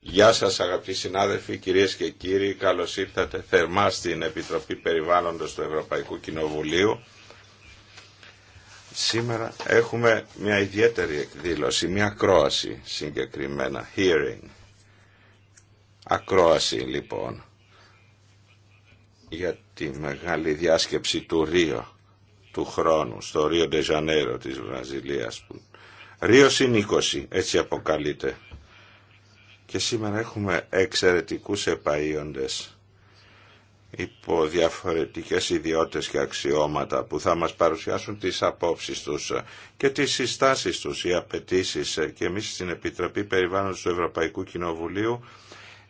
Γεια σας αγαπητοί συνάδελφοι, κυρίες και κύριοι, καλώς ήρθατε θερμά στην Επιτροπή Περιβάλλοντος του Ευρωπαϊκού Κοινοβουλίου. Σήμερα έχουμε μια ιδιαίτερη εκδήλωση, μια ακρόαση συγκεκριμένα, hearing. Ακρόαση λοιπόν για τη μεγάλη διάσκεψη του Ρίο του χρόνου στο Ρίο Ντεζανέρο της Βραζιλίας που Ρίο Συνήκωση, 20, έτσι αποκαλείται. Και σήμερα έχουμε εξαιρετικούς επαΐοντες υπό διαφορετικές ιδιότητες και αξιώματα που θα μας παρουσιάσουν τις απόψεις τους και τις συστάσεις τους, οι απαιτήσει και εμείς στην Επιτροπή Περιβάλλοντος του Ευρωπαϊκού Κοινοβουλίου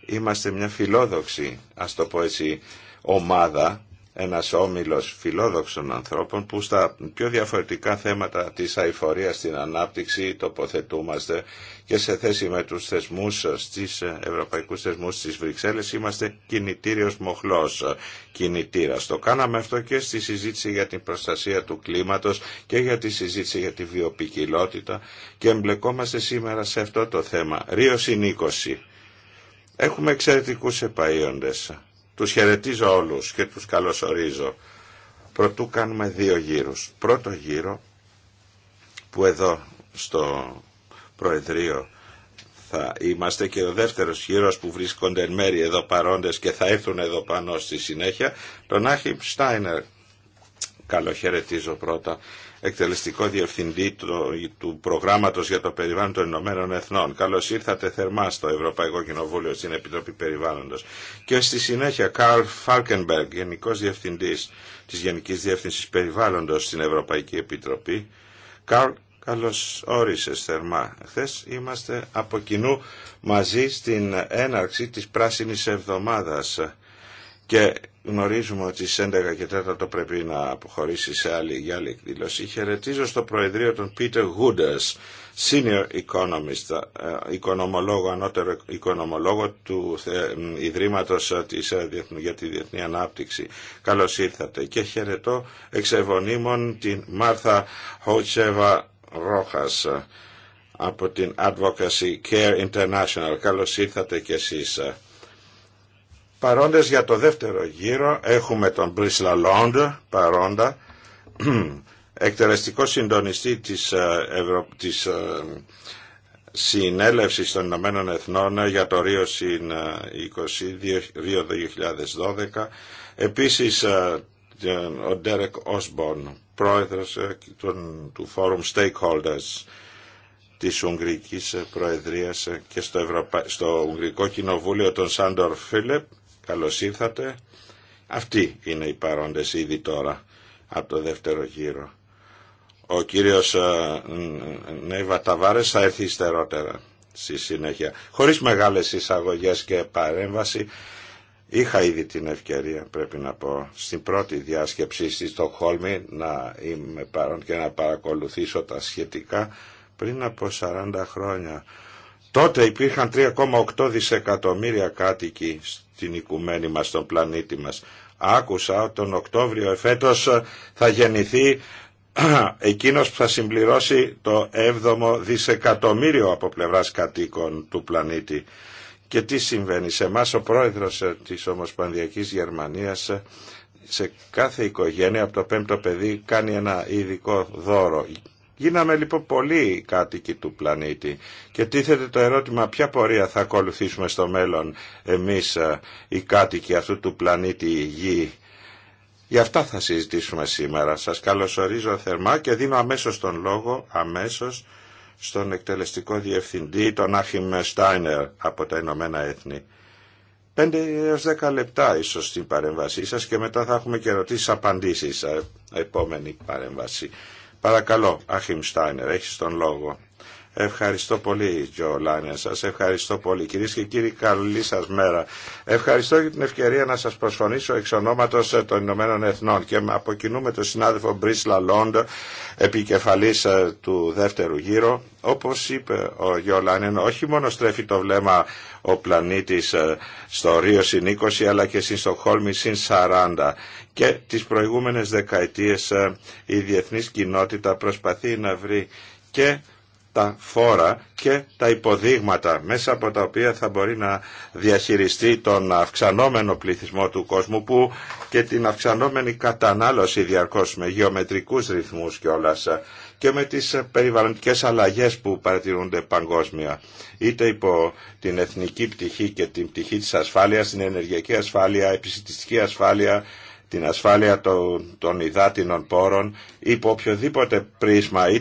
είμαστε μια φιλόδοξη, ας το πω έτσι, ομάδα ένας όμιλος φιλόδοξων ανθρώπων που στα πιο διαφορετικά θέματα της αηφορίας στην ανάπτυξη τοποθετούμαστε και σε θέση με τους θεσμούς, στις ευρωπαϊκούς θεσμούς στις Βρυξέλλες είμαστε κινητήριος μοχλός κινητήρας. Το κάναμε αυτό και στη συζήτηση για την προστασία του κλίματος και για τη συζήτηση για τη βιοπικιλότητα και εμπλεκόμαστε σήμερα σε αυτό το θέμα. Ρίος είναι 20. Έχουμε εξαιρετικούς επαΐοντες τους χαιρετίζω όλους και τους καλωσορίζω. Πρωτού κάνουμε δύο γύρους. Πρώτο γύρο που εδώ στο Προεδρείο θα είμαστε και ο δεύτερος γύρος που βρίσκονται εν μέρη εδώ παρόντες και θα έρθουν εδώ πάνω στη συνέχεια, τον Άχιμ Στάινερ. Καλοχαιρετίζω πρώτα εκτελεστικό διευθυντή του προγράμματο για το περιβάλλον των Ηνωμένων Εθνών. Καλώς ήρθατε θερμά στο Ευρωπαϊκό Κοινοβούλιο στην Επιτροπή Περιβάλλοντος. Και στη συνέχεια Καρλ Φάλκενμπέργκ Γενικός Διευθυντής της Γενικής Διεύθυνσης Περιβάλλοντος στην Ευρωπαϊκή Επιτροπή. Καρλ, καλώ όρισε θερμά. Χθε είμαστε από κοινού μαζί στην έναρξη τη πράσινη εβδομάδα. και γνωρίζουμε ότι στις 11 και 4 το πρέπει να αποχωρήσει σε άλλη, για άλλη εκδήλωση. Χαιρετίζω στο Προεδρείο τον Peter Gooders, senior economist, ε, οικονομολόγο, ανώτερο οικονομολόγο του ε, Ιδρύματος ε, της, για τη Διεθνή Ανάπτυξη. Καλώς ήρθατε και χαιρετώ εξ ευωνίμων την Μάρθα Χότσεβα Ρόχας από την Advocacy Care International. Καλώς ήρθατε κι εσείς παρόντες για το δεύτερο γύρο. Έχουμε τον Μπρίσλα Λόντ παρόντα, εκτελεστικό συντονιστή της, ε, Ευρω... Ε, Συνέλευσης των Ηνωμένων Εθνών για το Ρίο Συν 2012. Ε, Επίσης ο Ντέρεκ Όσμπον, πρόεδρος του Forum Stakeholders της Ουγγρικής Προεδρίας και στο, Ευρωπα... στο Ουγγρικό Κοινοβούλιο τον Σάντορ Φίλεπ Καλώς ήρθατε. Αυτοί είναι οι παρόντες ήδη τώρα από το δεύτερο γύρο. Ο κύριος ε, ε, Νέιβα Ταβάρες θα έρθει υστερότερα στη συνέχεια. Χωρίς μεγάλες εισαγωγές και παρέμβαση είχα ήδη την ευκαιρία πρέπει να πω στην πρώτη διάσκεψη στη Στοχόλμη να είμαι παρόν και να παρακολουθήσω τα σχετικά πριν από 40 χρόνια Τότε υπήρχαν 3,8 δισεκατομμύρια κάτοικοι στην οικουμένη μας, στον πλανήτη μας. Άκουσα ότι τον Οκτώβριο εφέτος θα γεννηθεί εκείνος που θα συμπληρώσει το 7ο δισεκατομμύριο από πλευράς κατοίκων του πλανήτη. Και τι συμβαίνει σε εμά ο πρόεδρος της Ομοσπονδιακής Γερμανίας σε κάθε οικογένεια από το πέμπτο παιδί κάνει ένα ειδικό δώρο Γίναμε λοιπόν πολλοί κάτοικοι του πλανήτη και τίθεται το ερώτημα ποια πορεία θα ακολουθήσουμε στο μέλλον εμείς ε, οι κάτοικοι αυτού του πλανήτη Γη. Γι' αυτά θα συζητήσουμε σήμερα. Σας καλωσορίζω θερμά και δίνω αμέσως τον λόγο, αμέσως, στον εκτελεστικό διευθυντή, τον Άχιμ Στάινερ από τα Ηνωμένα Έθνη. Πέντε έως δέκα λεπτά ίσως στην παρέμβασή σας και μετά θα έχουμε και ερωτήσεις απαντήσεις ε, επόμενη παρέμβαση. Παρακαλώ, Αχιμ Στάινερ, έχεις τον λόγο. Ευχαριστώ πολύ, Τζο Λάνια. Σα ευχαριστώ πολύ. Κυρίε και κύριοι, καλή σα μέρα. Ευχαριστώ για την ευκαιρία να σα προσφωνήσω εξ ονόματο των Ηνωμένων Εθνών και από κοινού με τον συνάδελφο Μπρίσλα Λόντ, επικεφαλή ε, του δεύτερου γύρου. Όπω είπε ο Γιώ όχι μόνο στρέφει το βλέμμα ο πλανήτη ε, στο Ρίο συν 20, αλλά και στην Στοχόλμη συν 40. Και τι προηγούμενε δεκαετίε ε, η διεθνή κοινότητα προσπαθεί να βρει και τα φόρα και τα υποδείγματα μέσα από τα οποία θα μπορεί να διαχειριστεί τον αυξανόμενο πληθυσμό του κόσμου που και την αυξανόμενη κατανάλωση διαρκώς με γεωμετρικούς ρυθμούς όλα και με τις περιβαλλοντικές αλλαγές που παρατηρούνται παγκόσμια είτε υπό την εθνική πτυχή και την πτυχή της ασφάλειας, την ενεργειακή ασφάλεια, επιστημιστική ασφάλεια, την ασφάλεια των υδάτινων πόρων υπό οποιοδήποτε πρίσμα ή ε,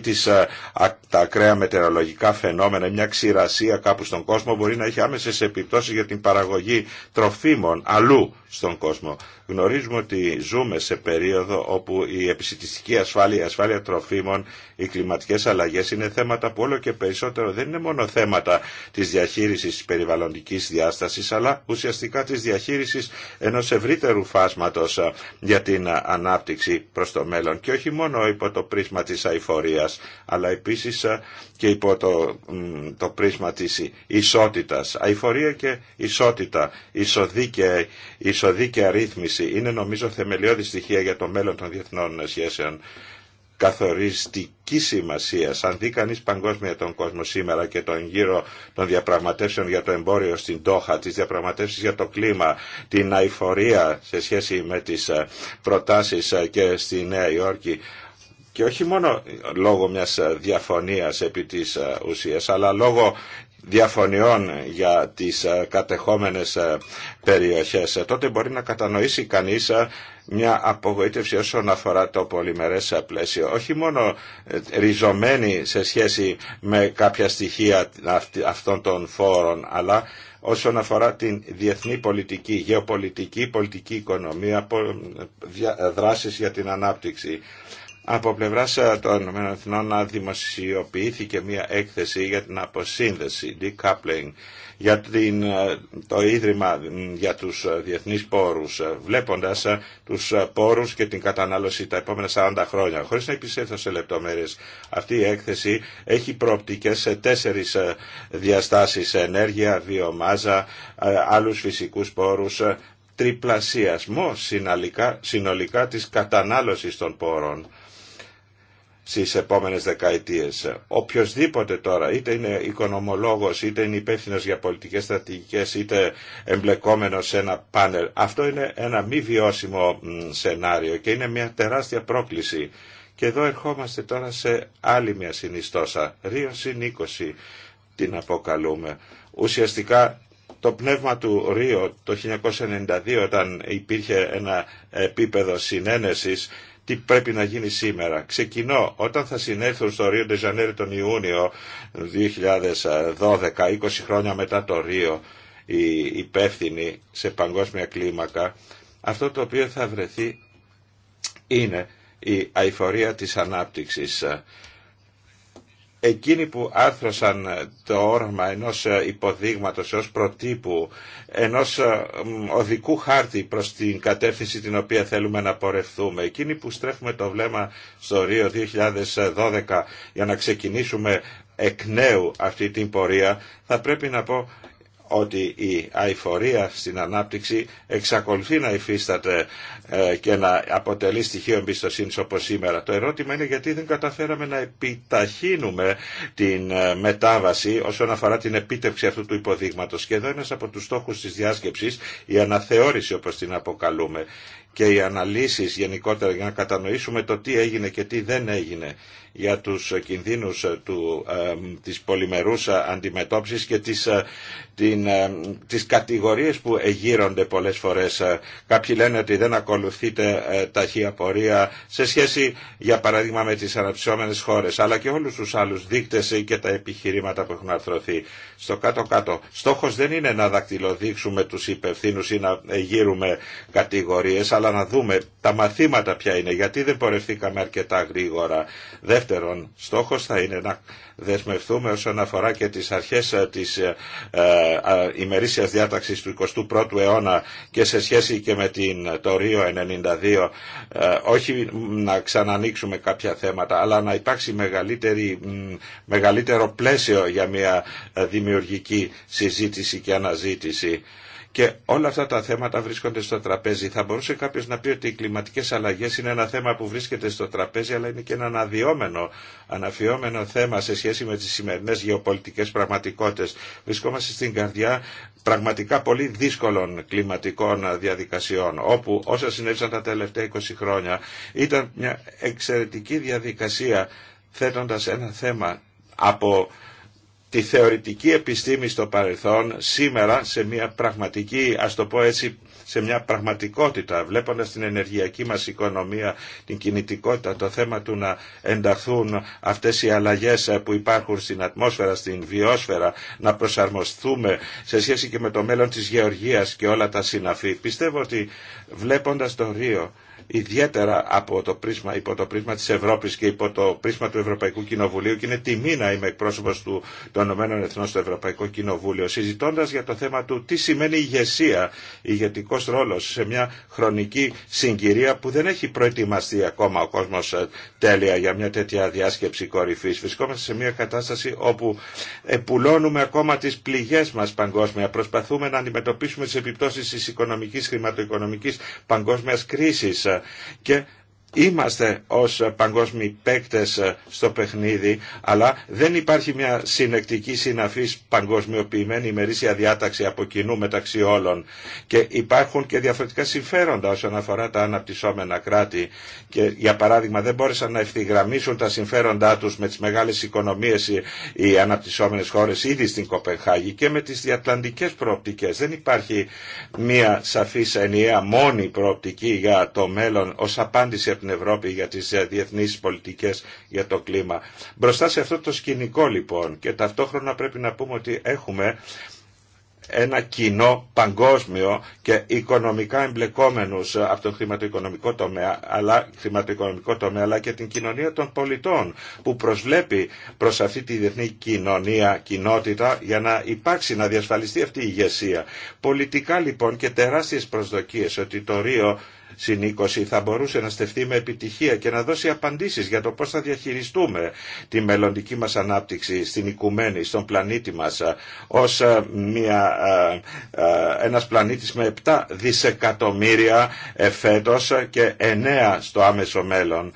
τα ακραία μετεωρολογικά φαινόμενα, μια ξηρασία κάπου στον κόσμο μπορεί να έχει άμεσες επιπτώσεις για την παραγωγή τροφίμων αλλού στον κόσμο. Γνωρίζουμε ότι ζούμε σε περίοδο όπου η επιστημιστική ασφάλεια, η ασφάλεια τροφίμων, οι κλιματικές αλλαγές είναι θέματα που όλο και περισσότερο δεν είναι μόνο θέματα της διαχείρισης της περιβαλλοντικής διάστασης, αλλά ουσιαστικά της διαχείρισης ενός ευρύτερου φάσματος ε, για την ε, ανάπτυξη προς το μέλλον. Και όχι μόνο μόνο υπό το πρίσμα της αηφορίας, αλλά επίσης ε, και υπό το, το πρίσμα της ισότητας. Αηφορία και ισότητα, ισοδίκαια, ισοδίκαια ρύθμιση είναι νομίζω θεμελιώδη στοιχεία για το μέλλον των διεθνών σχέσεων καθοριστική σημασία. Αν δει κανεί παγκόσμια τον κόσμο σήμερα και τον γύρο των διαπραγματεύσεων για το εμπόριο στην Τόχα, τι διαπραγματεύσει για το κλίμα, την αηφορία σε σχέση με τι ε, προτάσει ε, και στη Νέα Υόρκη, και όχι μόνο λόγω μιας διαφωνίας επί της ε, ουσίας, αλλά λόγω διαφωνιών για τις ε, κατεχόμενες ε, περιοχές, τότε μπορεί να κατανοήσει κανείς μια απογοήτευση όσον αφορά το πολυμερές πλαίσιο. Όχι μόνο ριζωμένη σε σχέση με κάποια στοιχεία αυτών των φόρων, αλλά όσον αφορά την διεθνή πολιτική, γεωπολιτική, πολιτική οικονομία, δράσεις για την ανάπτυξη. Από πλευρά ε, των ΗΕ να δημοσιοποιήθηκε μια έκθεση για την αποσύνδεση, decoupling, για την, ε, το Ίδρυμα για τους ε, διεθνείς πόρους, βλέποντας τους πόρους και την κατανάλωση τα επόμενα 40 χρόνια. Χωρίς να επισέλθω σε λεπτομέρειες, αυτή η έκθεση έχει προοπτικές σε τέσσερις διαστάσεις, ενέργεια, βιομάζα, άλλους φυσικούς πόρους, τριπλασιασμό συνολικά, συνολικά της κατανάλωσης των πόρων στις επόμενες δεκαετίες. Οποιοςδήποτε τώρα, είτε είναι οικονομολόγος, είτε είναι υπεύθυνο για πολιτικές στρατηγικές, είτε εμπλεκόμενος σε ένα πάνελ. Αυτό είναι ένα μη βιώσιμο σενάριο και είναι μια τεράστια πρόκληση. Και εδώ ερχόμαστε τώρα σε άλλη μια συνιστόσα, Ρίο συν 20 την αποκαλούμε. Ουσιαστικά το πνεύμα του Ρίο το 1992 όταν υπήρχε ένα επίπεδο συνένεσης τι πρέπει να γίνει σήμερα. Ξεκινώ όταν θα συνέλθουν στο Ρίο Ντεζανέρι τον Ιούνιο 2012, 20 χρόνια μετά το Ρίο, οι υπεύθυνοι σε παγκόσμια κλίμακα, αυτό το οποίο θα βρεθεί είναι η αηφορία της ανάπτυξης εκείνοι που άρθρωσαν το όραμα ενός ε, υποδείγματος ως προτύπου, ενός ε, οδικού χάρτη προς την κατεύθυνση την οποία θέλουμε να πορευθούμε, εκείνοι που στρέφουμε το βλέμμα στο Ρίο 2012 για να ξεκινήσουμε εκ νέου αυτή την πορεία, θα πρέπει να πω ότι η αηφορία στην ανάπτυξη εξακολουθεί να υφίσταται ε, και να αποτελεί στοιχείο εμπιστοσύνη όπως σήμερα. Το ερώτημα είναι γιατί δεν καταφέραμε να επιταχύνουμε την ε, μετάβαση όσον αφορά την επίτευξη αυτού του υποδείγματος. Και εδώ ένα από τους στόχους της διάσκεψης, η αναθεώρηση όπως την αποκαλούμε και οι αναλύσεις γενικότερα για να κατανοήσουμε το τι έγινε και τι δεν έγινε για τους κινδύνους του, ε, της πολυμερούς αντιμετώπισης και της, ε, την, ε, τις κατηγορίες που εγείρονται πολλές φορές. Ε, κάποιοι λένε ότι δεν ακολουθείται ε, ταχεία πορεία σε σχέση για παράδειγμα με τις αναψιόμενες χώρες αλλά και όλους τους άλλους δείκτες και τα επιχειρήματα που έχουν αρθρωθεί. Στο κάτω-κάτω στόχος δεν είναι να δακτυλοδείξουμε τους υπευθύνους ή να εγείρουμε κατηγορίες αλλά να δούμε τα μαθήματα ποια είναι, γιατί δεν πορευθήκαμε αρκετά γρήγορα. Δεύτερον, στόχος θα είναι να δεσμευτούμε όσον αφορά και τις αρχές ε, της ε, ε, ημερήσιας διάταξης του 21ου αιώνα και σε σχέση και με την, το Ρίο 92, ε, όχι να ξανανοίξουμε κάποια θέματα, αλλά να υπάρξει μεγαλύτερη, μεγαλύτερο πλαίσιο για μια ε, δημιουργική συζήτηση και αναζήτηση. Και όλα αυτά τα θέματα βρίσκονται στο τραπέζι. Θα μπορούσε κάποιο να πει ότι οι κλιματικέ αλλαγέ είναι ένα θέμα που βρίσκεται στο τραπέζι, αλλά είναι και ένα αναδυόμενο, αναφιόμενο θέμα σε σχέση με τι σημερινέ γεωπολιτικέ πραγματικότητε. Βρισκόμαστε στην καρδιά πραγματικά πολύ δύσκολων κλιματικών διαδικασιών, όπου όσα συνέβησαν τα τελευταία 20 χρόνια ήταν μια εξαιρετική διαδικασία θέτοντας ένα θέμα από τη θεωρητική επιστήμη στο παρελθόν σήμερα σε μια πραγματική, ας το πω έτσι, σε μια πραγματικότητα, βλέποντας την ενεργειακή μας οικονομία, την κινητικότητα, το θέμα του να ενταχθούν αυτές οι αλλαγές που υπάρχουν στην ατμόσφαιρα, στην βιόσφαιρα, να προσαρμοστούμε σε σχέση και με το μέλλον της γεωργίας και όλα τα συναφή. Πιστεύω ότι βλέποντας το Ρίο, ιδιαίτερα από το πρίσμα, υπό το πρίσμα της Ευρώπης και υπό το πρίσμα του Ευρωπαϊκού Κοινοβουλίου και είναι τιμή να είμαι εκπρόσωπος του, των Ηνωμένων Εθνών στο Ευρωπαϊκό Κοινοβούλιο συζητώντας για το θέμα του τι σημαίνει ηγεσία, ηγετικό ρόλος σε μια χρονική συγκυρία που δεν έχει προετοιμαστεί ακόμα ο κόσμος ε, τέλεια για μια τέτοια διάσκεψη κορυφής. Βρισκόμαστε σε μια κατάσταση όπου επουλώνουμε ακόμα τις πληγές μας παγκόσμια, προσπαθούμε να αντιμετωπίσουμε τις επιπτώσεις της οικονομικής, χρηματοοικονομικής παγκόσμιας κρίσης ε, και Είμαστε ως παγκόσμιοι παίκτες ε, στο παιχνίδι, αλλά δεν υπάρχει μια συνεκτική συναφής παγκοσμιοποιημένη ημερήσια διάταξη από κοινού μεταξύ όλων. Και υπάρχουν και διαφορετικά συμφέροντα όσον αφορά τα αναπτυσσόμενα κράτη. Και για παράδειγμα δεν μπόρεσαν να ευθυγραμμίσουν τα συμφέροντά τους με τις μεγάλες οικονομίες οι αναπτυσσόμενες χώρες ήδη στην Κοπενχάγη και με τις διατλαντικές προοπτικές. Δεν υπάρχει μια σαφής ενιαία μόνη προοπτική για το μέλλον ως απάντηση την Ευρώπη για τις ε, διεθνείς πολιτικές για το κλίμα. Μπροστά σε αυτό το σκηνικό λοιπόν και ταυτόχρονα πρέπει να πούμε ότι έχουμε ένα κοινό παγκόσμιο και οικονομικά εμπλεκόμενους ε, από τον χρηματοοικονομικό τομέα, αλλά, χρηματοοικονομικό τομέα, αλλά και την κοινωνία των πολιτών που προσβλέπει προς αυτή τη διεθνή κοινωνία, κοινότητα για να υπάρξει, να διασφαλιστεί αυτή η ηγεσία. Πολιτικά λοιπόν και τεράστιες προσδοκίες ότι το Ρίο συνήκωση θα μπορούσε να στεφθεί με επιτυχία και να δώσει απαντήσεις για το πώς θα διαχειριστούμε τη μελλοντική μας ανάπτυξη στην οικουμένη, στον πλανήτη μας ε, ως ε, μια, ε, ένας πλανήτης με 7 δισεκατομμύρια εφέτος και 9 στο άμεσο μέλλον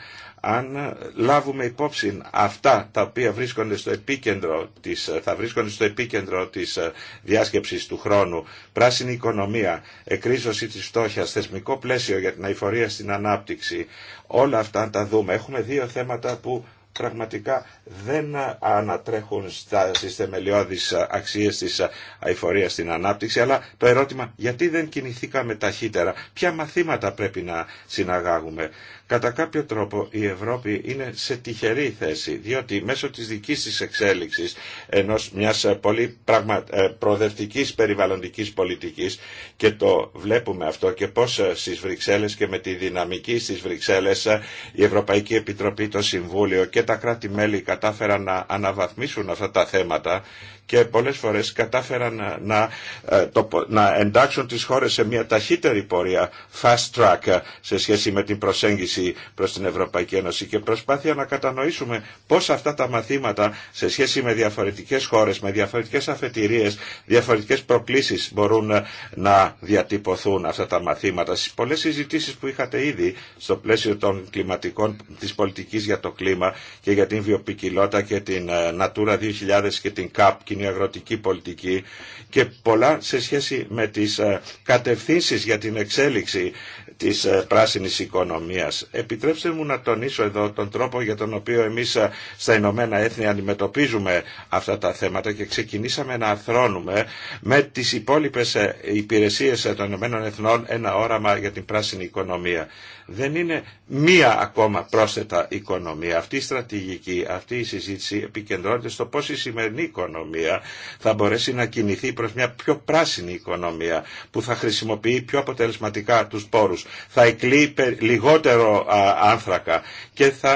αν λάβουμε υπόψη αυτά τα οποία βρίσκονται στο επίκεντρο της, θα βρίσκονται στο επίκεντρο της ε, διάσκεψης του χρόνου, πράσινη οικονομία, εκρίζωση της φτώχειας, θεσμικό πλαίσιο για την αηφορία στην ανάπτυξη, όλα αυτά αν τα δούμε. Έχουμε δύο θέματα που πραγματικά δεν ε, ανατρέχουν στα, στις θεμελιώδεις ε, αξίες της αηφορίας στην ανάπτυξη, αλλά το ερώτημα γιατί δεν κινηθήκαμε ταχύτερα, ποια μαθήματα πρέπει να συναγάγουμε. Κατά κάποιο τρόπο η Ευρώπη είναι σε τυχερή θέση, διότι μέσω της δικής της εξέλιξης ενός μιας ε, πολύ πραγμα... Ε, προοδευτικής περιβαλλοντικής πολιτικής και το βλέπουμε αυτό και πώς ε, στις Βρυξέλλες και με τη δυναμική στις Βρυξέλλες η Ευρωπαϊκή Επιτροπή, το Συμβούλιο και τα κράτη-μέλη κατάφεραν να αναβαθμίσουν αυτά τα θέματα και πολλές φορές κατάφεραν να, ε, το, να εντάξουν τις χώρες σε μια ταχύτερη πορεία, fast track, ε, σε σχέση με την προσέγγιση προς την Ευρωπαϊκή Ένωση και προσπάθεια να κατανοήσουμε πώς αυτά τα μαθήματα σε σχέση με διαφορετικές χώρες, με διαφορετικές αφετηρίες, διαφορετικές προκλήσεις μπορούν ε, να διατυπωθούν αυτά τα μαθήματα. Στις πολλές συζητήσεις που είχατε ήδη στο πλαίσιο των κλιματικών, της πολιτικής για το κλίμα και για την βιοπικιλότητα και την Natura 2000 και την CAP, η αγροτική πολιτική και πολλά σε σχέση με τις ε, κατευθύνσεις για την εξέλιξη της ε, πράσινης οικονομίας. Επιτρέψτε μου να τονίσω εδώ τον τρόπο για τον οποίο εμείς ε, στα Ηνωμένα Έθνη αντιμετωπίζουμε αυτά τα θέματα και ξεκινήσαμε να αρθρώνουμε με τις υπόλοιπες υπηρεσίες των Ηνωμένων Εθνών ένα όραμα για την πράσινη οικονομία δεν είναι μία ακόμα πρόσθετα οικονομία. Αυτή η στρατηγική, αυτή η συζήτηση επικεντρώνεται στο πώς η σημερινή οικονομία θα μπορέσει να κινηθεί προς μια πιο πράσινη οικονομία που θα χρησιμοποιεί πιο αποτελεσματικά τους πόρους, θα εκλεί λιγότερο άνθρακα και θα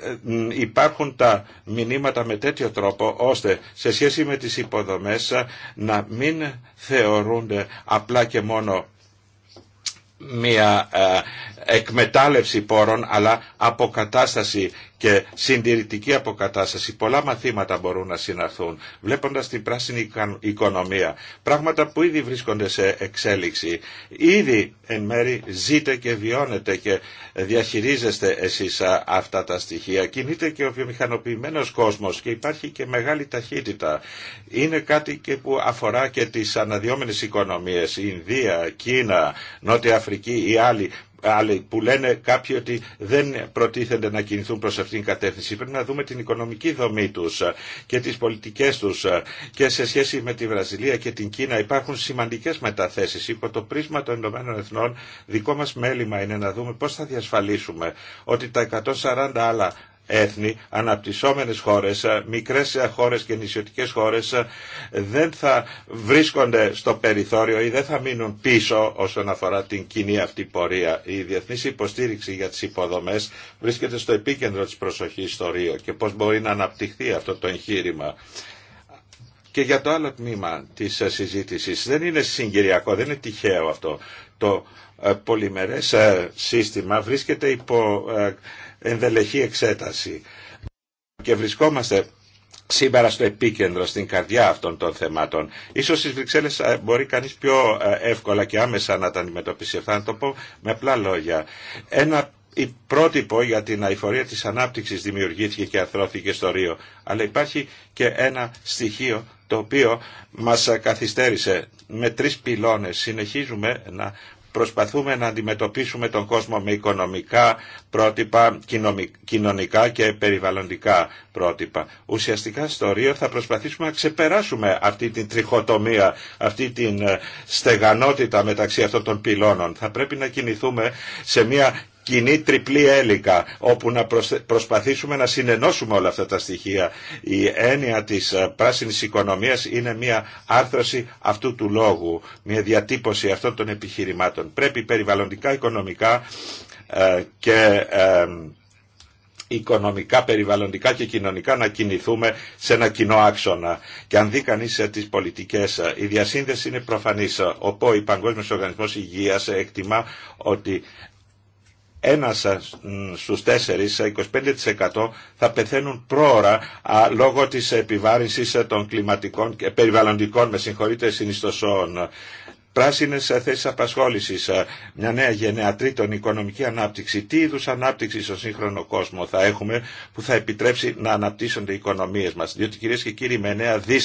ε, υπάρχουν τα μηνύματα με τέτοιο τρόπο ώστε σε σχέση με τις υποδομές να μην θεωρούνται απλά και μόνο μία ε, εκμετάλλευση πόρων αλλά αποκατάσταση και συντηρητική αποκατάσταση. Πολλά μαθήματα μπορούν να συναρθούν βλέποντας την πράσινη οικονομία. Πράγματα που ήδη βρίσκονται σε εξέλιξη. Ήδη εν μέρη ζείτε και βιώνετε και διαχειρίζεστε εσείς αυτά τα στοιχεία. Κινείται και ο βιομηχανοποιημένος κόσμος και υπάρχει και μεγάλη ταχύτητα. Είναι κάτι και που αφορά και τις αναδυόμενες οικονομίες. Η Ινδία, Κίνα, Νότια Αφρική ή άλλοι άλλοι που λένε κάποιοι ότι δεν προτίθενται να κινηθούν προς αυτήν την κατεύθυνση. Πρέπει να δούμε την οικονομική δομή τους και τις πολιτικές τους και σε σχέση με τη Βραζιλία και την Κίνα υπάρχουν σημαντικές μεταθέσεις. Υπό το πρίσμα των Ηνωμένων Εθνών δικό μας μέλημα είναι να δούμε πώς θα διασφαλίσουμε ότι τα 140 άλλα έθνη, αναπτυσσόμενες χώρες, ε, μικρές ε, χώρες και νησιωτικές χώρες ε, δεν θα βρίσκονται στο περιθώριο ή δεν θα μείνουν πίσω όσον αφορά την κοινή αυτή πορεία. Η διεθνής υποστήριξη για τις υποδομές βρίσκεται στο επίκεντρο της προσοχής στο Ρίο και πώς μπορεί να αναπτυχθεί αυτό το εγχείρημα. Και για το άλλο τμήμα της συζήτησης δεν είναι συγκυριακό, δεν είναι τυχαίο αυτό. Το πολυμερές σύστημα βρίσκεται υπό ενδελεχή εξέταση. Και βρισκόμαστε σήμερα στο επίκεντρο, στην καρδιά αυτών των θεμάτων. Ίσως στις Βρυξέλλες ε, μπορεί κανείς πιο ε, εύκολα και άμεσα να τα αντιμετωπίσει αυτά, να το πω με απλά λόγια. Ένα η πρότυπο για την αηφορία της ανάπτυξης δημιουργήθηκε και αρθρώθηκε στο Ρίο. Αλλά υπάρχει και ένα στοιχείο το οποίο μας καθυστέρησε. Με τρεις πυλώνες συνεχίζουμε να προσπαθούμε να αντιμετωπίσουμε τον κόσμο με οικονομικά πρότυπα, κοινωνικά και περιβαλλοντικά πρότυπα. Ουσιαστικά στο Ρίο θα προσπαθήσουμε να ξεπεράσουμε αυτή την τριχοτομία, αυτή την ε, στεγανότητα μεταξύ αυτών των πυλώνων. Θα πρέπει να κινηθούμε σε μια κοινή τριπλή έλικα όπου να προσπαθήσουμε να συνενώσουμε όλα αυτά τα στοιχεία. Η έννοια της ε, πράσινης οικονομίας είναι μια άρθρωση αυτού του λόγου, μια διατύπωση αυτών των επιχειρημάτων. Πρέπει περιβαλλοντικά, οικονομικά ε, και οικονομικά, περιβαλλοντικά και κοινωνικά να κινηθούμε σε ένα κοινό άξονα. Και αν δει κανεί ε, τις πολιτικές, η διασύνδεση είναι προφανή. Ο ΠΟΗ, Παγκόσμιο Οργανισμό Υγεία, εκτιμά ότι ένας στους 4, 25% θα πεθαίνουν πρόωρα λόγω της επιβάρυνσης των κλιματικών και περιβαλλοντικών, με συγχωρείτε, συνιστοσών πράσινες θέσει απασχόληση, μια νέα γενναία των οικονομική ανάπτυξη. Τι είδου ανάπτυξη στον σύγχρονο κόσμο θα έχουμε που θα επιτρέψει να αναπτύσσονται οι οικονομίε μα. Διότι κυρίε και κύριοι με νέα δι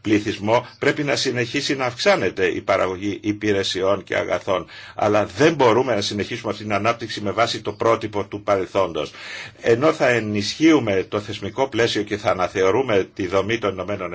πληθυσμό πρέπει να συνεχίσει να αυξάνεται η παραγωγή υπηρεσιών και αγαθών. Αλλά δεν μπορούμε να συνεχίσουμε αυτή την ανάπτυξη με βάση το πρότυπο του παρελθόντο. Ενώ θα ενισχύουμε το θεσμικό πλαίσιο και θα αναθεωρούμε τη δομή των Ηνωμένων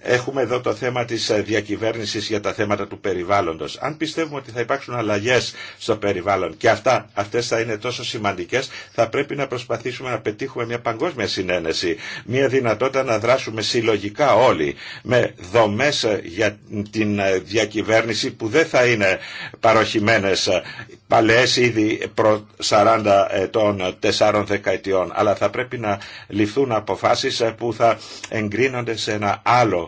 Έχουμε εδώ το θέμα της ε, διακυβέρνησης για τα θέματα του περιβάλλοντος. Αν πιστεύουμε ότι θα υπάρξουν αλλαγές στο περιβάλλον και αυτά, αυτές θα είναι τόσο σημαντικές, θα πρέπει να προσπαθήσουμε να πετύχουμε μια παγκόσμια συνένεση, μια δυνατότητα να δράσουμε συλλογικά όλοι με δομές ε, για την ε, διακυβέρνηση που δεν θα είναι παροχημένες παλαιές ήδη προ 40 ετών, 4 δεκαετιών, αλλά θα πρέπει να ληφθούν αποφάσεις που θα εγκρίνονται σε ένα άλλο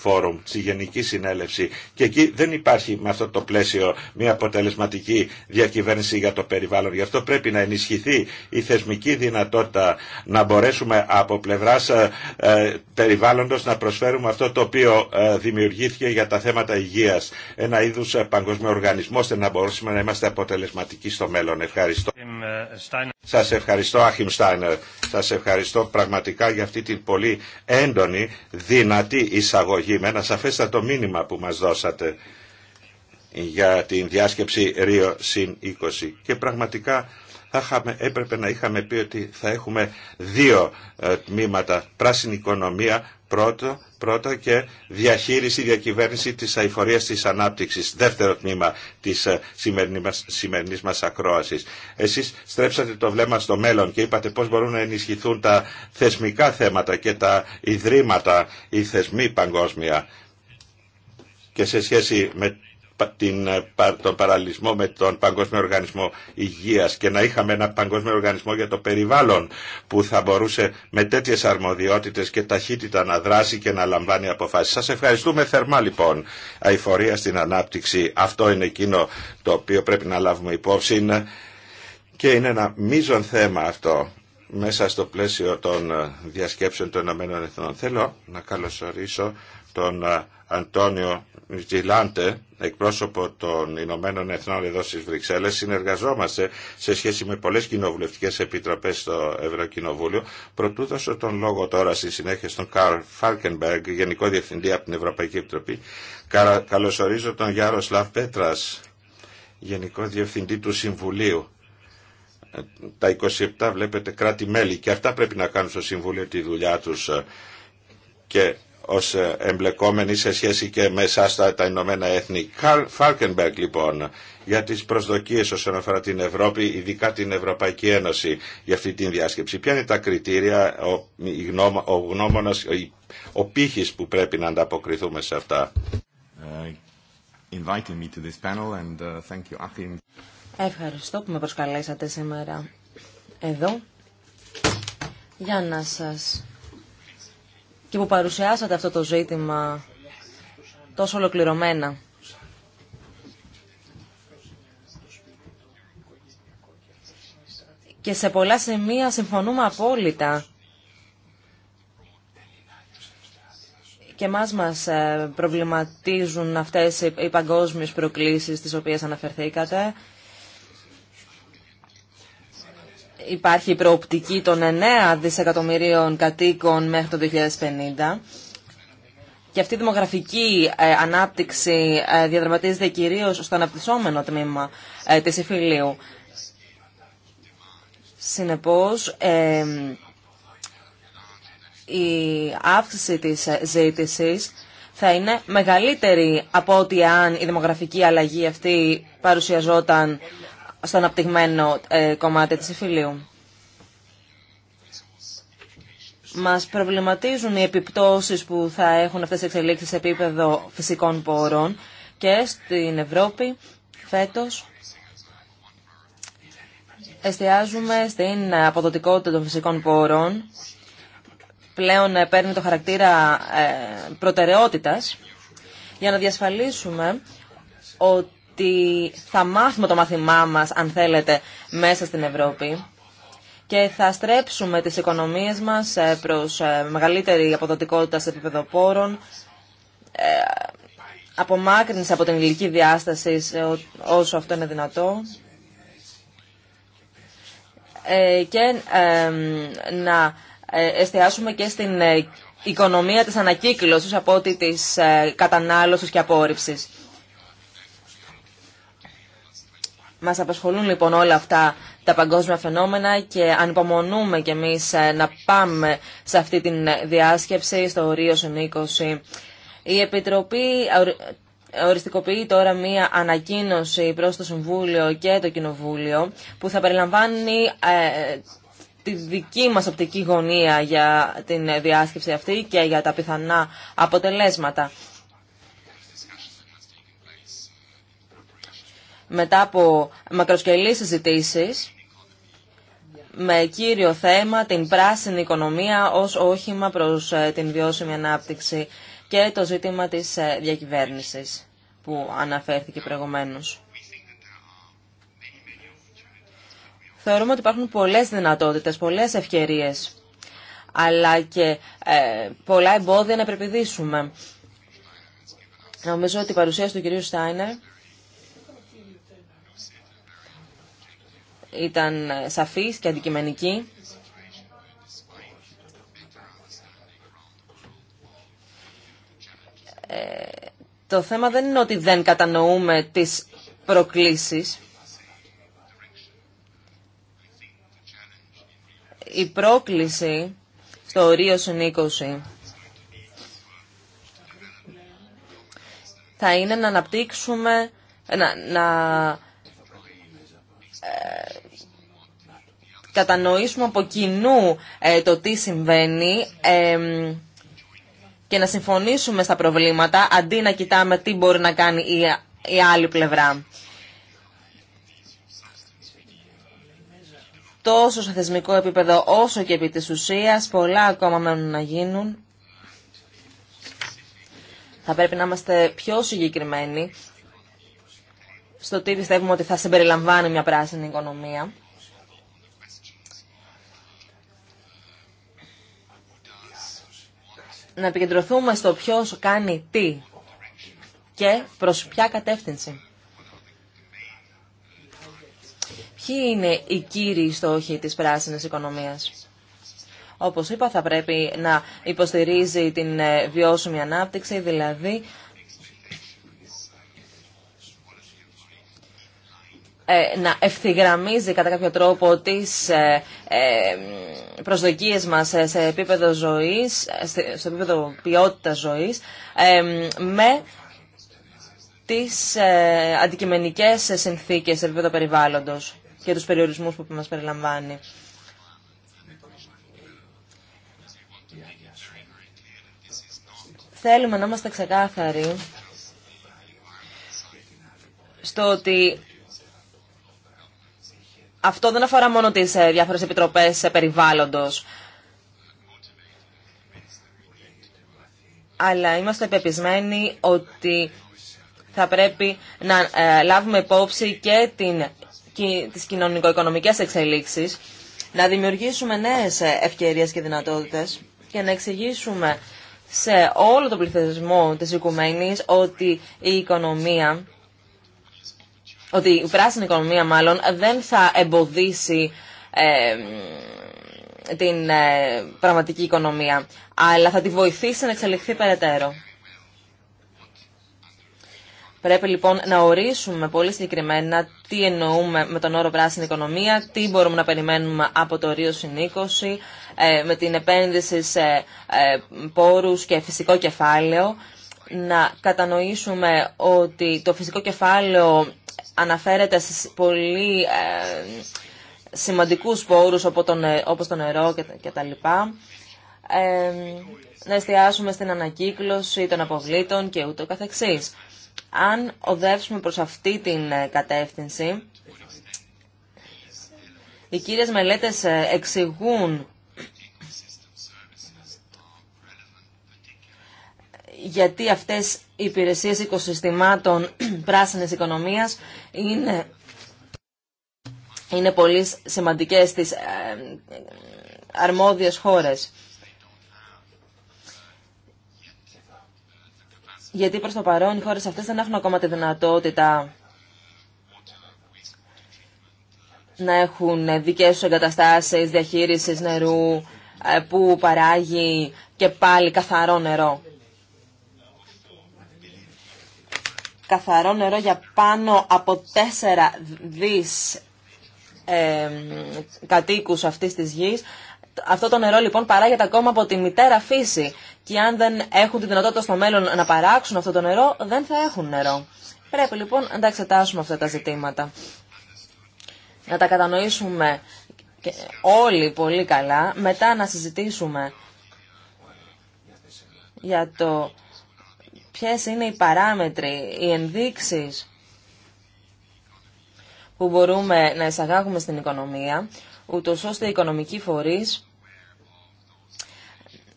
Φόρουμ, στη Γενική Συνέλευση. Και εκεί δεν υπάρχει με αυτό το πλαίσιο μια αποτελεσματική διακυβέρνηση για το περιβάλλον. Γι' αυτό πρέπει να ενισχυθεί η θεσμική δυνατότητα να μπορέσουμε από πλευρά ε, ε περιβάλλοντο να προσφέρουμε αυτό το οποίο ε, δημιουργήθηκε για τα θέματα υγεία. Ένα είδου ε, παγκόσμιο οργανισμό ώστε να μπορέσουμε να είμαστε αποτελεσματικοί στο μέλλον. Ευχαριστώ. Σας ευχαριστώ Άχιμ Στάινερ, σας ευχαριστώ πραγματικά για αυτή την πολύ έντονη, δυνατή εισαγωγή επιλογή με ένα σαφέστατο μήνυμα που μας δώσατε για την διάσκεψη Ρίο συν 20 και πραγματικά θα έπρεπε να είχαμε πει ότι θα έχουμε δύο ε, τμήματα πράσινη οικονομία πρώτο Πρώτα και διαχείριση, διακυβέρνηση της αηφορίας της ανάπτυξης. Δεύτερο τμήμα της ε, σημερινής μας, σημερινής μας ακρόασης. Εσείς στρέψατε το βλέμμα στο μέλλον και είπατε πώς μπορούν να ενισχυθούν τα θεσμικά θέματα και τα ιδρύματα, οι θεσμοί παγκόσμια και σε σχέση με την, ε, τον παραλυσμό με τον Παγκόσμιο Οργανισμό Υγείας και να είχαμε ένα Παγκόσμιο Οργανισμό για το περιβάλλον που θα μπορούσε με τέτοιες αρμοδιότητες και ταχύτητα να δράσει και να λαμβάνει αποφάσεις. Σας ευχαριστούμε θερμά λοιπόν. Αηφορία στην ανάπτυξη. Αυτό είναι εκείνο το οποίο πρέπει να λάβουμε υπόψη και είναι ένα μείζον θέμα αυτό μέσα στο πλαίσιο των ε, διασκέψεων των Ηνωμένων Θέλω να καλωσορίσω τον ε, Αντώνιο Βιτζιλάντε, εκπρόσωπο των Ηνωμένων Εθνών εδώ στις Βρυξέλλες, συνεργαζόμαστε σε σχέση με πολλές κοινοβουλευτικές επιτροπές στο Ευρωκοινοβούλιο. πρωτού δώσω τον λόγο τώρα στη συνέχεια στον Καρλ Φάρκενμπεργκ, Γενικό Διευθυντή από την Ευρωπαϊκή Επιτροπή, καλωσορίζω τον Γιάρο Σλαβ Πέτρας, Γενικό Διευθυντή του Συμβουλίου. Τα 27 βλέπετε κράτη-μέλη και αυτά πρέπει να κάνουν στο Συμβούλιο τη δουλειά του ως ε, εμπλεκόμενοι σε σχέση και με εσάς τα, τα Ηνωμένα Έθνη. Καρλ Φάλκενμπεργκ λοιπόν για τις προσδοκίες όσον αφορά την Ευρώπη, ειδικά την Ευρωπαϊκή Ένωση για αυτή την διάσκεψη. Ποια είναι τα κριτήρια, ο, ο γνώμονας, ο, ο πύχης που πρέπει να ανταποκριθούμε σε αυτά. Ευχαριστώ που με προσκαλέσατε σήμερα εδώ για να σας και που παρουσιάσατε αυτό το ζήτημα τόσο ολοκληρωμένα. Και σε πολλά σημεία συμφωνούμε απόλυτα. Και μας μας ε, προβληματίζουν αυτές οι παγκόσμιες προκλήσεις τις οποίες αναφερθήκατε. υπάρχει προοπτική των 9 δισεκατομμυρίων κατοίκων μέχρι το 2050 και αυτή η δημογραφική ε, ανάπτυξη ε, διαδραματίζεται κυρίως στο αναπτυσσόμενο τμήμα ε, της Ιφιλίου. Συνεπώς, η αύξηση της ζήτησης θα είναι μεγαλύτερη από ότι αν η δημογραφική αλλαγή αυτή παρουσιαζόταν στο αναπτυγμένο ε, κομμάτι της υφηλίου. Μας προβληματίζουν οι επιπτώσεις που θα έχουν αυτές οι εξελίξεις σε επίπεδο φυσικών πόρων και στην Ευρώπη φέτος εστιάζουμε στην αποδοτικότητα των φυσικών πόρων. Πλέον ε, παίρνει το χαρακτήρα ε, προτεραιότητας για να διασφαλίσουμε ότι ότι θα μάθουμε το μάθημά μας, αν θέλετε, μέσα στην Ευρώπη και θα στρέψουμε τις οικονομίες μας ε, προς ε, μεγαλύτερη αποδοτικότητα σε επίπεδο πόρων, ε, απομάκρυνση από την ηλική διάσταση όσο αυτό είναι δυνατό και να εστιάσουμε και στην οικονομία της ανακύκλωσης από ό,τι της κατανάλωσης και απόρριψης. Μας απασχολούν λοιπόν όλα αυτά τα παγκόσμια φαινόμενα και ανυπομονούμε κι εμεί ε, να πάμε σε αυτή τη διάσκεψη στο Ρίο Συνήκωση. Η Επιτροπή οριστικοποιεί τώρα μία ανακοίνωση προς το Συμβούλιο και το Κοινοβούλιο που θα περιλαμβάνει ε, τη δική μας οπτική γωνία για την διάσκεψη αυτή και για τα πιθανά αποτελέσματα. μετά από μακροσκελείς συζητήσει με κύριο θέμα την πράσινη οικονομία ως όχημα προς ε, την βιώσιμη ανάπτυξη και το ζήτημα της ε, διακυβέρνησης που αναφέρθηκε προηγουμένως. Θεωρούμε ότι υπάρχουν πολλές δυνατότητες, πολλές ευκαιρίες, αλλά και ε, πολλά εμπόδια να επιπηδήσουμε. Νομίζω ότι η παρουσίαση του κυρίου Στάινερ ήταν σαφής και αντικειμενική. Ε, το θέμα δεν είναι ότι δεν κατανοούμε τις προκλήσεις. Η πρόκληση στο ορίο συνήκωση θα είναι να αναπτύξουμε, να ε, κατανοήσουμε από κοινού ε, το τι συμβαίνει ε, και να συμφωνήσουμε στα προβλήματα αντί να κοιτάμε τι μπορεί να κάνει η άλλη πλευρά. Τόσο σε θεσμικό επίπεδο όσο και επί της ουσίας πολλά ακόμα μένουν να γίνουν. Θα πρέπει να είμαστε πιο συγκεκριμένοι στο τι πιστεύουμε ότι θα συμπεριλαμβάνει μια πράσινη οικονομία. Να επικεντρωθούμε στο ποιος κάνει τι και προς ποια κατεύθυνση. Ποιοι είναι οι κύριοι στόχοι της πράσινης οικονομίας. Όπως είπα θα πρέπει να υποστηρίζει την ε, βιώσιμη ανάπτυξη, δηλαδή Ε, να ευθυγραμμίζει κατά κάποιο τρόπο τις ε, ε, προσδοκίες μας σε επίπεδο ζωής, σε επίπεδο ποιότητας ζωής, με τις αντικειμενικές συνθήκες σε επίπεδο περιβάλλοντος και τους περιορισμούς που μας περιλαμβάνει. Θέλουμε να είμαστε ξεκάθαροι στο ότι αυτό δεν αφορά μόνο τις ε, διάφορες επιτροπές ε, περιβάλλοντος. Αλλά είμαστε πεπισμένοι ότι θα πρέπει να ε, λάβουμε υπόψη και την, τις κοινωνικο-οικονομικές εξελίξεις, να δημιουργήσουμε νέες ευκαιρίες και δυνατότητες και να εξηγήσουμε σε όλο τον πληθυσμό της οικουμένης ότι η οικονομία ότι η πράσινη οικονομία μάλλον δεν θα εμποδίσει ε, την ε, πραγματική οικονομία, αλλά θα τη βοηθήσει να εξελιχθεί περαιτέρω. Πρέπει λοιπόν να ορίσουμε πολύ συγκεκριμένα τι εννοούμε με τον όρο πράσινη οικονομία, τι μπορούμε να περιμένουμε από το Ρίο Συνήκωση, ε, με την επένδυση σε πόρους και φυσικό κεφάλαιο, να κατανοήσουμε ότι το φυσικό κεφάλαιο αναφέρεται σε πολύ ε, σημαντικούς πόρους όπως το νερό και τα λοιπά. Ε, να εστιάσουμε στην ανακύκλωση των αποβλήτων και ούτω καθεξής. Αν οδεύσουμε προς αυτή την ε, κατεύθυνση, οι κύριες μελέτες ε, εξηγούν γιατί αυτές υπηρεσίες οικοσυστημάτων πράσινης οικονομίας είναι, είναι πολύ σημαντικές στις ε, αρμόδιες χώρες. Γιατί προς το παρόν οι χώρες αυτές δεν έχουν ακόμα τη δυνατότητα να έχουν δικές τους εγκαταστάσεις διαχείρισης νερού ε, που παράγει και πάλι καθαρό νερό. καθαρό νερό για πάνω από τέσσερα δις ε, κατοίκους αυτής της γης. Αυτό το νερό λοιπόν παράγεται ακόμα από τη μητέρα φύση και αν δεν έχουν τη δυνατότητα στο μέλλον να παράξουν αυτό το νερό, δεν θα έχουν νερό. Πρέπει λοιπόν να τα εξετάσουμε αυτά τα ζητήματα. Να τα κατανοήσουμε όλοι πολύ καλά, μετά να συζητήσουμε για το ποιες είναι οι παράμετροι, οι ενδείξεις που μπορούμε να εισαγάγουμε στην οικονομία, ούτως ώστε οι οικονομικοί φορείς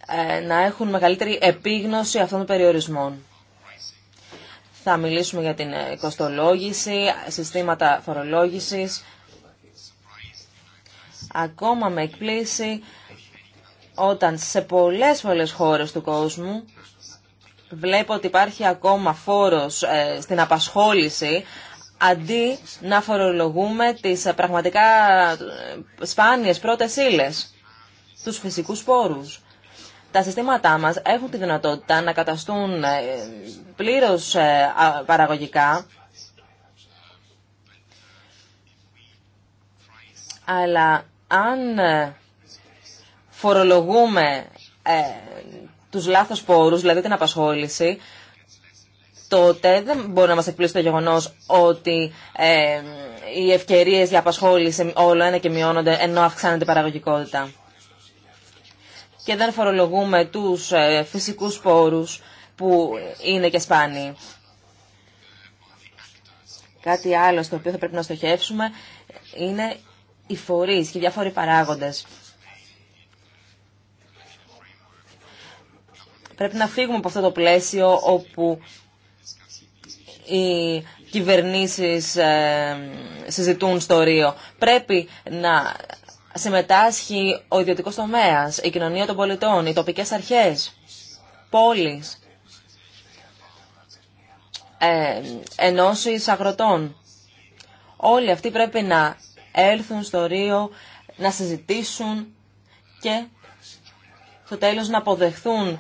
ε, να έχουν μεγαλύτερη επίγνωση αυτών των περιορισμών. Θα μιλήσουμε για την κοστολόγηση, συστήματα φορολόγησης. Ακόμα με εκπλήσει όταν σε πολλές πολλές χώρες του κόσμου βλέπω ότι υπάρχει ακόμα φόρος ε, στην απασχόληση αντί να φορολογούμε τις ε, πραγματικά ε, σπάνιες πρώτες ύλες, τους φυσικούς πόρους. Τα συστήματά μας έχουν τη δυνατότητα να καταστούν πλήρως παραγωγικά, αλλά αν φορολογούμε τους λάθος πόρους, δηλαδή την απασχόληση, τότε δεν μπορεί να μας εκπλήσει το γεγονός ότι ε, οι ευκαιρίες για απασχόληση όλο ένα και μειώνονται ενώ αυξάνεται η παραγωγικότητα. Και δεν φορολογούμε τους ε, φυσικούς πόρους που είναι και σπάνιοι. Κάτι άλλο στο οποίο θα πρέπει να στοχεύσουμε είναι οι φορείς και οι διάφοροι παράγοντες. Πρέπει να φύγουμε από αυτό το πλαίσιο όπου οι κυβερνήσεις ε, συζητούν στο Ρίο. Πρέπει να συμμετάσχει ο ιδιωτικός τομέας, η κοινωνία των πολιτών, οι τοπικές αρχές, πόλεις, ε, ενώσεις αγροτών. Όλοι αυτοί πρέπει να έλθουν στο Ρίο, να συζητήσουν και στο τέλος να αποδεχθούν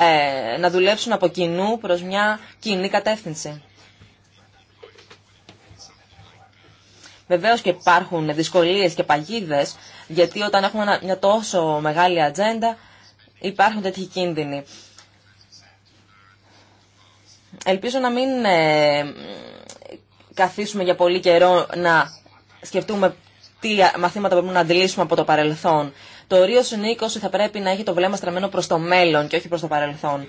ε, να δουλέψουν από κοινού προς μια κοινή κατεύθυνση. Βεβαίως και υπάρχουν δυσκολίες και παγίδες, γιατί όταν έχουμε μια τόσο μεγάλη ατζέντα υπάρχουν τέτοιοι κίνδυνοι. Ελπίζω να μην ε, καθίσουμε για πολύ καιρό να σκεφτούμε τι μαθήματα μπορούμε να αντιλήσουμε από το παρελθόν. Το Ρίο Συνήκο θα πρέπει να έχει το βλέμμα στραμμένο προ το μέλλον και όχι προ το παρελθόν.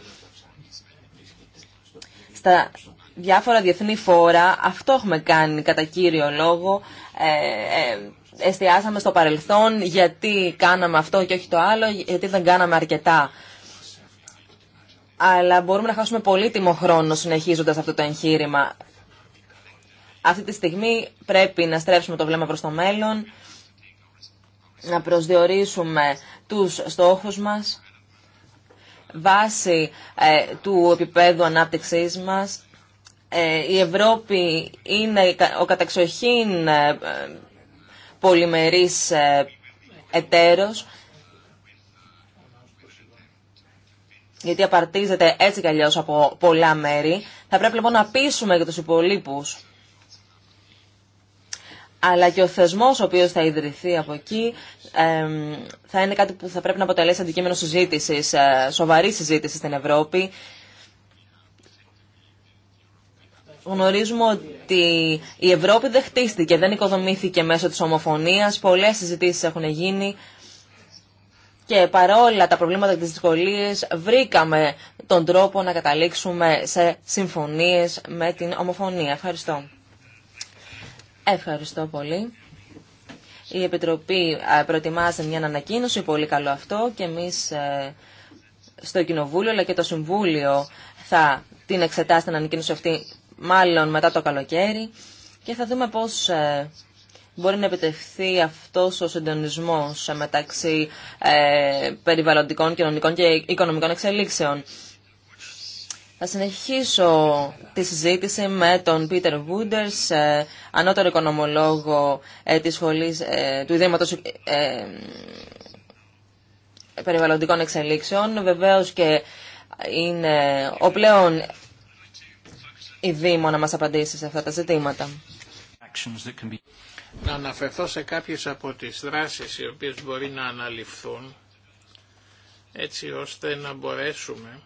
Στα διάφορα διεθνή φόρα, αυτό έχουμε κάνει κατά κύριο λόγο. Ε, ε, εστιάσαμε στο παρελθόν γιατί κάναμε αυτό και όχι το άλλο, γιατί δεν κάναμε αρκετά. Αλλά μπορούμε να χάσουμε πολύτιμο χρόνο συνεχίζοντας αυτό το εγχείρημα. Αυτή τη στιγμή πρέπει να στρέψουμε το βλέμμα προς το μέλλον να προσδιορίσουμε τους στόχους μας βάσει ε, του επίπεδου ανάπτυξής μας. Ε, η Ευρώπη είναι ο καταξοχήν ε, πολυμερής ε, εταίρος γιατί απαρτίζεται έτσι κι από πολλά μέρη. Θα πρέπει λοιπόν να πείσουμε και τους υπολείπους αλλά και ο θεσμός ο οποίος θα ιδρυθεί από εκεί θα είναι κάτι που θα πρέπει να αποτελέσει αντικείμενο συζήτησης, ε, σοβαρή συζήτηση στην Ευρώπη. Γνωρίζουμε ότι η Ευρώπη δεν χτίστηκε, δεν οικοδομήθηκε μέσω της ομοφωνίας. Πολλές συζητήσεις έχουν γίνει και παρόλα τα προβλήματα και τις δυσκολίες βρήκαμε τον τρόπο να καταλήξουμε σε συμφωνίες με την ομοφωνία. Ευχαριστώ. Ευχαριστώ πολύ. Η Επιτροπή ε, προετοιμάζει μια ανακοίνωση, πολύ καλό αυτό, και εμείς ε, στο Κοινοβούλιο αλλά και το Συμβούλιο θα την εξετάσει την ανακοίνωση αυτή μάλλον μετά το καλοκαίρι και θα δούμε πώς ε, μπορεί να επιτευχθεί αυτός ο συντονισμός μεταξύ περιβαλλοντικών, κοινωνικών και οικονομικών εξελίξεων. Θα συνεχίσω τη συζήτηση με τον Πίτερ Βούντερς, ε, ανώτερο οικονομολόγο ε, της σχολής, ε, του Ιδρύματος Περιβαλλοντικών Εξελίξεων. Βεβαίως και είναι ο πλέον Δήμο να μας απαντήσει σε αυτά τα ζητήματα. Να αναφερθώ σε κάποιες από τις δράσεις οι οποίες μπορεί να αναλυφθούν έτσι ώστε να μπορέσουμε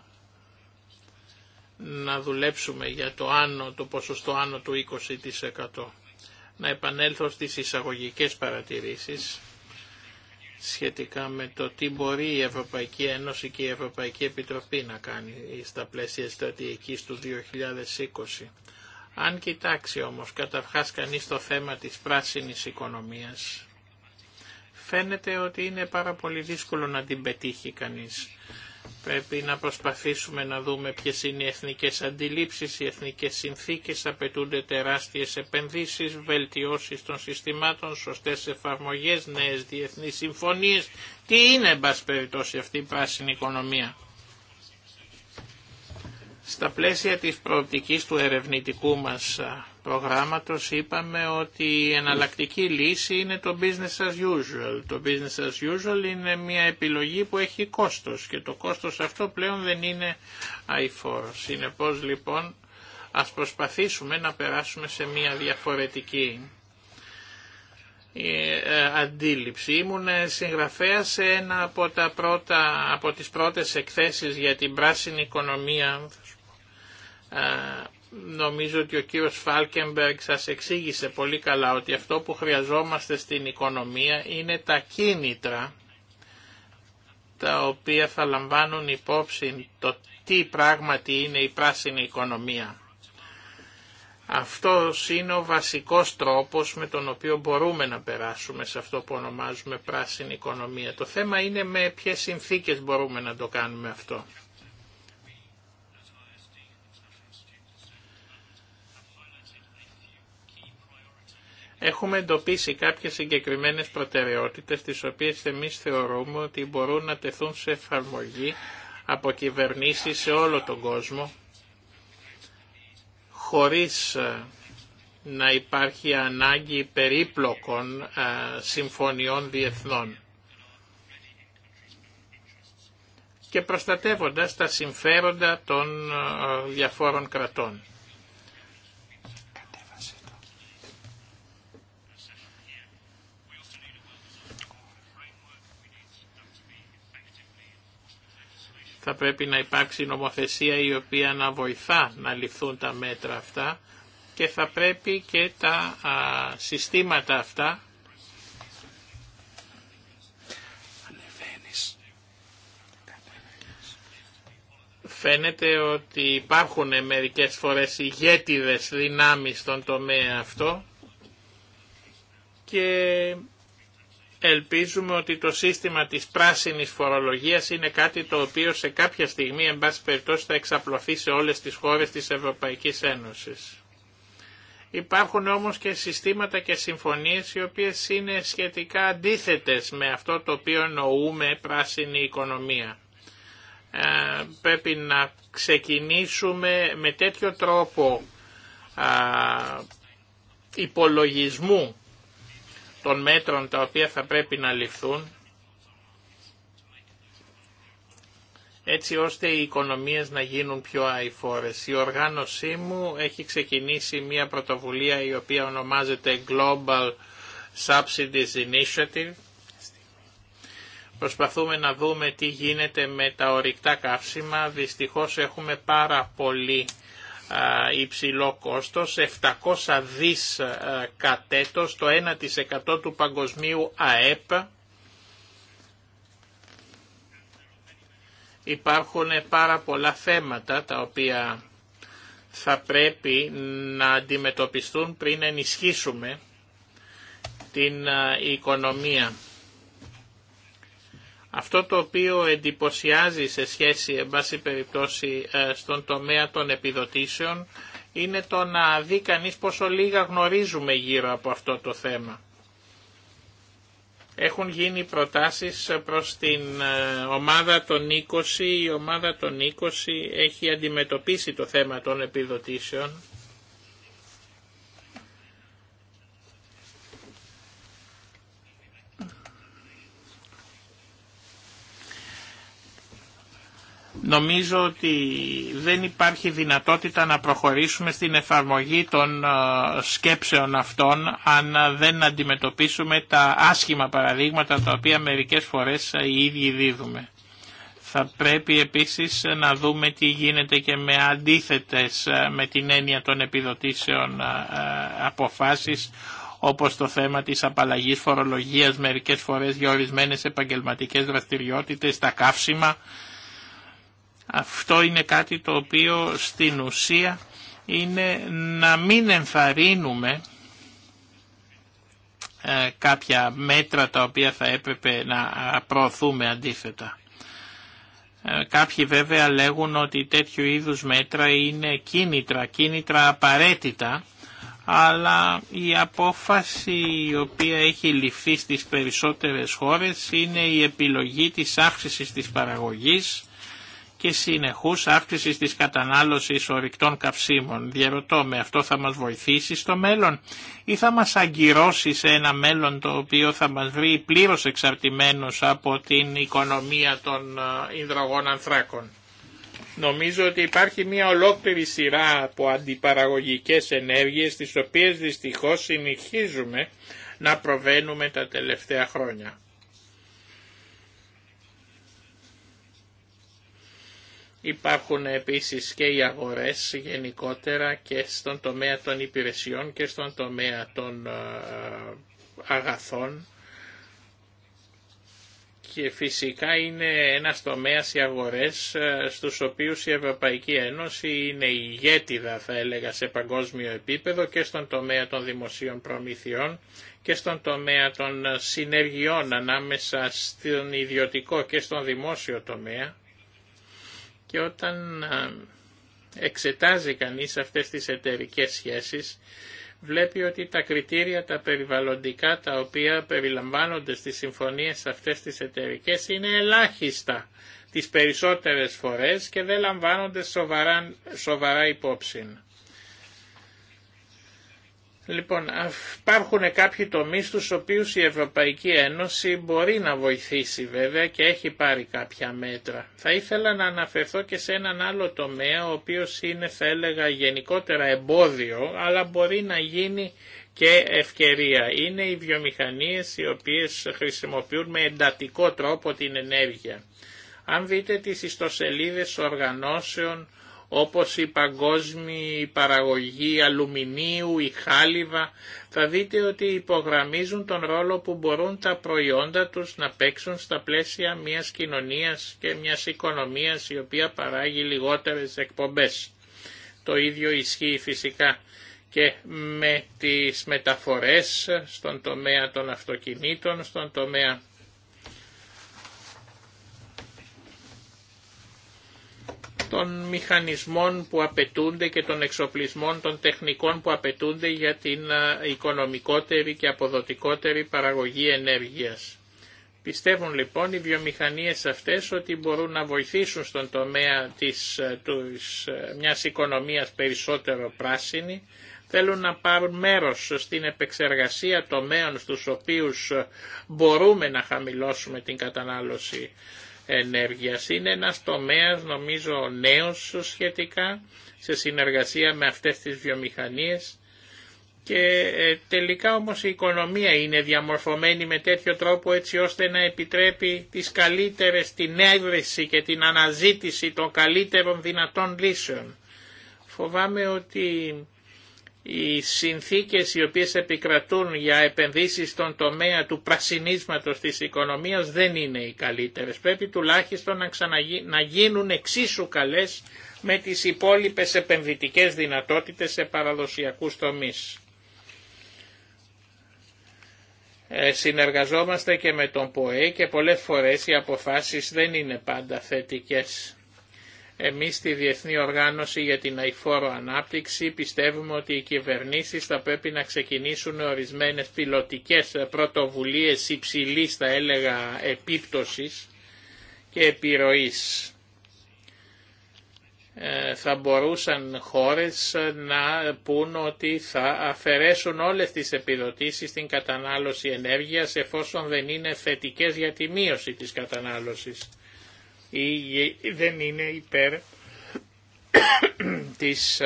να δουλέψουμε για το, άνω, το ποσοστό άνω του 20%. Να επανέλθω στις εισαγωγικές παρατηρήσεις σχετικά με το τι μπορεί η Ευρωπαϊκή Ένωση και η Ευρωπαϊκή Επιτροπή να κάνει στα πλαίσια στρατηγικής του 2020. Αν κοιτάξει όμως καταρχάς κανείς το θέμα της πράσινης οικονομίας, φαίνεται ότι είναι πάρα πολύ δύσκολο να την πετύχει κανείς. Πρέπει να προσπαθήσουμε να δούμε ποιες είναι οι εθνικές αντιλήψεις, οι εθνικές συνθήκες, απαιτούνται τεράστιες επενδύσεις, βελτιώσεις των συστημάτων, σωστές εφαρμογές, νέες διεθνείς συμφωνίες. Τι είναι, εν πάση περιπτώσει, αυτή η πράσινη οικονομία. Στα πλαίσια της προοπτικής του ερευνητικού μας προγράμματος είπαμε ότι η εναλλακτική λύση είναι το business as usual. Το business as usual είναι μια επιλογή που έχει κόστος και το κόστος αυτό πλέον δεν είναι Συνεπώς λοιπόν ας προσπαθήσουμε να περάσουμε σε μια διαφορετική ε, ε, αντίληψη. Ήμουν συγγραφέα σε ένα από, τα πρώτα, από τις πρώτες εκθέσεις για την πράσινη οικονομία ε, Νομίζω ότι ο κύριος Φάλκεμπεργκ σας εξήγησε πολύ καλά ότι αυτό που χρειαζόμαστε στην οικονομία είναι τα κίνητρα τα οποία θα λαμβάνουν υπόψη το τι πράγματι είναι η πράσινη οικονομία. Αυτό είναι ο βασικός τρόπος με τον οποίο μπορούμε να περάσουμε σε αυτό που ονομάζουμε πράσινη οικονομία. Το θέμα είναι με ποιες συνθήκες μπορούμε να το κάνουμε αυτό. Έχουμε εντοπίσει κάποιες συγκεκριμένες προτεραιότητες τις οποίες εμείς θεωρούμε ότι μπορούν να τεθούν σε εφαρμογή από κυβερνήσεις σε όλο τον κόσμο χωρίς ε, να υπάρχει ανάγκη περίπλοκων ε, συμφωνιών διεθνών και προστατεύοντας τα συμφέροντα των ε, διαφόρων κρατών. Θα πρέπει να υπάρξει νομοθεσία η οποία να βοηθά να ληφθούν τα μέτρα αυτά και θα πρέπει και τα συστήματα αυτά Φαίνεται ότι υπάρχουν μερικές φορές ηγέτιδες δυνάμεις στον τομέα αυτό και ελπίζουμε ότι το σύστημα της πράσινης φορολογίας είναι κάτι το οποίο σε κάποια στιγμή εν πάση περιπτώσει θα εξαπλωθεί σε όλες τις χώρες της Ευρωπαϊκής Ένωσης. Υπάρχουν όμως και συστήματα και συμφωνίες οι οποίες είναι σχετικά αντίθετες με αυτό το οποίο εννοούμε πράσινη οικονομία. Ε, πρέπει να ξεκινήσουμε με τέτοιο τρόπο υπολογισμού των μέτρων τα οποία θα πρέπει να ληφθούν έτσι ώστε οι οικονομίες να γίνουν πιο αηφόρες. Η οργάνωσή μου έχει ξεκινήσει μια πρωτοβουλία η οποία ονομάζεται Global Subsidies Initiative. Προσπαθούμε να δούμε τι γίνεται με τα ορυκτά καύσιμα. Δυστυχώς έχουμε πάρα πολύ υψηλό κόστος, 700 δις κατέτος, το 1% του παγκοσμίου ΑΕΠ. Υπάρχουν πάρα πολλά θέματα τα οποία θα πρέπει να αντιμετωπιστούν πριν ενισχύσουμε την οικονομία. Αυτό το οποίο εντυπωσιάζει σε σχέση, εν περιπτώσει, ε, στον τομέα των επιδοτήσεων είναι το να δει κανείς πόσο λίγα γνωρίζουμε γύρω από αυτό το θέμα. Έχουν γίνει προτάσεις προς την ε, ομάδα των 20. Η ομάδα των 20 έχει αντιμετωπίσει το θέμα των επιδοτήσεων Νομίζω ότι δεν υπάρχει δυνατότητα να προχωρήσουμε στην εφαρμογή των ε, σκέψεων αυτών αν ε, δεν αντιμετωπίσουμε τα άσχημα παραδείγματα τα οποία μερικές φορές ε, οι ίδιοι δίδουμε. Θα πρέπει επίσης να δούμε τι γίνεται και με αντίθετες με την έννοια των επιδοτήσεων αποφάσεις όπως το θέμα της απαλλαγής φορολογίας μερικές φορές για ορισμένες επαγγελματικές δραστηριότητες, τα καύσιμα αυτό είναι κάτι το οποίο στην ουσία είναι να μην ενθαρρύνουμε ε, κάποια μέτρα τα οποία θα έπρεπε να προωθούμε αντίθετα. Ε, κάποιοι βέβαια λέγουν ότι τέτοιου είδους μέτρα είναι κίνητρα, κίνητρα απαραίτητα, αλλά η απόφαση η οποία έχει ληφθεί στις περισσότερες χώρες είναι η επιλογή της αύξησης της παραγωγής και συνεχούς αύξησης της κατανάλωσης ορυκτών καυσίμων. Διαρωτώ με αυτό θα μας βοηθήσει στο μέλλον ή θα μας αγκυρώσει σε ένα μέλλον το οποίο θα μας βρει πλήρως εξαρτημένος από την οικονομία των ε, υδρογών ανθράκων. Νομίζω ότι υπάρχει μια ολόκληρη σειρά από αντιπαραγωγικές ενέργειες τις οποίες δυστυχώς συνεχίζουμε να προβαίνουμε τα τελευταία χρόνια. Υπάρχουν επίσης και οι αγορές γενικότερα και στον τομέα των υπηρεσιών και στον τομέα των ε, αγαθών και φυσικά είναι ένας τομέας οι αγορές ε, στους οποίους η Ευρωπαϊκή Ένωση είναι ηγέτιδα θα έλεγα σε παγκόσμιο επίπεδο και στον τομέα των δημοσίων προμηθειών και στον τομέα των συνεργειών ανάμεσα στον ιδιωτικό και στον δημόσιο τομέα και όταν ε, εξετάζει κανείς αυτές τις εταιρικές σχέσεις, βλέπει ότι τα κριτήρια τα περιβαλλοντικά τα οποία περιλαμβάνονται στις συμφωνίες αυτές τις εταιρικέ είναι ελάχιστα τις περισσότερες φορές και δεν λαμβάνονται σοβαρά, σοβαρά υπόψη. Λοιπόν, υπάρχουν κάποιοι τομείς στους οποίους η Ευρωπαϊκή Ένωση μπορεί να βοηθήσει βέβαια και έχει πάρει κάποια μέτρα. Θα ήθελα να αναφερθώ και σε έναν άλλο τομέα, ο οποίος είναι θα έλεγα γενικότερα εμπόδιο, αλλά μπορεί να γίνει και ευκαιρία. Είναι οι βιομηχανίες οι οποίες χρησιμοποιούν με εντατικό τρόπο την ενέργεια. Αν δείτε τις ιστοσελίδες οργανώσεων, όπως η παγκόσμια παραγωγή αλουμινίου, η χάλιβα, θα δείτε ότι υπογραμμίζουν τον ρόλο που μπορούν τα προϊόντα τους να παίξουν στα πλαίσια μιας κοινωνίας και μιας οικονομίας η οποία παράγει λιγότερες εκπομπές. Το ίδιο ισχύει φυσικά και με τις μεταφορές στον τομέα των αυτοκινήτων, στον τομέα των μηχανισμών που απαιτούνται και των εξοπλισμών των τεχνικών που απαιτούνται για την ε, οικονομικότερη και αποδοτικότερη παραγωγή ενέργειας. Πιστεύουν λοιπόν οι βιομηχανίες αυτές ότι μπορούν να βοηθήσουν στον τομέα της, ε, της ε, μιας οικονομίας περισσότερο πράσινη, θέλουν να πάρουν μέρος στην επεξεργασία τομέων στους οποίους μπορούμε να χαμηλώσουμε την κατανάλωση ενέργειας. Είναι ένας τομέας νομίζω νέος σχετικά σε συνεργασία με αυτές τις βιομηχανίες και ε, τελικά όμως η οικονομία είναι διαμορφωμένη με τέτοιο τρόπο έτσι ώστε να επιτρέπει τις καλύτερες, την έβρεση και την αναζήτηση των καλύτερων δυνατών λύσεων. Φοβάμαι ότι οι συνθήκες οι οποίες επικρατούν για επενδύσεις στον τομέα του πρασινίσματος της οικονομίας δεν είναι οι καλύτερες. Πρέπει τουλάχιστον να, γίνουν εξίσου καλές με τις υπόλοιπες επενδυτικές δυνατότητες σε παραδοσιακούς τομείς. Ε, συνεργαζόμαστε και με τον ΠΟΕ και πολλές φορές οι αποφάσεις δεν είναι πάντα θετικές. Εμείς στη Διεθνή Οργάνωση για την Αϊφόρο Ανάπτυξη πιστεύουμε ότι οι κυβερνήσεις θα πρέπει να ξεκινήσουν ορισμένες πιλωτικές πρωτοβουλίες υψηλής θα έλεγα επίπτωσης και επιρροής. Ε, θα μπορούσαν χώρες να πούν ότι θα αφαιρέσουν όλες τις επιδοτήσεις στην κατανάλωση ενέργειας εφόσον δεν είναι θετικές για τη μείωση της κατανάλωσης ή δεν είναι υπέρ της,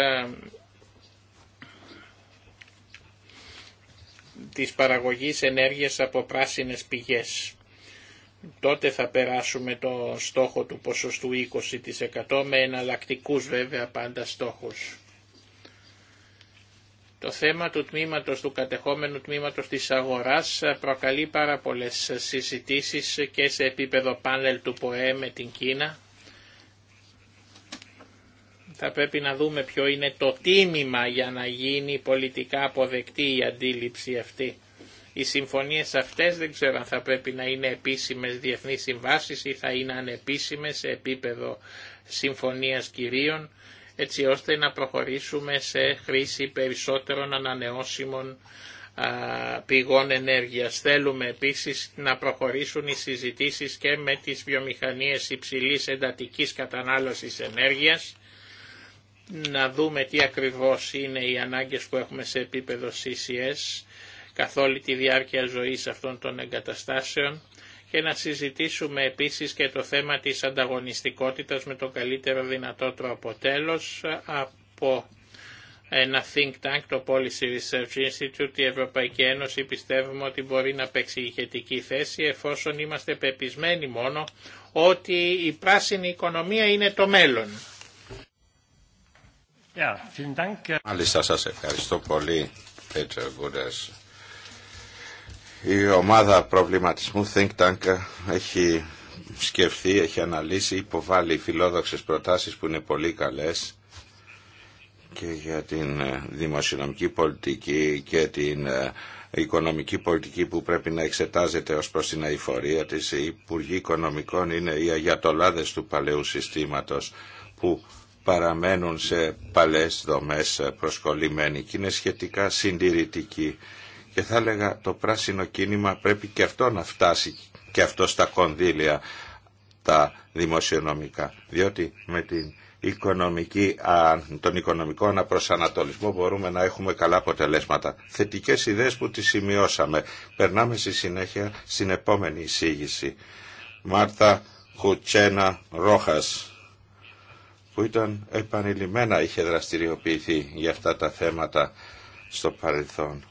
της παραγωγής ενέργειας από πράσινες πηγές. Τότε θα περάσουμε το στόχο του ποσοστού 20% με εναλλακτικούς βέβαια πάντα στόχους. Το θέμα του τμήματος, του κατεχόμενου τμήματος της αγοράς ε, προκαλεί πάρα πολλές συζητήσεις και σε επίπεδο πάνελ του ΠΟΕ με την Κίνα. Θα πρέπει να δούμε ποιο είναι το τίμημα για να γίνει πολιτικά αποδεκτή η αντίληψη αυτή. Οι συμφωνίες αυτές δεν ξέρω αν θα πρέπει να είναι επίσημες διεθνείς συμβάσεις ή θα είναι ανεπίσημες σε επίπεδο συμφωνίας κυρίων έτσι ώστε να προχωρήσουμε σε χρήση περισσότερων ανανεώσιμων πηγών ενέργειας. Θέλουμε επίσης να προχωρήσουν οι συζητήσεις και με τις βιομηχανίες υψηλής εντατικής κατανάλωσης ενέργειας, να δούμε τι ακριβώς είναι οι ανάγκες που έχουμε σε επίπεδο CCS καθ' όλη τη διάρκεια ζωής αυτών των εγκαταστάσεων και να συζητήσουμε επίσης και το θέμα της ανταγωνιστικότητας με το καλύτερο δυνατό τρόπο. από ένα think tank, το Policy Research Institute, η Ευρωπαϊκή Ένωση πιστεύουμε ότι μπορεί να παίξει ηγετική θέση εφόσον είμαστε πεπισμένοι μόνο ότι η πράσινη οικονομία είναι το μέλλον. Yeah, Μάλιστα σας ευχαριστώ πολύ, Πέτρο Γκούντας. Η ομάδα προβληματισμού Think Tank έχει σκεφτεί, έχει αναλύσει, υποβάλει φιλόδοξες προτάσεις που είναι πολύ καλές και για την ε, δημοσιονομική πολιτική και την ε, οικονομική πολιτική που πρέπει να εξετάζεται ως προς την αηφορία της. Οι Υπουργοί Οικονομικών είναι οι αγιατολάδες του παλαιού συστήματος που παραμένουν σε παλές δομές ε, προσκολλημένοι και είναι σχετικά συντηρητικοί και θα έλεγα το πράσινο κίνημα πρέπει και αυτό να φτάσει και αυτό στα κονδύλια τα δημοσιονομικά διότι με την οικονομική, τον οικονομικό αναπροσανατολισμό μπορούμε να έχουμε καλά αποτελέσματα. Θετικές ιδέες που τις σημειώσαμε. Περνάμε στη συνέχεια στην επόμενη εισήγηση. Μάρτα Χουτσένα Ρόχας που ήταν επανειλημμένα είχε δραστηριοποιηθεί για αυτά τα θέματα στο παρελθόν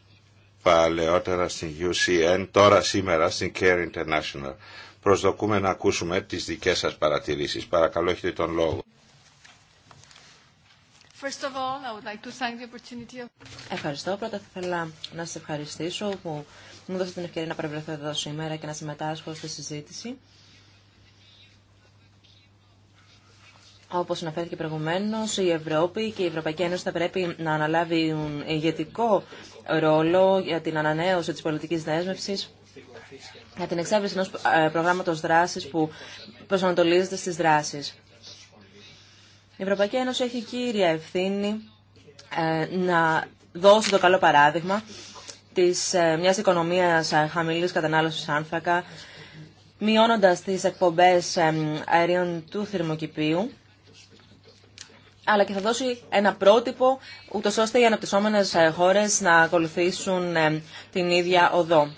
παλαιότερα στην UCN, τώρα σήμερα στην Care International. Προσδοκούμε να ακούσουμε τις δικές σας παρατηρήσεις. Παρακαλώ, έχετε τον λόγο. Ευχαριστώ. Πρώτα θα ήθελα να σας ευχαριστήσω που μου δώσατε την ευκαιρία να παρευρεθώ εδώ σήμερα και να συμμετάσχω στη συζήτηση. Όπως αναφέρθηκε προηγουμένως, η Ευρώπη και η Ευρωπαϊκή Ένωση θα πρέπει να αναλάβει ηγετικό ρόλο για την ανανέωση της πολιτικής δέσμευσης για την εξέβριση ενός ε, προγράμματος δράσης που προσανατολίζεται στις δράσεις. Η Ευρωπαϊκή Ένωση έχει κύρια ευθύνη ε, να δώσει το καλό παράδειγμα της ε, μιας οικονομίας χαμηλής κατανάλωσης άνθρακα, μειώνοντας τις εκπομπές αερίων του θερμοκηπίου αλλά και θα δώσει ένα πρότυπο, ούτω ώστε οι αναπτυσσόμενες ε, χώρες να ακολουθήσουν ε, την ίδια οδό.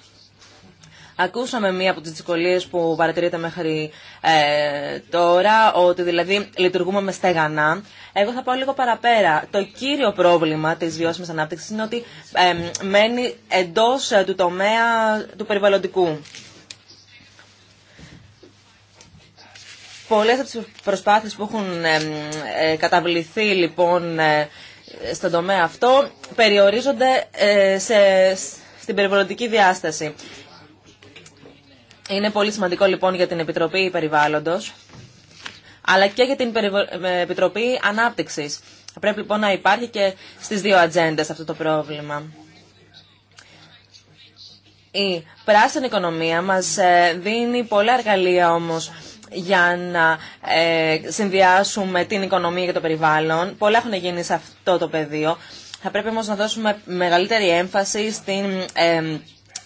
Ακούσαμε μία από τις δυσκολίες που παρατηρείται μέχρι ε, τώρα, ότι δηλαδή λειτουργούμε με στεγανά. Εγώ θα πάω λίγο παραπέρα. Το κύριο πρόβλημα της βιώσιμης ανάπτυξης είναι ότι μένει εντός του τομέα του περιβαλλοντικού. Πολλέ από τι προσπάθειες που έχουν ε, καταβληθεί λοιπόν ε, στον τομέα αυτό περιορίζονται ε, σε, στην περιβαλλοντική διάσταση. Είναι πολύ σημαντικό λοιπόν για την Επιτροπή Περιβάλλοντος αλλά και για την Επιτροπή Ανάπτυξης. Πρέπει λοιπόν να υπάρχει και στις δύο ατζέντε αυτό το πρόβλημα. Η πράσινη οικονομία μας δίνει πολλά εργαλεία όμως για να ε, συνδυάσουμε την οικονομία και το περιβάλλον. Πολλά έχουν γίνει σε αυτό το πεδίο. Θα πρέπει όμως να δώσουμε μεγαλύτερη έμφαση στην ε,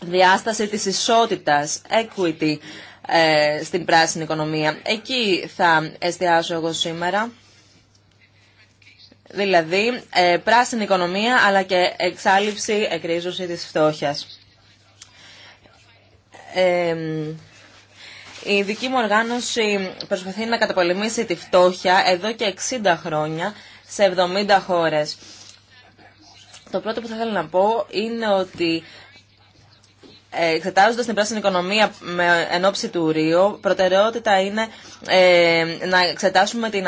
διάσταση της ισότητας, equity, ε, στην πράσινη οικονομία. Εκεί θα εστιάσω εγώ σήμερα. Δηλαδή, πράσινη οικονομία αλλά και εξάλληψη, εκρίζωση της φτώχειας. Η δική μου οργάνωση προσπαθεί να καταπολεμήσει τη φτώχεια εδώ και 60 χρόνια σε 70 χώρες. Το πρώτο που θα ήθελα να πω είναι ότι ε, εξετάζοντας την πράσινη οικονομία με ενόψη του Ρίο, προτεραιότητα είναι ε, να εξετάσουμε την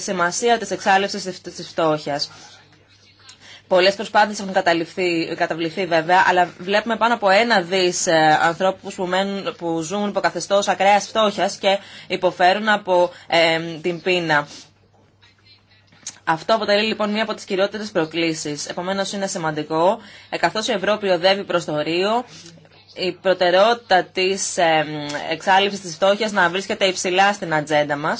σημασία της εξάλληψης της φτώχειας. Πολλέ προσπάθειες έχουν καταβληθεί βέβαια, αλλά βλέπουμε πάνω από ένα δις ε, ανθρώπου που, που ζουν υπό καθεστώ ακραίας φτώχειας και υποφέρουν από ε, την πείνα. Αυτό αποτελεί λοιπόν μία από τις κυριότερες προκλήσεις. Επομένως είναι σημαντικό, ε, καθώ η Ευρώπη οδεύει προ το Ρίο, η προτεραιότητα της εξάλληψη τη φτώχεια να βρίσκεται υψηλά στην ατζέντα μα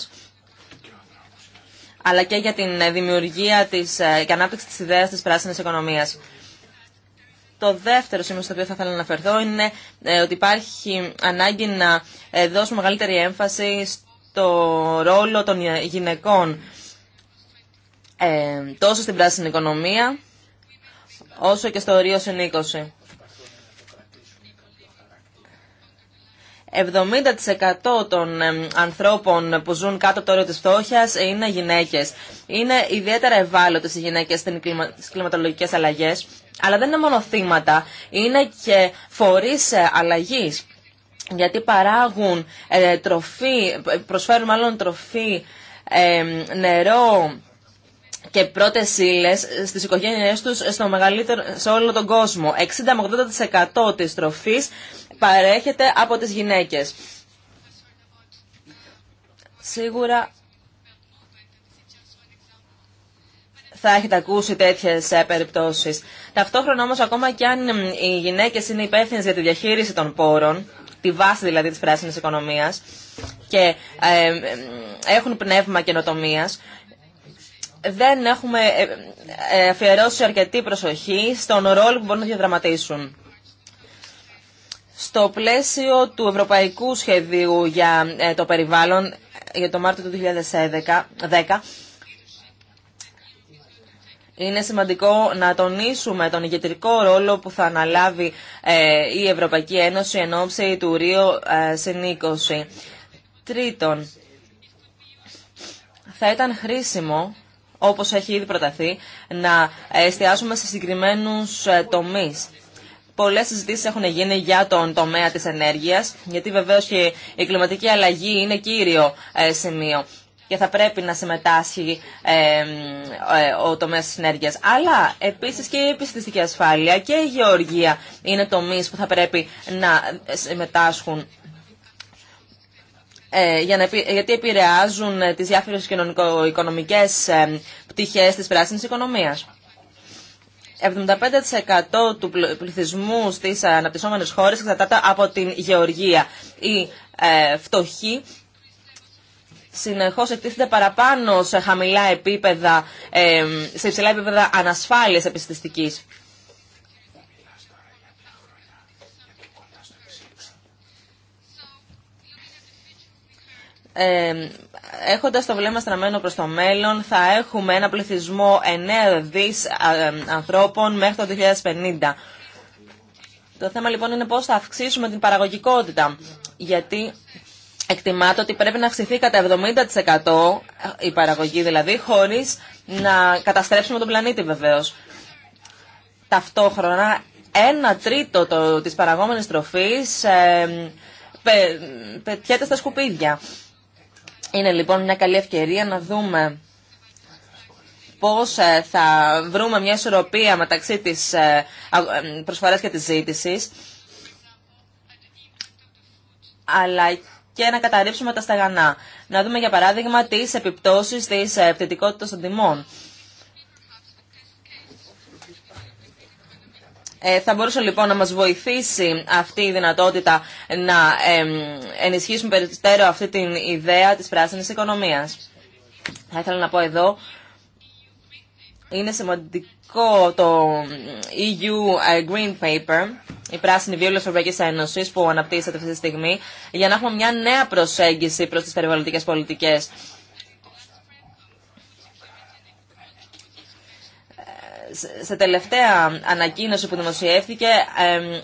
αλλά και για την ε, δημιουργία της, ε, και ανάπτυξη της ιδέας της πράσινης οικονομίας. Το δεύτερο σημείο στο οποίο θα ήθελα να αναφερθώ είναι ε, ότι υπάρχει ανάγκη να δώσουμε μεγαλύτερη έμφαση στο ρόλο των γυναικών τόσο στην πράσινη οικονομία όσο και στο ορίο συνήκωση. 70% των ανθρώπων που ζουν κάτω από το όριο της φτώχειας είναι γυναίκες. Είναι ιδιαίτερα ευάλωτες οι γυναίκες στις κλιματολογικές αλλαγές, αλλά δεν είναι μόνο θύματα, είναι και φορείς ε, αλλαγής. Γιατί παράγουν ε, τροφή, ε, προσφέρουν μάλλον τροφή, νερό, και πρώτε ύλε στι οικογένειέ του σε όλο τον κόσμο. 60 με 80% τη τροφή παρέχεται από τι γυναίκε. Σίγουρα θα έχετε ακούσει τέτοιε περιπτώσει. Ταυτόχρονα όμω, ακόμα και αν οι γυναίκε είναι υπεύθυνε για τη διαχείριση των πόρων, τη βάση δηλαδή τη πράσινη οικονομία, και ε, έχουν πνεύμα καινοτομία, δεν έχουμε ε, ε, αφιερώσει αρκετή προσοχή στον ρόλο που μπορούν να διαδραματίσουν. Στο πλαίσιο του Ευρωπαϊκού Σχεδίου για ε, το Περιβάλλον για το Μάρτιο του 2010, είναι σημαντικό να τονίσουμε τον ηγετρικό ρόλο που θα αναλάβει η Ευρωπαϊκή Ένωση εν ώψη του Ρίο Συνήκωση. Τρίτον, θα ήταν χρήσιμο όπως έχει ήδη προταθεί, να εστιάσουμε σε συγκεκριμένους ε, τομείς. Πολλές συζητήσεις έχουν γίνει για τον τομέα της ενέργειας, γιατί βεβαίως και η κλιματική αλλαγή είναι κύριο ε, σημείο και θα πρέπει να συμμετάσχει ε, ο τομέας της ενέργειας. Αλλά επίσης και η επιστηστική ασφάλεια και η γεωργία είναι τομείς που θα πρέπει να συμμετάσχουν ε, γιατί επηρεάζουν ε, τις διάφορες κοινωνικο-οικονομικές ε, πτυχές της πράσινης οικονομίας. 75% του πληθυσμού στις αναπτυσσόμενες χώρες εξαρτάται από την γεωργία. Η φτωχή συνεχώς εκτίθεται παραπάνω σε χαμηλά επίπεδα, σε υψηλά επίπεδα ανασφάλειας επιστηστικής. ε, έχοντας το βλέμμα στραμμένο προς το μέλλον θα έχουμε ένα πληθυσμό 9 δις ανθρώπων μέχρι το 2050. Το θέμα λοιπόν είναι πώς θα αυξήσουμε την παραγωγικότητα. Γιατί εκτιμάται ότι πρέπει να αυξηθεί κατά 70% η παραγωγή δηλαδή, χωρίς να καταστρέψουμε τον πλανήτη βεβαίως. Ταυτόχρονα, ένα τρίτο το, της παραγόμενης τροφής ε, πετιέται στα σκουπίδια. Είναι λοιπόν μια καλή ευκαιρία να δούμε πώς ε, θα βρούμε μια ισορροπία μεταξύ της ε, ε, προσφοράς και της ζήτησης, αλλά και να καταρρύψουμε τα σταγανά. Να δούμε για παράδειγμα τις επιπτώσεις της πτυτικότητας των τιμών. Ε, θα μπορούσε λοιπόν να μας βοηθήσει αυτή η δυνατότητα να ενισχύσουμε περισσότερο αυτή την ιδέα της πράσινης οικονομίας. Θα ήθελα να πω εδώ, είναι σημαντικό το EU ε, Green Paper, η πράσινη Βιολογική της Ευρωπαϊκής Ένωσης που αναπτύσσεται αυτή τη στιγμή, για να έχουμε μια νέα προσέγγιση προς τις περιβαλλοντικές πολιτικές. σε τελευταία ανακοίνωση που δημοσιεύθηκε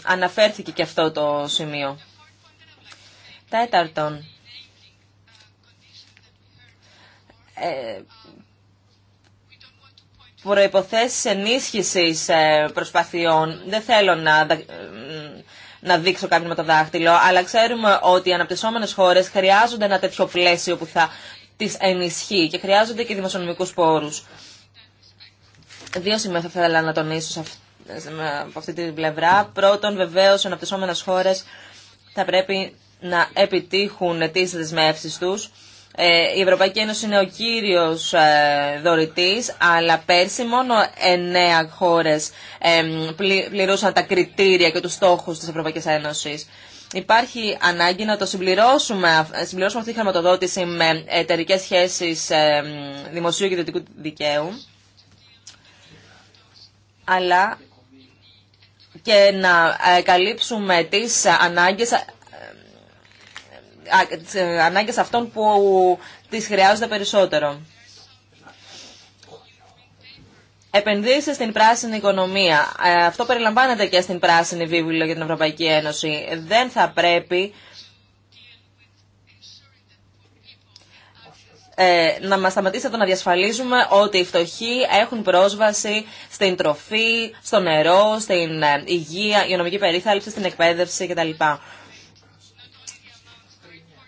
αναφέρθηκε και αυτό το σημείο. Τέταρτον, ε, προϋποθέσεις ενίσχυσης ε, προσπαθειών. Δεν θέλω να, να δείξω κάτι με το δάχτυλο, αλλά ξέρουμε ότι οι αναπτυσσόμενες χώρες χρειάζονται ένα τέτοιο πλαίσιο που θα τις ενισχύει και χρειάζονται και δημοσιονομικούς πόρους. Δύο σημεία θα ήθελα να τονίσω από αυτή την πλευρά. Πρώτον, βεβαίω, οι αναπτυσσόμενε χώρε θα πρέπει να επιτύχουν τις δεσμεύσεις Ε, Η Ευρωπαϊκή Ένωση είναι ο κύριος ε, δωρητή, αλλά πέρσι μόνο εννέα χώρες πληρούσαν τα κριτήρια και του στόχου τη Ευρωπαϊκή Ένωση. Υπάρχει ανάγκη να το συμπληρώσουμε, συμπληρώσουμε αυτή τη χρηματοδότηση με εταιρικέ σχέσεις δημοσίου και ιδιωτικού δικαίου αλλά και να ε, καλύψουμε τις ανάγκες, ε, ε, τις ανάγκες αυτών που τις χρειάζονται περισσότερο. Επενδύσεις στην πράσινη οικονομία. Αυτό περιλαμβάνεται και στην πράσινη βίβλιο για την Ευρωπαϊκή Ένωση. Δεν θα πρέπει Ε, να μας σταματήσετε να διασφαλίζουμε ότι οι φτωχοί έχουν πρόσβαση στην τροφή, στο νερό, στην ε, υγεία, υγειονομική περίθαλψη, στην εκπαίδευση κτλ.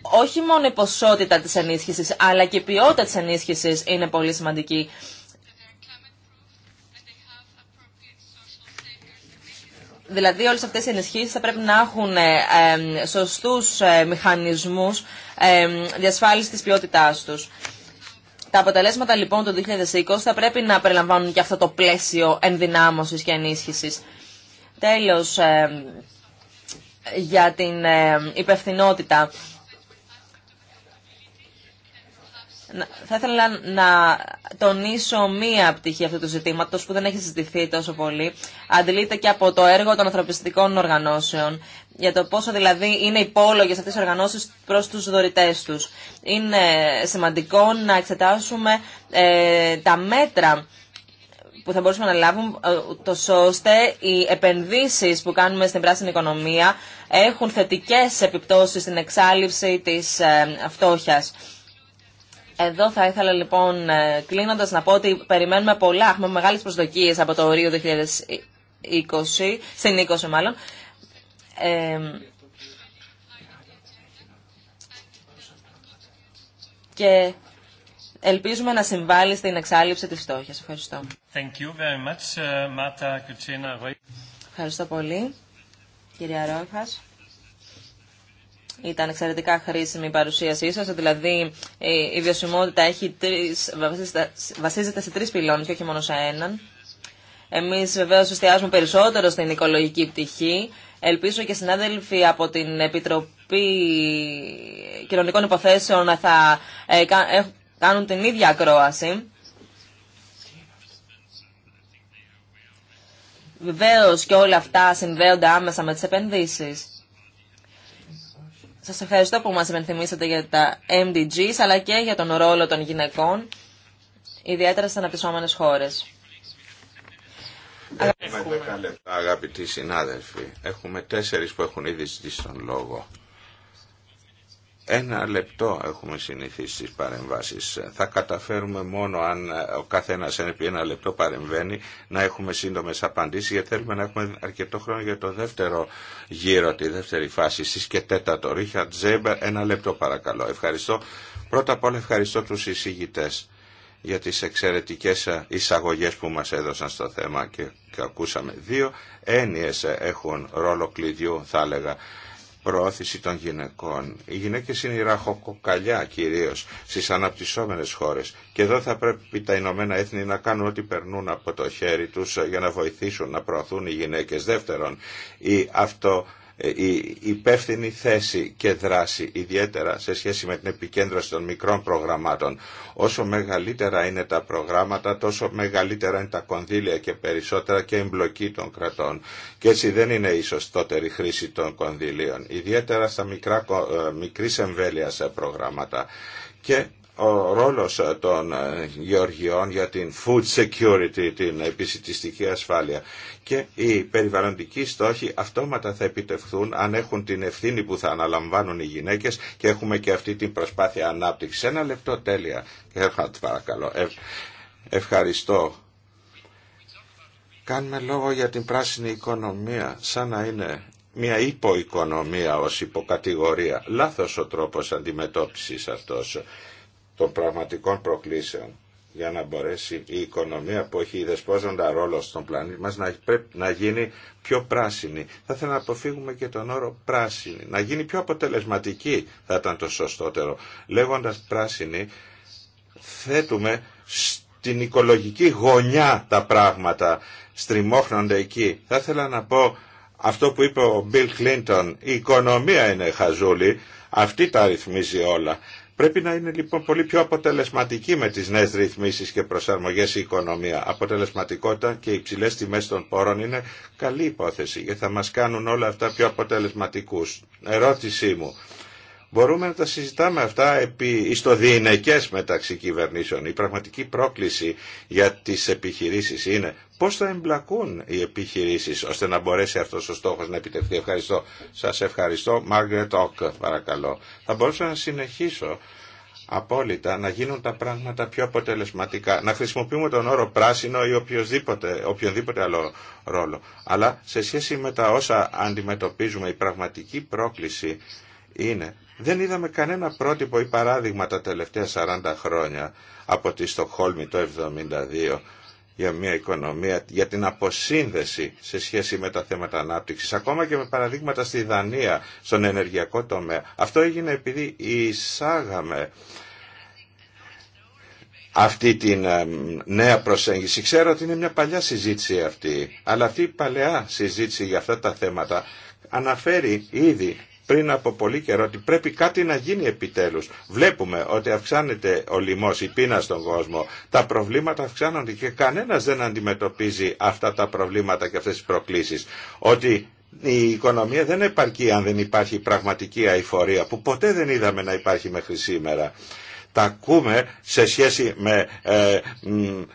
Όχι μόνο η ποσότητα της ενίσχυσης, αλλά και η ποιότητα της ενίσχυσης είναι πολύ σημαντική. Δηλαδή όλες αυτές οι ενισχύσεις θα πρέπει να έχουν ε, σωστούς ε, μηχανισμούς διασφάλισης της ποιότητάς τους. Τα αποτελέσματα λοιπόν του 2020 θα πρέπει να περιλαμβάνουν και αυτό το πλαίσιο ενδυνάμωσης και ενίσχυσης. Τέλος, για την υπευθυνότητα. θα ήθελα να τονίσω μία πτυχή αυτού του ζητήματος που δεν έχει συζητηθεί τόσο πολύ. Αντιλείται και από το έργο των ανθρωπιστικών οργανώσεων για το πόσο δηλαδή είναι υπόλογες αυτές οι οργανώσεις προς τους δωρητές τους. Είναι σημαντικό να εξετάσουμε ε, τα μέτρα που θα μπορούσαμε να λάβουν, ε, το ώστε οι επενδύσεις που κάνουμε στην πράσινη οικονομία έχουν θετικές επιπτώσεις στην εξάλληψη της ε, φτώχειας. Εδώ θα ήθελα λοιπόν ε, κλείνοντας να πω ότι περιμένουμε πολλά, έχουμε μεγάλες προσδοκίες από το Ρίο 2020, στην 20 μάλλον. Ε, και ελπίζουμε να συμβάλλει στην εξάλληψη της φτώχειας. Ευχαριστώ. Thank you very much, ε, Ευχαριστώ πολύ, κυρία Ρόφας. Ήταν εξαιρετικά χρήσιμη η παρουσίασή σα, δηλαδή ε, η βιωσιμότητα έχει τρεις, βασίζεται σε τρει πυλώνε και όχι μόνο σε έναν. Εμείς βεβαίω, εστιάζουμε περισσότερο στην οικολογική πτυχή. Ελπίζω και συνάδελφοι από την Επιτροπή Κοινωνικών Υποθέσεων να θα ε, ε, κάνουν την ίδια ακρόαση. Βεβαίω και όλα αυτά συνδέονται άμεσα με τι επενδύσει. Σας ευχαριστώ που μας υπενθυμίσατε για τα MDGs αλλά και για τον ρόλο των γυναικών, ιδιαίτερα στι αναπτυσσόμενες χώρες. Έχουμε 10 λεπτά αγαπητοί συνάδελφοι. Έχουμε τέσσερις που έχουν ήδη ζητήσει τον λόγο. Ένα λεπτό έχουμε συνηθίσει στις παρεμβάσεις. Θα καταφέρουμε μόνο αν ε, ο καθένας επί ένα λεπτό παρεμβαίνει να έχουμε σύντομες απαντήσεις γιατί θέλουμε να έχουμε αρκετό χρόνο για το δεύτερο γύρο, τη δεύτερη φάση στις και τέταρτο. Ρίχαρτ Ζέμπερ, ένα λεπτό παρακαλώ. Ευχαριστώ. Πρώτα απ' όλα ευχαριστώ τους εισηγητές για τις εξαιρετικές ε, εισαγωγές που μας έδωσαν στο θέμα και, και ακούσαμε. Δύο έννοιες ε, έχουν ρόλο κλειδιού θα έλεγα προώθηση των γυναικών. Οι γυναίκες είναι η ραχοκοκαλιά κυρίως στις αναπτυσσόμενες χώρες και εδώ θα πρέπει τα Ηνωμένα Έθνη να κάνουν ό,τι περνούν από το χέρι τους για να βοηθήσουν να προωθούν οι γυναίκες. Δεύτερον, η αυτο ε, η υπεύθυνη θέση και δράση, ιδιαίτερα σε σχέση με την επικέντρωση των μικρών προγραμμάτων. Όσο μεγαλύτερα είναι τα προγράμματα, τόσο μεγαλύτερα είναι τα κονδύλια και περισσότερα και εμπλοκή των κρατών. Και έτσι δεν είναι η σωστότερη χρήση των κονδυλίων, ιδιαίτερα στα μικρά, ε, μικρής εμβέλειας προγράμματα. Και ο ρόλος ε, των ε, γεωργιών για την food security, την επισητιστική ασφάλεια και οι περιβαλλοντικοί στόχοι αυτόματα θα επιτευχθούν αν έχουν την ευθύνη που θα αναλαμβάνουν οι γυναίκες και έχουμε και αυτή την προσπάθεια ανάπτυξης. Ένα λεπτό τέλεια. Παρακαλώ. Ε, ευχαριστώ. Κάνουμε λόγο για την πράσινη οικονομία σαν να είναι μια υποοικονομία ως υποκατηγορία. Λάθος ο τρόπος αντιμετώπισης αυτός των πραγματικών προκλήσεων για να μπορέσει η οικονομία που έχει δεσπόζοντα ρόλο στον πλανήτη μας να, πρέπει να γίνει πιο πράσινη. Θα ήθελα να αποφύγουμε και τον όρο πράσινη. Να γίνει πιο αποτελεσματική θα ήταν το σωστότερο. Λέγοντας πράσινη θέτουμε στην οικολογική γωνιά τα πράγματα. Στριμώχνονται εκεί. Θα ήθελα να πω αυτό που είπε ο Μπιλ Κλίντον. Η οικονομία είναι χαζούλη. Αυτή τα ρυθμίζει όλα. Πρέπει να είναι λοιπόν πολύ πιο αποτελεσματική με τις νέες ρυθμίσεις και προσαρμογές η οικονομία. Αποτελεσματικότητα και υψηλές τιμές των πόρων είναι καλή υπόθεση και θα μας κάνουν όλα αυτά πιο αποτελεσματικούς. Ερώτησή μου, Μπορούμε να τα συζητάμε αυτά επί ιστοδιεινεκές μεταξύ κυβερνήσεων. Η πραγματική πρόκληση για τις επιχειρήσεις είναι πώς θα εμπλακούν οι επιχειρήσεις ώστε να μπορέσει αυτός ο στόχος να επιτευχθεί. Ευχαριστώ. Σας ευχαριστώ. Margaret Όκ, παρακαλώ. Θα μπορούσα να συνεχίσω απόλυτα να γίνουν τα πράγματα πιο αποτελεσματικά. Να χρησιμοποιούμε τον όρο πράσινο ή οποιονδήποτε άλλο ρόλο. Αλλά σε σχέση με τα όσα αντιμετωπίζουμε, η πραγματική πρόκληση είναι δεν είδαμε κανένα πρότυπο ή παράδειγμα τα τελευταία 40 χρόνια από τη Στοχόλμη το 1972 για μια οικονομία, για την αποσύνδεση σε σχέση με τα θέματα ανάπτυξης, ακόμα και με παραδείγματα στη Δανία, στον ενεργειακό τομέα. Αυτό έγινε επειδή εισάγαμε αυτή την ε, νέα προσέγγιση. Ξέρω ότι είναι μια παλιά συζήτηση αυτή, αλλά αυτή η παλαιά συζήτηση για αυτά τα θέματα αναφέρει ήδη πριν από πολύ καιρό ότι πρέπει κάτι να γίνει επιτέλους. Βλέπουμε ότι αυξάνεται ο λοιμός, η πείνα στον κόσμο, τα προβλήματα αυξάνονται και κανένας δεν αντιμετωπίζει αυτά τα προβλήματα και αυτές τις προκλήσεις. Ότι η οικονομία δεν επαρκεί αν δεν υπάρχει πραγματική αηφορία που ποτέ δεν είδαμε να υπάρχει μέχρι σήμερα. Τα ακούμε σε σχέση με ε,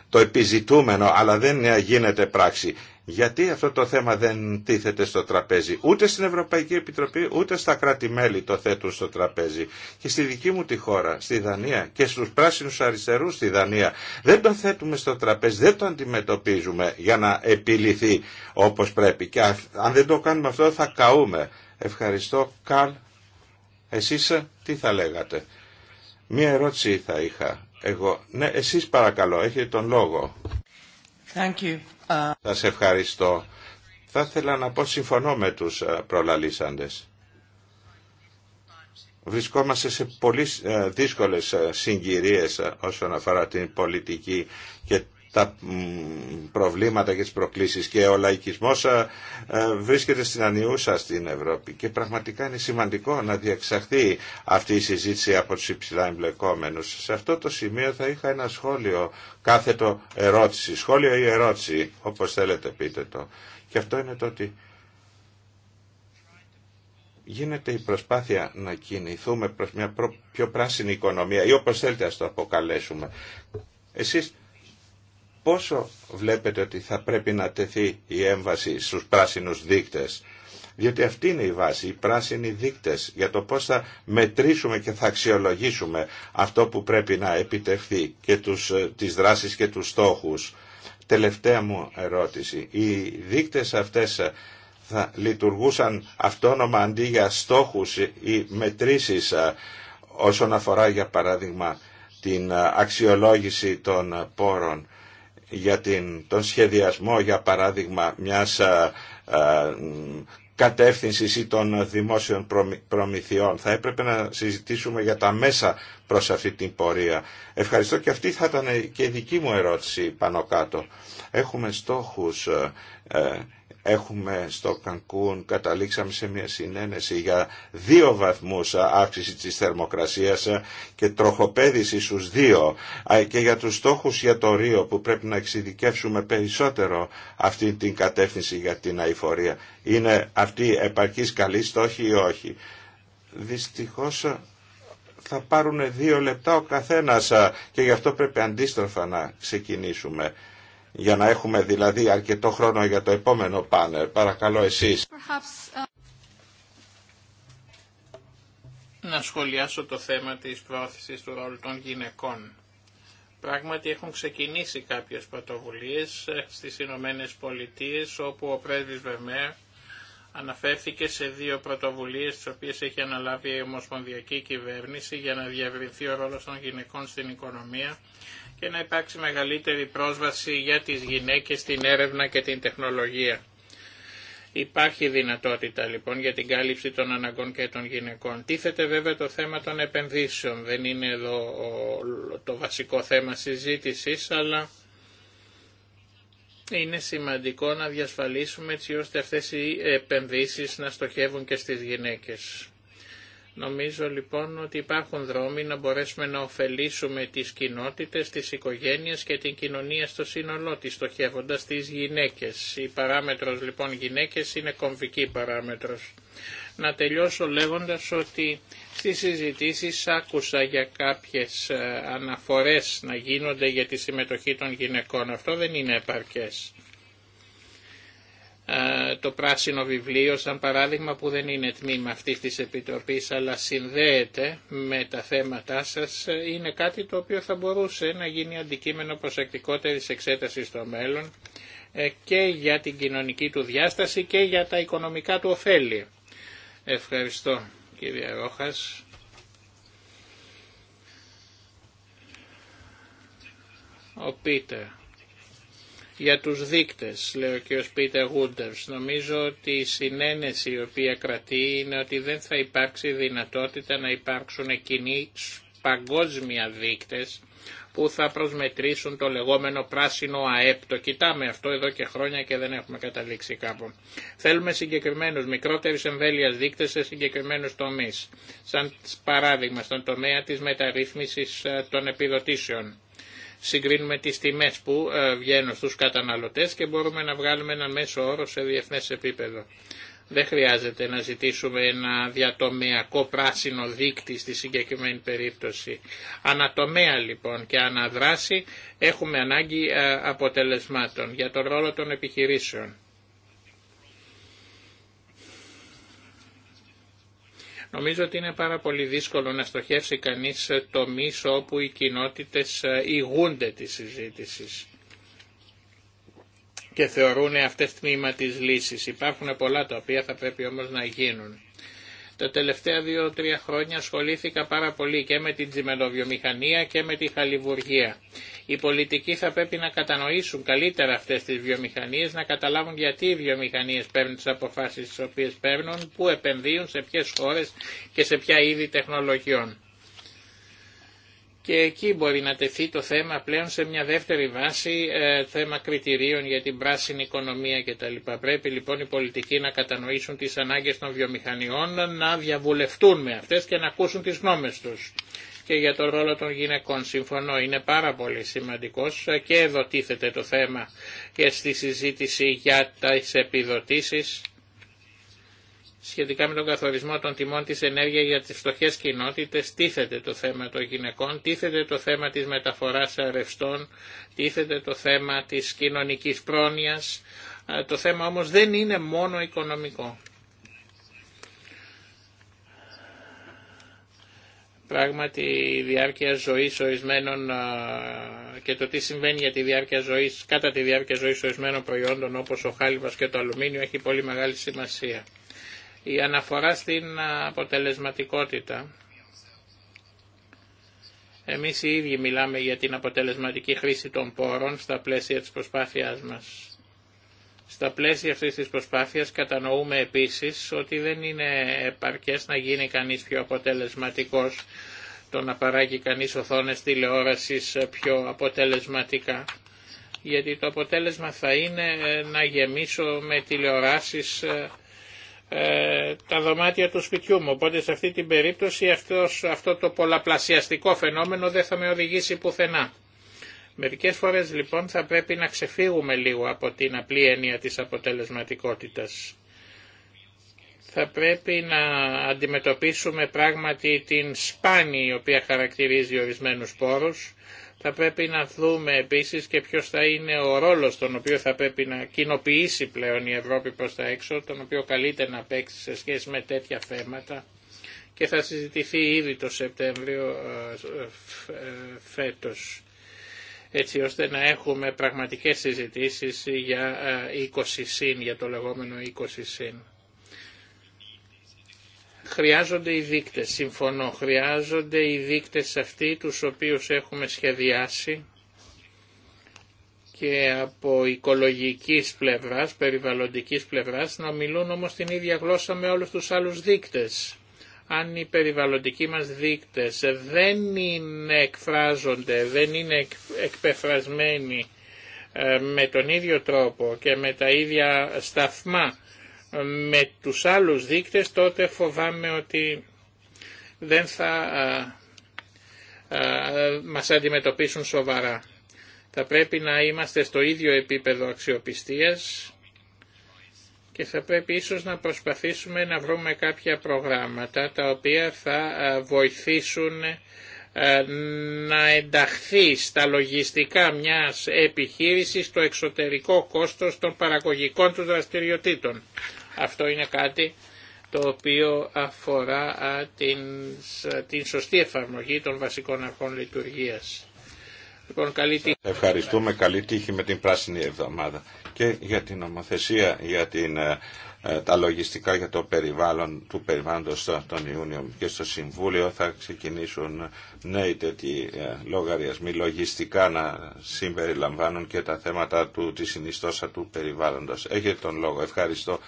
το επιζητούμενο αλλά δεν γίνεται πράξη. Γιατί αυτό το θέμα δεν τίθεται στο τραπέζι. Ούτε στην Ευρωπαϊκή Επιτροπή, ούτε στα κράτη-μέλη το θέτουν στο τραπέζι. Και στη δική μου τη χώρα, στη Δανία και στους πράσινους αριστερούς στη Δανία, δεν το θέτουμε στο τραπέζι, δεν το αντιμετωπίζουμε για να επιληθεί όπως πρέπει. Και αν δεν το κάνουμε αυτό θα καούμε. Ευχαριστώ. Καλ, εσείς τι θα λέγατε. Μία ερώτηση θα είχα εγώ. Ναι, εσείς παρακαλώ, έχετε τον λόγο. Thank you. Σας ευχαριστώ. Θα ήθελα να πω συμφωνώ με τους ε, προλαλήσαντες. Βρισκόμαστε σε πολύ ε, δύσκολες ε, συγκυρίες όσον αφορά την πολιτική και τα προβλήματα και τις προκλήσεις και ο λαϊκισμός ε, ε, βρίσκεται στην ανιούσα στην Ευρώπη και πραγματικά είναι σημαντικό να διεξαχθεί αυτή η συζήτηση από τους υψηλά εμπλεκόμενους. Σε αυτό το σημείο θα είχα ένα σχόλιο, κάθετο ερώτηση, σχόλιο ή ερώτηση, όπως θέλετε πείτε το. Και αυτό είναι το ότι γίνεται η προσπάθεια να κινηθούμε προς μια πιο πράσινη οικονομία ή όπως θέλετε ας το αποκαλέσουμε. Εσείς πόσο βλέπετε ότι θα πρέπει να τεθεί η έμβαση στους πράσινους δείκτες. Διότι αυτή είναι η βάση, οι πράσινοι δείκτες για το πώς θα μετρήσουμε και θα αξιολογήσουμε αυτό που πρέπει να επιτευχθεί και τους, ε, τις δράσεις και τους στόχους. Τελευταία μου ερώτηση. Οι δείκτες αυτές ε, θα λειτουργούσαν αυτόνομα αντί για στόχους ή μετρήσεις ε, όσον αφορά για παράδειγμα την αξιολόγηση των πόρων για την, τον σχεδιασμό, για παράδειγμα, μιας α, κατεύθυνση ή των δημόσιων προμηθειών. Θα έπρεπε να συζητήσουμε για τα μέσα προς αυτή την πορεία. Ευχαριστώ και αυτή θα ήταν και η δική μου ερώτηση πάνω κάτω. Έχουμε στόχους ε, ε, έχουμε στο Κανκούν καταλήξαμε σε μια συνένεση για δύο βαθμούς αύξηση της θερμοκρασίας και τροχοπέδηση στους δύο και για τους στόχους για το Ρίο που πρέπει να εξειδικεύσουμε περισσότερο αυτή την κατεύθυνση για την αηφορία. Είναι αυτή επαρκής καλή στόχη ή όχι. Δυστυχώς θα πάρουν δύο λεπτά ο καθένας και γι' αυτό πρέπει αντίστροφα να ξεκινήσουμε για να έχουμε δηλαδή αρκετό χρόνο για το επόμενο πάνελ. Παρακαλώ εσείς. Uh, να σχολιάσω το θέμα της πρόθεσης του ρόλου των γυναικών. Πράγματι έχουν ξεκινήσει κάποιες πρωτοβουλίες ε, στις Ηνωμένε Πολιτείε, όπου ο πρέσβης Βεμέρ αναφέρθηκε σε δύο πρωτοβουλίες τις οποίες έχει αναλάβει η Ομοσπονδιακή Κυβέρνηση για να διαβριθεί ο ρόλος των γυναικών στην οικονομία και να υπάρξει μεγαλύτερη πρόσβαση για τις γυναίκες στην έρευνα και την τεχνολογία. Υπάρχει δυνατότητα λοιπόν για την κάλυψη των αναγκών και των γυναικών. Τίθεται βέβαια το θέμα των επενδύσεων. Δεν είναι εδώ το βασικό θέμα συζήτησης, αλλά είναι σημαντικό να διασφαλίσουμε έτσι ώστε αυτές οι επενδύσεις να στοχεύουν και στις γυναίκες. Νομίζω λοιπόν ότι υπάρχουν δρόμοι να μπορέσουμε να ωφελήσουμε τις κοινότητες, τις οικογένειες και την κοινωνία στο σύνολό της, στοχεύοντας τις γυναίκες. Οι παράμετρος λοιπόν γυναίκες είναι κομβική παράμετρος. Να τελειώσω λέγοντας ότι στις συζητήσεις άκουσα για κάποιες ε, αναφορές να γίνονται για τη συμμετοχή των γυναικών. Αυτό δεν είναι επαρκές το πράσινο βιβλίο σαν παράδειγμα που δεν είναι τμήμα αυτής της Επιτροπής αλλά συνδέεται με τα θέματά σας είναι κάτι το οποίο θα μπορούσε να γίνει αντικείμενο προσεκτικότερης εξέτασης στο μέλλον ε, και για την κοινωνική του διάσταση και για τα οικονομικά του ωφέλη. Ευχαριστώ κύριε Ρόχας. Ο Πίτερ. Για τους δείκτες, λέει ο κ. Πίτερ Γούντερς, νομίζω ότι η συνένεση η οποία κρατεί είναι ότι δεν θα υπάρξει δυνατότητα να υπάρξουν κοινοί παγκόσμια δείκτες που θα προσμετρήσουν το λεγόμενο πράσινο ΑΕΠ. Το κοιτάμε αυτό εδώ και χρόνια και δεν έχουμε καταλήξει κάπου. Θέλουμε συγκεκριμένους μικρότερες εμβέλειας δείκτες σε συγκεκριμένους τομείς. Σαν παράδειγμα στον τομέα της μεταρρύθμισης ε, των επιδοτήσεων συγκρίνουμε τις τιμές που ε, βγαίνουν στους καταναλωτές και μπορούμε να βγάλουμε ένα μέσο όρο σε διεθνές επίπεδο. Δεν χρειάζεται να ζητήσουμε ένα διατομεακό πράσινο δίκτυ στη συγκεκριμένη περίπτωση. Ανατομέα λοιπόν και αναδράση έχουμε ανάγκη ε, αποτελεσμάτων για τον ρόλο των επιχειρήσεων. Νομίζω ότι είναι πάρα πολύ δύσκολο να στοχεύσει κανείς το όπου οι κοινότητες ε, ηγούνται της συζήτηση και θεωρούν αυτές τμήμα της λύσης. Υπάρχουν πολλά τα οποία θα πρέπει όμως να γίνουν. Τα τελευταία δύο-τρία χρόνια ασχολήθηκα πάρα πολύ και με την τσιμενοβιομηχανία και με τη χαλιβουργία. Οι πολιτικοί θα πρέπει να κατανοήσουν καλύτερα αυτές τις βιομηχανίες, να καταλάβουν γιατί οι βιομηχανίες παίρνουν τις αποφάσεις τις οποίες παίρνουν, πού επενδύουν, σε ποιες χώρες και σε ποια είδη τεχνολογιών και εκεί μπορεί να τεθεί το θέμα πλέον σε μια δεύτερη βάση, ε, θέμα κριτηρίων για την πράσινη οικονομία κτλ. Πρέπει λοιπόν οι πολιτικοί να κατανοήσουν τις ανάγκες των βιομηχανιών, να διαβουλευτούν με αυτές και να ακούσουν τις γνώμες τους. Και για τον ρόλο των γυναικών, συμφωνώ, είναι πάρα πολύ σημαντικός ε, και εδώ τίθεται το θέμα και στη συζήτηση για τις επιδοτήσεις σχετικά με τον καθορισμό των τιμών της ενέργειας για τις φτωχές κοινότητες, τίθεται το θέμα των γυναικών, τίθεται το θέμα της μεταφοράς αρευστών, τίθεται το θέμα της κοινωνικής πρόνοιας. Ε, το θέμα όμως δεν είναι μόνο οικονομικό. Πράγματι η διάρκεια ζωής ορισμένων ε, και το τι συμβαίνει για τη διάρκεια ζωής, κατά τη διάρκεια ζωής ορισμένων προϊόντων όπως ο χάλιβας και το αλουμίνιο έχει πολύ μεγάλη σημασία. Η αναφορά στην αποτελεσματικότητα. Εμείς οι ίδιοι μιλάμε για την αποτελεσματική χρήση των πόρων στα πλαίσια της προσπάθειάς μας. Στα πλαίσια αυτής της προσπάθειας κατανοούμε επίσης ότι δεν είναι επαρκές να γίνει κανείς πιο αποτελεσματικός, το να παράγει κανείς οθόνες τηλεόρασης πιο αποτελεσματικά, γιατί το αποτέλεσμα θα είναι να γεμίσω με τηλεοράσεις ε, ε, τα δωμάτια του σπιτιού μου. Οπότε σε αυτή την περίπτωση αυτός, αυτό το πολλαπλασιαστικό φαινόμενο δεν θα με οδηγήσει πουθενά. Μερικές φορές λοιπόν θα πρέπει να ξεφύγουμε λίγο από την απλή έννοια της αποτελεσματικότητας. Θα πρέπει να αντιμετωπίσουμε πράγματι την σπάνη η οποία χαρακτηρίζει ορισμένους πόρους θα πρέπει να δούμε επίσης και ποιος θα είναι ο ρόλος τον οποίο θα πρέπει να κοινοποιήσει πλέον η Ευρώπη προς τα έξω, τον οποίο καλύτερα να παίξει σε σχέση με τέτοια θέματα και θα συζητηθεί ήδη το Σεπτέμβριο ε, ε, φέτος έτσι ώστε να έχουμε πραγματικές συζητήσεις για 20 ε, συν, για το λεγόμενο 20 συν. Χρειάζονται οι δείκτες, συμφωνώ, χρειάζονται οι δείκτες αυτοί τους οποίους έχουμε σχεδιάσει και από οικολογικής πλευράς, περιβαλλοντικής πλευράς, να μιλούν όμως την ίδια γλώσσα με όλους τους άλλους δείκτες. Αν οι περιβαλλοντικοί μας δείκτες δεν είναι εκφράζονται, δεν είναι εκπεφρασμένοι ε, με τον ίδιο τρόπο και με τα ίδια σταθμά με τους άλλους δείκτες τότε φοβάμαι ότι δεν θα μας αντιμετωπίσουν σοβαρά. Θα πρέπει να είμαστε στο ίδιο επίπεδο αξιοπιστίας και θα πρέπει ίσως να προσπαθήσουμε να βρούμε κάποια προγράμματα τα οποία θα βοηθήσουν να ενταχθεί στα λογιστικά μιας επιχείρησης το εξωτερικό κόστος των παραγωγικών του δραστηριοτήτων. Αυτό είναι κάτι το οποίο αφορά την, την σωστή εφαρμογή των βασικών αρχών λειτουργίας. Λοιπόν, καλή Ευχαριστούμε. Καλή τύχη με την πράσινη εβδομάδα και για την νομοθεσία για την, τα λογιστικά για το περιβάλλον του περιβάλλοντος τον Ιούνιο και στο Συμβούλιο θα ξεκινήσουν νέοι τέτοιοι λογαριασμοί λογιστικά να συμπεριλαμβάνουν και τα θέματα του, της συνιστόσα του περιβάλλοντος. Έχετε τον λόγο. Ευχαριστώ.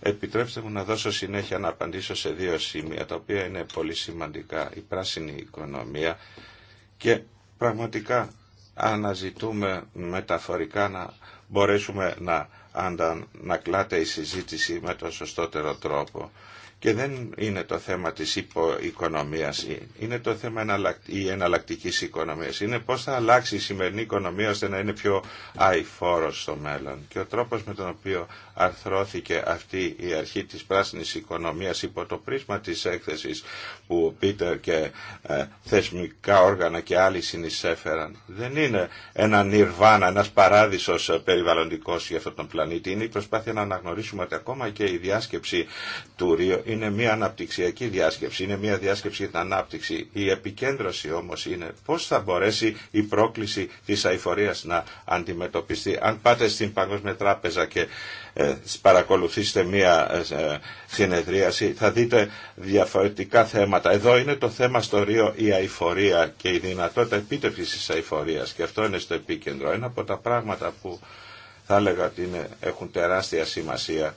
Επιτρέψτε μου να δώσω συνέχεια να απαντήσω σε δύο σημεία, τα οποία είναι πολύ σημαντικά. Η πράσινη οικονομία και πραγματικά αναζητούμε μεταφορικά να μπορέσουμε να αντανακλάται η συζήτηση με τον σωστότερο τρόπο. Και δεν είναι το θέμα της υποοικονομίας, είναι το θέμα η εναλλακτική οικονομίας. Είναι πώς θα αλλάξει η σημερινή οικονομία ώστε να είναι πιο αηφόρος στο μέλλον. Και ο τρόπος με τον οποίο αρθρώθηκε αυτή η αρχή της πράσινης οικονομίας υπό το πρίσμα της έκθεσης που ο Πίτερ και ε, θεσμικά όργανα και άλλοι συνεισέφεραν. Δεν είναι ένα νιρβάνα, ένας παράδεισος ε, περιβαλλοντικός για αυτόν τον πλανήτη. Είναι η προσπάθεια να αναγνωρίσουμε ότι ακόμα και η διάσκεψη του ρίου είναι μια αναπτυξιακή διάσκεψη, είναι μια διάσκεψη για την ανάπτυξη. Η επικέντρωση όμως είναι πώς θα μπορέσει η πρόκληση της αηφορίας να αντιμετωπιστεί. Αν πάτε στην Παγκόσμια Τράπεζα και ε, παρακολουθήσετε μία ε, συνεδρίαση θα δείτε διαφορετικά θέματα. Εδώ είναι το θέμα στο Ρίο η αηφορία και η δυνατότητα επίτευξης της αηφορίας και αυτό είναι στο επίκεντρο. Ένα από τα πράγματα που θα έλεγα ότι έχουν τεράστια σημασία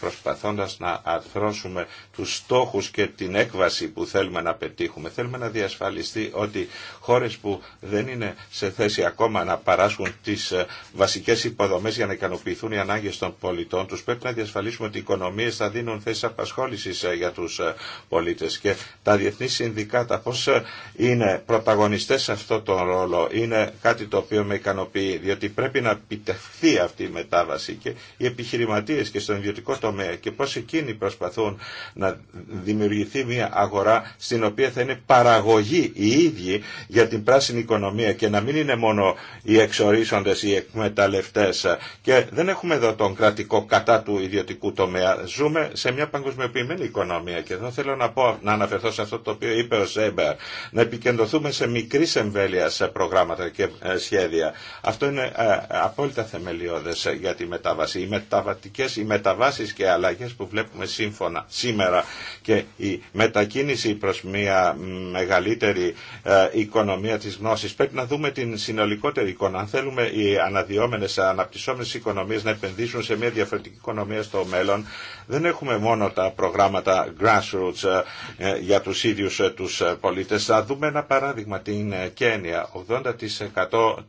προσπαθώντας να αρθρώσουμε τους στόχους και την έκβαση που θέλουμε να πετύχουμε. Θέλουμε να διασφαλιστεί ότι χώρες που δεν είναι σε θέση ακόμα να παράσχουν τις ε, βασικές υποδομές για να ικανοποιηθούν οι ανάγκες των πολιτών τους πρέπει να διασφαλίσουμε ότι οι οικονομίες θα δίνουν θέσεις απασχόλησης ε, για τους ε, πολίτες και τα διεθνή συνδικάτα πώς είναι πρωταγωνιστές σε αυτόν τον ρόλο είναι κάτι το οποίο με ικανοποιεί διότι πρέπει να επιτευχθεί αυτή η μετάβαση και οι επιχειρηματίες και στον ιδιωτικό τομέα και πώς εκείνοι προσπαθούν να δημιουργηθεί μια αγορά στην οποία θα είναι παραγωγή οι ίδιοι για την πράσινη οικονομία και να μην είναι μόνο οι εξορίσσοντες, οι εκμεταλλευτές και δεν έχουμε εδώ τον κρατικό κατά του ιδιωτικού τομέα. Ζούμε σε μια παγκοσμιοποιημένη οικονομία και εδώ θέλω να, πω, να αναφερθώ σε αυτό το οποίο είπε ο Ζέμπερ, να επικεντρωθούμε σε μικρή εμβέλεια σε προγράμματα και ε, σχέδια. Αυτό είναι ε, απόλυτα θεμελιώδη περίοδες ε, για τη μετάβαση. Οι μεταβατικές, οι μεταβάσεις και αλλαγές που βλέπουμε σύμφωνα σήμερα και η μετακίνηση προς μια μεγαλύτερη ε, οικονομία της γνώσης. Πρέπει να δούμε την συνολικότερη εικόνα. Αν θέλουμε οι αναδυόμενες, αναπτυσσόμενες οικονομίες να επενδύσουν σε μια διαφορετική οικονομία στο μέλλον, δεν έχουμε μόνο τα προγράμματα grassroots ε, για τους ίδιους τους πολίτες. Θα δούμε ένα παράδειγμα, την Κένια. 80%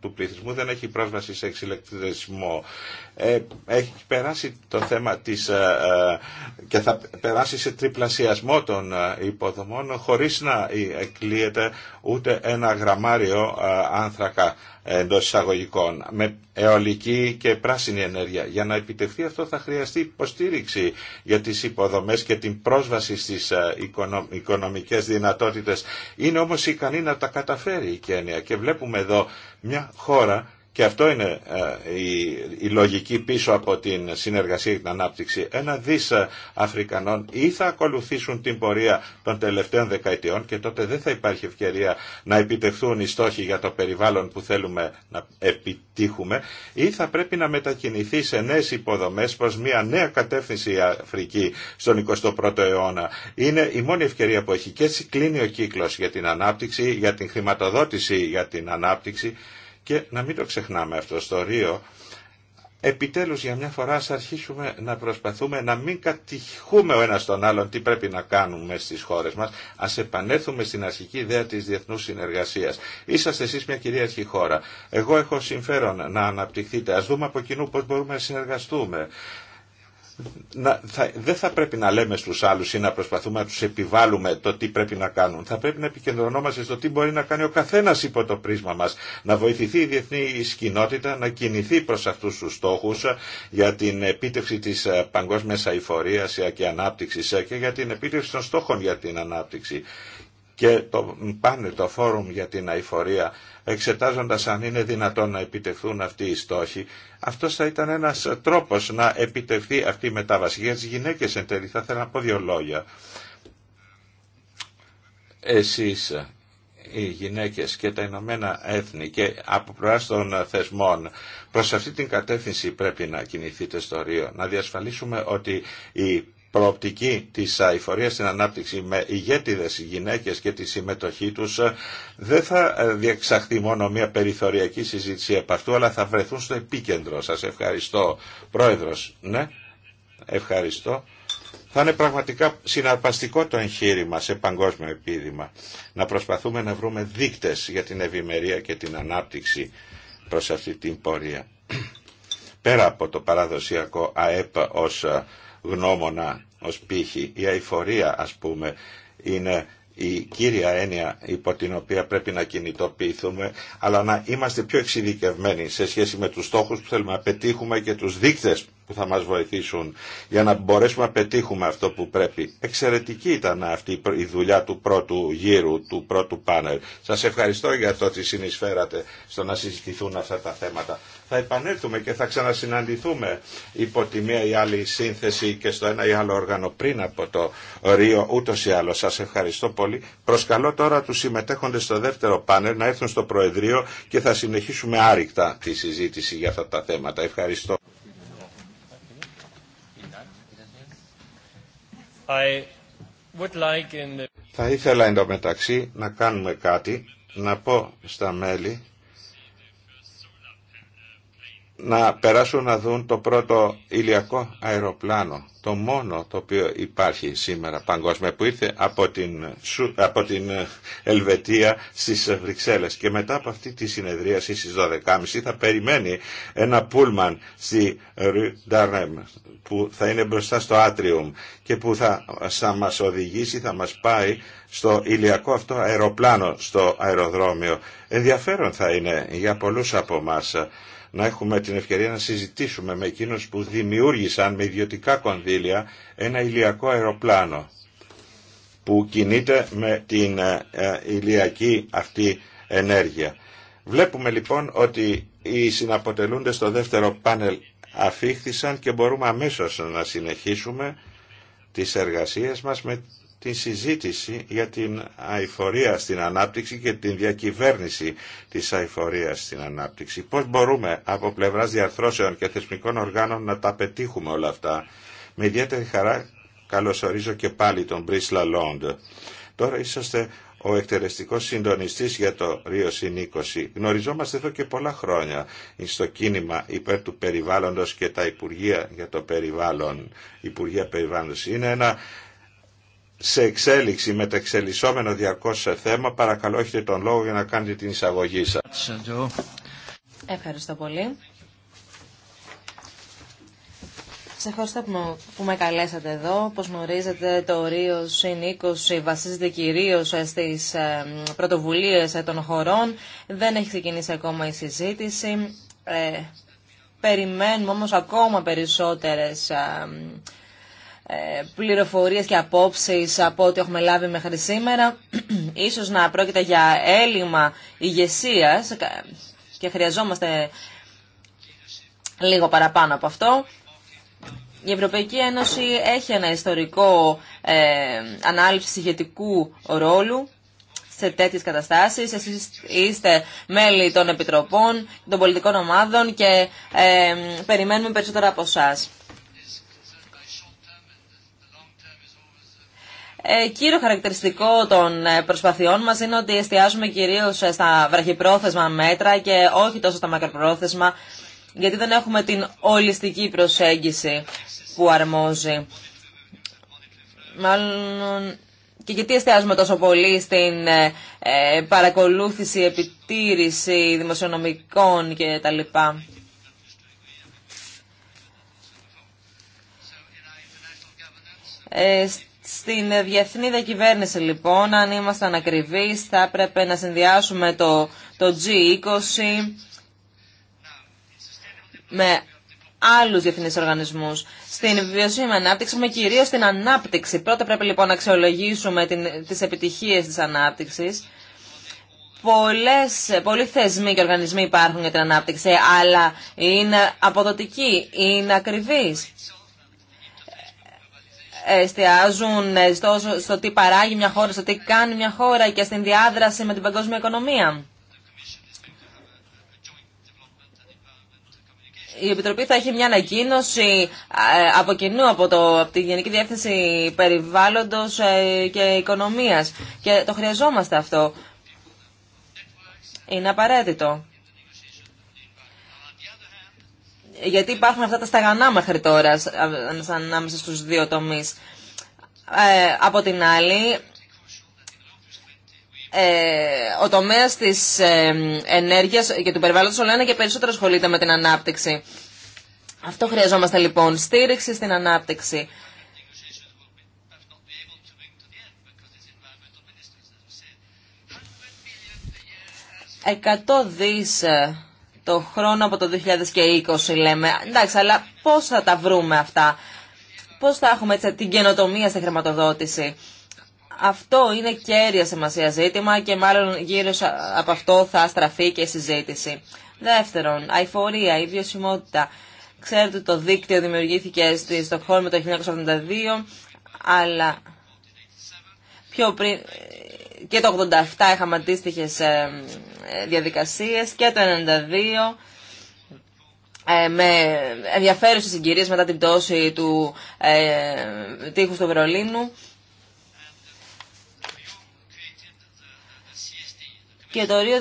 του πληθυσμού δεν έχει πρόσβαση σε εξηλεκτρισμό ε, έχει περάσει το θέμα της ε, ε, και θα περάσει σε τριπλασιασμό των υποδομών χωρίς να εκλείεται ούτε ένα γραμμάριο άνθρακα εντό εισαγωγικών με αιωλική και πράσινη ενέργεια. Για να επιτευχθεί αυτό θα χρειαστεί υποστήριξη για τις υποδομές και την πρόσβαση στις οικονομικές δυνατότητες. Είναι όμως ικανή να τα καταφέρει η Κένια και βλέπουμε εδώ μια χώρα και αυτό είναι ε, η, η λογική πίσω από την συνεργασία και την ανάπτυξη. Ένα δις ε, Αφρικανών ή θα ακολουθήσουν την πορεία των τελευταίων δεκαετιών και τότε δεν θα υπάρχει ευκαιρία να επιτευχθούν οι στόχοι για το περιβάλλον που θέλουμε να επιτύχουμε ή θα πρέπει να μετακινηθεί σε νέες υποδομές προς μια νέα κατεύθυνση η Αφρική στον 21ο αιώνα. Είναι η μόνη ευκαιρία που έχει και έτσι κλείνει ο κύκλος για την ανάπτυξη, για την χρηματοδότηση για την ανάπτυξη και να μην το ξεχνάμε αυτό στο Ρίο, επιτέλους για μια φορά ας αρχίσουμε να προσπαθούμε να μην κατηχούμε ο ένας τον άλλον τι πρέπει να κάνουμε στις χώρες μας. Ας επανέλθουμε στην αρχική ιδέα της διεθνούς συνεργασίας. Είσαστε εσείς μια κυρίαρχη χώρα. Εγώ έχω συμφέρον να αναπτυχθείτε. Ας δούμε από κοινού πώς μπορούμε να συνεργαστούμε να, θα, δεν θα πρέπει να λέμε στους άλλους ή να προσπαθούμε να τους επιβάλλουμε το τι πρέπει να κάνουν. Θα πρέπει να επικεντρωνόμαστε στο τι μπορεί να κάνει ο καθένας υπό το πρίσμα μας. Να βοηθηθεί η διεθνή κοινότητα να κινηθεί προς αυτούς τους στόχους για την επίτευξη της ε, παγκόσμιας αηφορίας και ανάπτυξης και για την επίτευξη των στόχων για την ανάπτυξη και το πάνελ, το φόρουμ για την αηφορία, εξετάζοντας αν είναι δυνατόν να επιτευχθούν αυτοί οι στόχοι. Αυτός θα ήταν ένας τρόπος να επιτευχθεί αυτή η μετάβαση. Για τις γυναίκες εν τέλει θα ήθελα να πω δύο λόγια. Εσείς οι γυναίκες και τα Ηνωμένα Έθνη και από πλευρά των θεσμών προς αυτή την κατεύθυνση πρέπει να κινηθείτε στο Ρίο, να διασφαλίσουμε ότι η προοπτική της αηφορίας στην ανάπτυξη με ηγέτιδες γυναίκες και τη συμμετοχή τους ε, δεν θα ε, διεξαχθεί μόνο μια περιθωριακή συζήτηση επ' αυτού αλλά θα βρεθούν στο επίκεντρο. Σας ευχαριστώ. Πρόεδρος, ναι, ευχαριστώ. Θα είναι πραγματικά συναρπαστικό το εγχείρημα σε παγκόσμιο επίδημα να προσπαθούμε να βρούμε δείκτες για την ευημερία και την ανάπτυξη προς αυτή την πορεία. Πέρα από το παραδοσιακό ΑΕΠ ως ε, γνώμονα ως πύχη. Η αηφορία ας πούμε είναι η κύρια έννοια υπό την οποία πρέπει να κινητοποιηθούμε, αλλά να είμαστε πιο εξειδικευμένοι σε σχέση με τους στόχους που θέλουμε να πετύχουμε και τους δείκτες που θα μας βοηθήσουν για να μπορέσουμε να πετύχουμε αυτό που πρέπει. Εξαιρετική ήταν αυτή η δουλειά του πρώτου γύρου, του πρώτου πάνελ. Σας ευχαριστώ για το ότι συνεισφέρατε στο να συζητηθούν αυτά τα θέματα. Θα επανέλθουμε και θα ξανασυναντηθούμε υπό τη μία ή άλλη σύνθεση και στο ένα ή άλλο όργανο πριν από το Ρίο ούτως ή άλλως. Σας ευχαριστώ πολύ. Προσκαλώ τώρα τους συμμετέχοντες στο δεύτερο πάνελ να έρθουν στο Προεδρείο και θα συνεχίσουμε άρρηκτα τη συζήτηση για αυτά τα θέματα. Ευχαριστώ. Θα ήθελα εν τω μεταξύ Θα ήθελα να κάνουμε κάτι, να πω στα μέλη να περάσουν να δουν το πρώτο ηλιακό αεροπλάνο, το μόνο το οποίο υπάρχει σήμερα παγκόσμια που ήρθε από την, από την ε, Ελβετία στις Βρυξέλλες και μετά από αυτή τη συνεδρία στις 12.30 θα περιμένει ένα πούλμαν στη Ντάρνεμ, που θα είναι μπροστά στο Άτριουμ και που θα, θα μας οδηγήσει, θα μας πάει στο ηλιακό αυτό αεροπλάνο στο αεροδρόμιο. Ενδιαφέρον θα είναι για πολλούς από εμάς να έχουμε την ευκαιρία να συζητήσουμε με εκείνους που δημιούργησαν με ιδιωτικά κονδύλια ένα ηλιακό αεροπλάνο που κινείται με την ε, ε, ηλιακή αυτή ενέργεια. Βλέπουμε λοιπόν ότι οι συναποτελούντες στο δεύτερο πάνελ αφήχθησαν και μπορούμε αμέσως να συνεχίσουμε τις εργασίες μας με την συζήτηση για την αηφορία στην ανάπτυξη και την διακυβέρνηση της αηφορίας στην ανάπτυξη. Πώς μπορούμε από πλευράς διαρθρώσεων και θεσμικών οργάνων να τα πετύχουμε όλα αυτά. Με ιδιαίτερη χαρά καλωσορίζω και πάλι τον Μπρίς Λαλόντ. Τώρα είσαστε ο εκτελεστικός συντονιστής για το Ρίο Γνωριζόμαστε εδώ και πολλά χρόνια στο κίνημα υπέρ του περιβάλλοντος και τα Υπουργεία για το περιβάλλον. Υπουργεία Περιβάλλοντος είναι ένα σε εξέλιξη με μεταξελισσόμενο διακόσια σε θέμα. Παρακαλώ έχετε τον λόγο για να κάνετε την εισαγωγή σας. Ευχαριστώ πολύ. Σε ευχαριστώ που με καλέσατε εδώ. Όπω γνωρίζετε το ορίο ΣΥΝ 20 βασίζεται κυρίω στι ε, πρωτοβουλίες των χωρών. Δεν έχει ξεκινήσει ακόμα η συζήτηση. Ε, περιμένουμε όμω ακόμα περισσότερες ε, ε, πληροφορίες και απόψεις από ό,τι έχουμε λάβει μέχρι σήμερα. Ίσως να πρόκειται για έλλειμμα ηγεσία και χρειαζόμαστε λίγο παραπάνω από αυτό. Η Ευρωπαϊκή Ένωση έχει ένα ιστορικό ε, ανάληψη ηγετικού ρόλου σε τέτοιες καταστάσεις. Εσείς είστε μέλη των επιτροπών, των πολιτικών ομάδων και ε, περιμένουμε περισσότερα από εσάς. Ε, κύριο χαρακτηριστικό των ε, προσπαθειών μας είναι ότι εστιάζουμε κυρίως ε, στα βραχυπρόθεσμα μέτρα και όχι τόσο στα μακροπρόθεσμα, γιατί δεν έχουμε την ολιστική προσέγγιση που αρμόζει. Μάλλον και γιατί εστιάζουμε τόσο πολύ στην παρακολούθηση, επιτήρηση δημοσιονομικών κτλ. Ε, στην ε, διεθνή διακυβέρνηση λοιπόν, αν ήμασταν ακριβείς, θα έπρεπε να συνδυάσουμε το, το G20 με άλλους διεθνείς οργανισμούς. Στην βιωσίμη ανάπτυξη, με κυρίως την ανάπτυξη. Πρώτα πρέπει λοιπόν να αξιολογήσουμε την, τις επιτυχίες της ανάπτυξης. Πολλές, πολλοί θεσμοί και οργανισμοί υπάρχουν για την ανάπτυξη, αλλά είναι αποδοτικοί, είναι ακριβείς εστιάζουν στο, τι παράγει μια χώρα, στο τι κάνει μια χώρα και στην διάδραση με την παγκόσμια οικονομία. Η Επιτροπή θα έχει μια ανακοίνωση ε, από κοινού από, το, από τη Γενική Διεύθυνση Περιβάλλοντος ε, και Οικονομίας. Και το χρειαζόμαστε αυτό. Είναι απαραίτητο γιατί υπάρχουν αυτά τα σταγανά μέχρι τώρα ανάμεσα στους δύο τομείς. Ε, από την άλλη, ε, ο τομέας της ε, ενέργειας και του περιβάλλοντος όλα είναι και περισσότερο ασχολείται με την ανάπτυξη. Αυτό χρειαζόμαστε λοιπόν, στήριξη στην ανάπτυξη. Εκατό δις ε, το χρόνο από το 2020 λέμε. Εντάξει, αλλά πώς θα τα βρούμε αυτά. Πώς θα έχουμε έτσι, την καινοτομία στη χρηματοδότηση. Αυτό είναι κέρια σημασία ζήτημα και μάλλον γύρω από αυτό θα στραφεί και η συζήτηση. Δεύτερον, αηφορία, η βιωσιμότητα. Ξέρετε το δίκτυο δημιουργήθηκε στη Στοκχόλμη το 1982, αλλά πιο πριν και το 87 είχαμε αντίστοιχε ε, διαδικασίες και το 92 ε, με ενδιαφέρουσε συγκυρίε μετά την πτώση του ε, του Βερολίνου. Και το Ρίο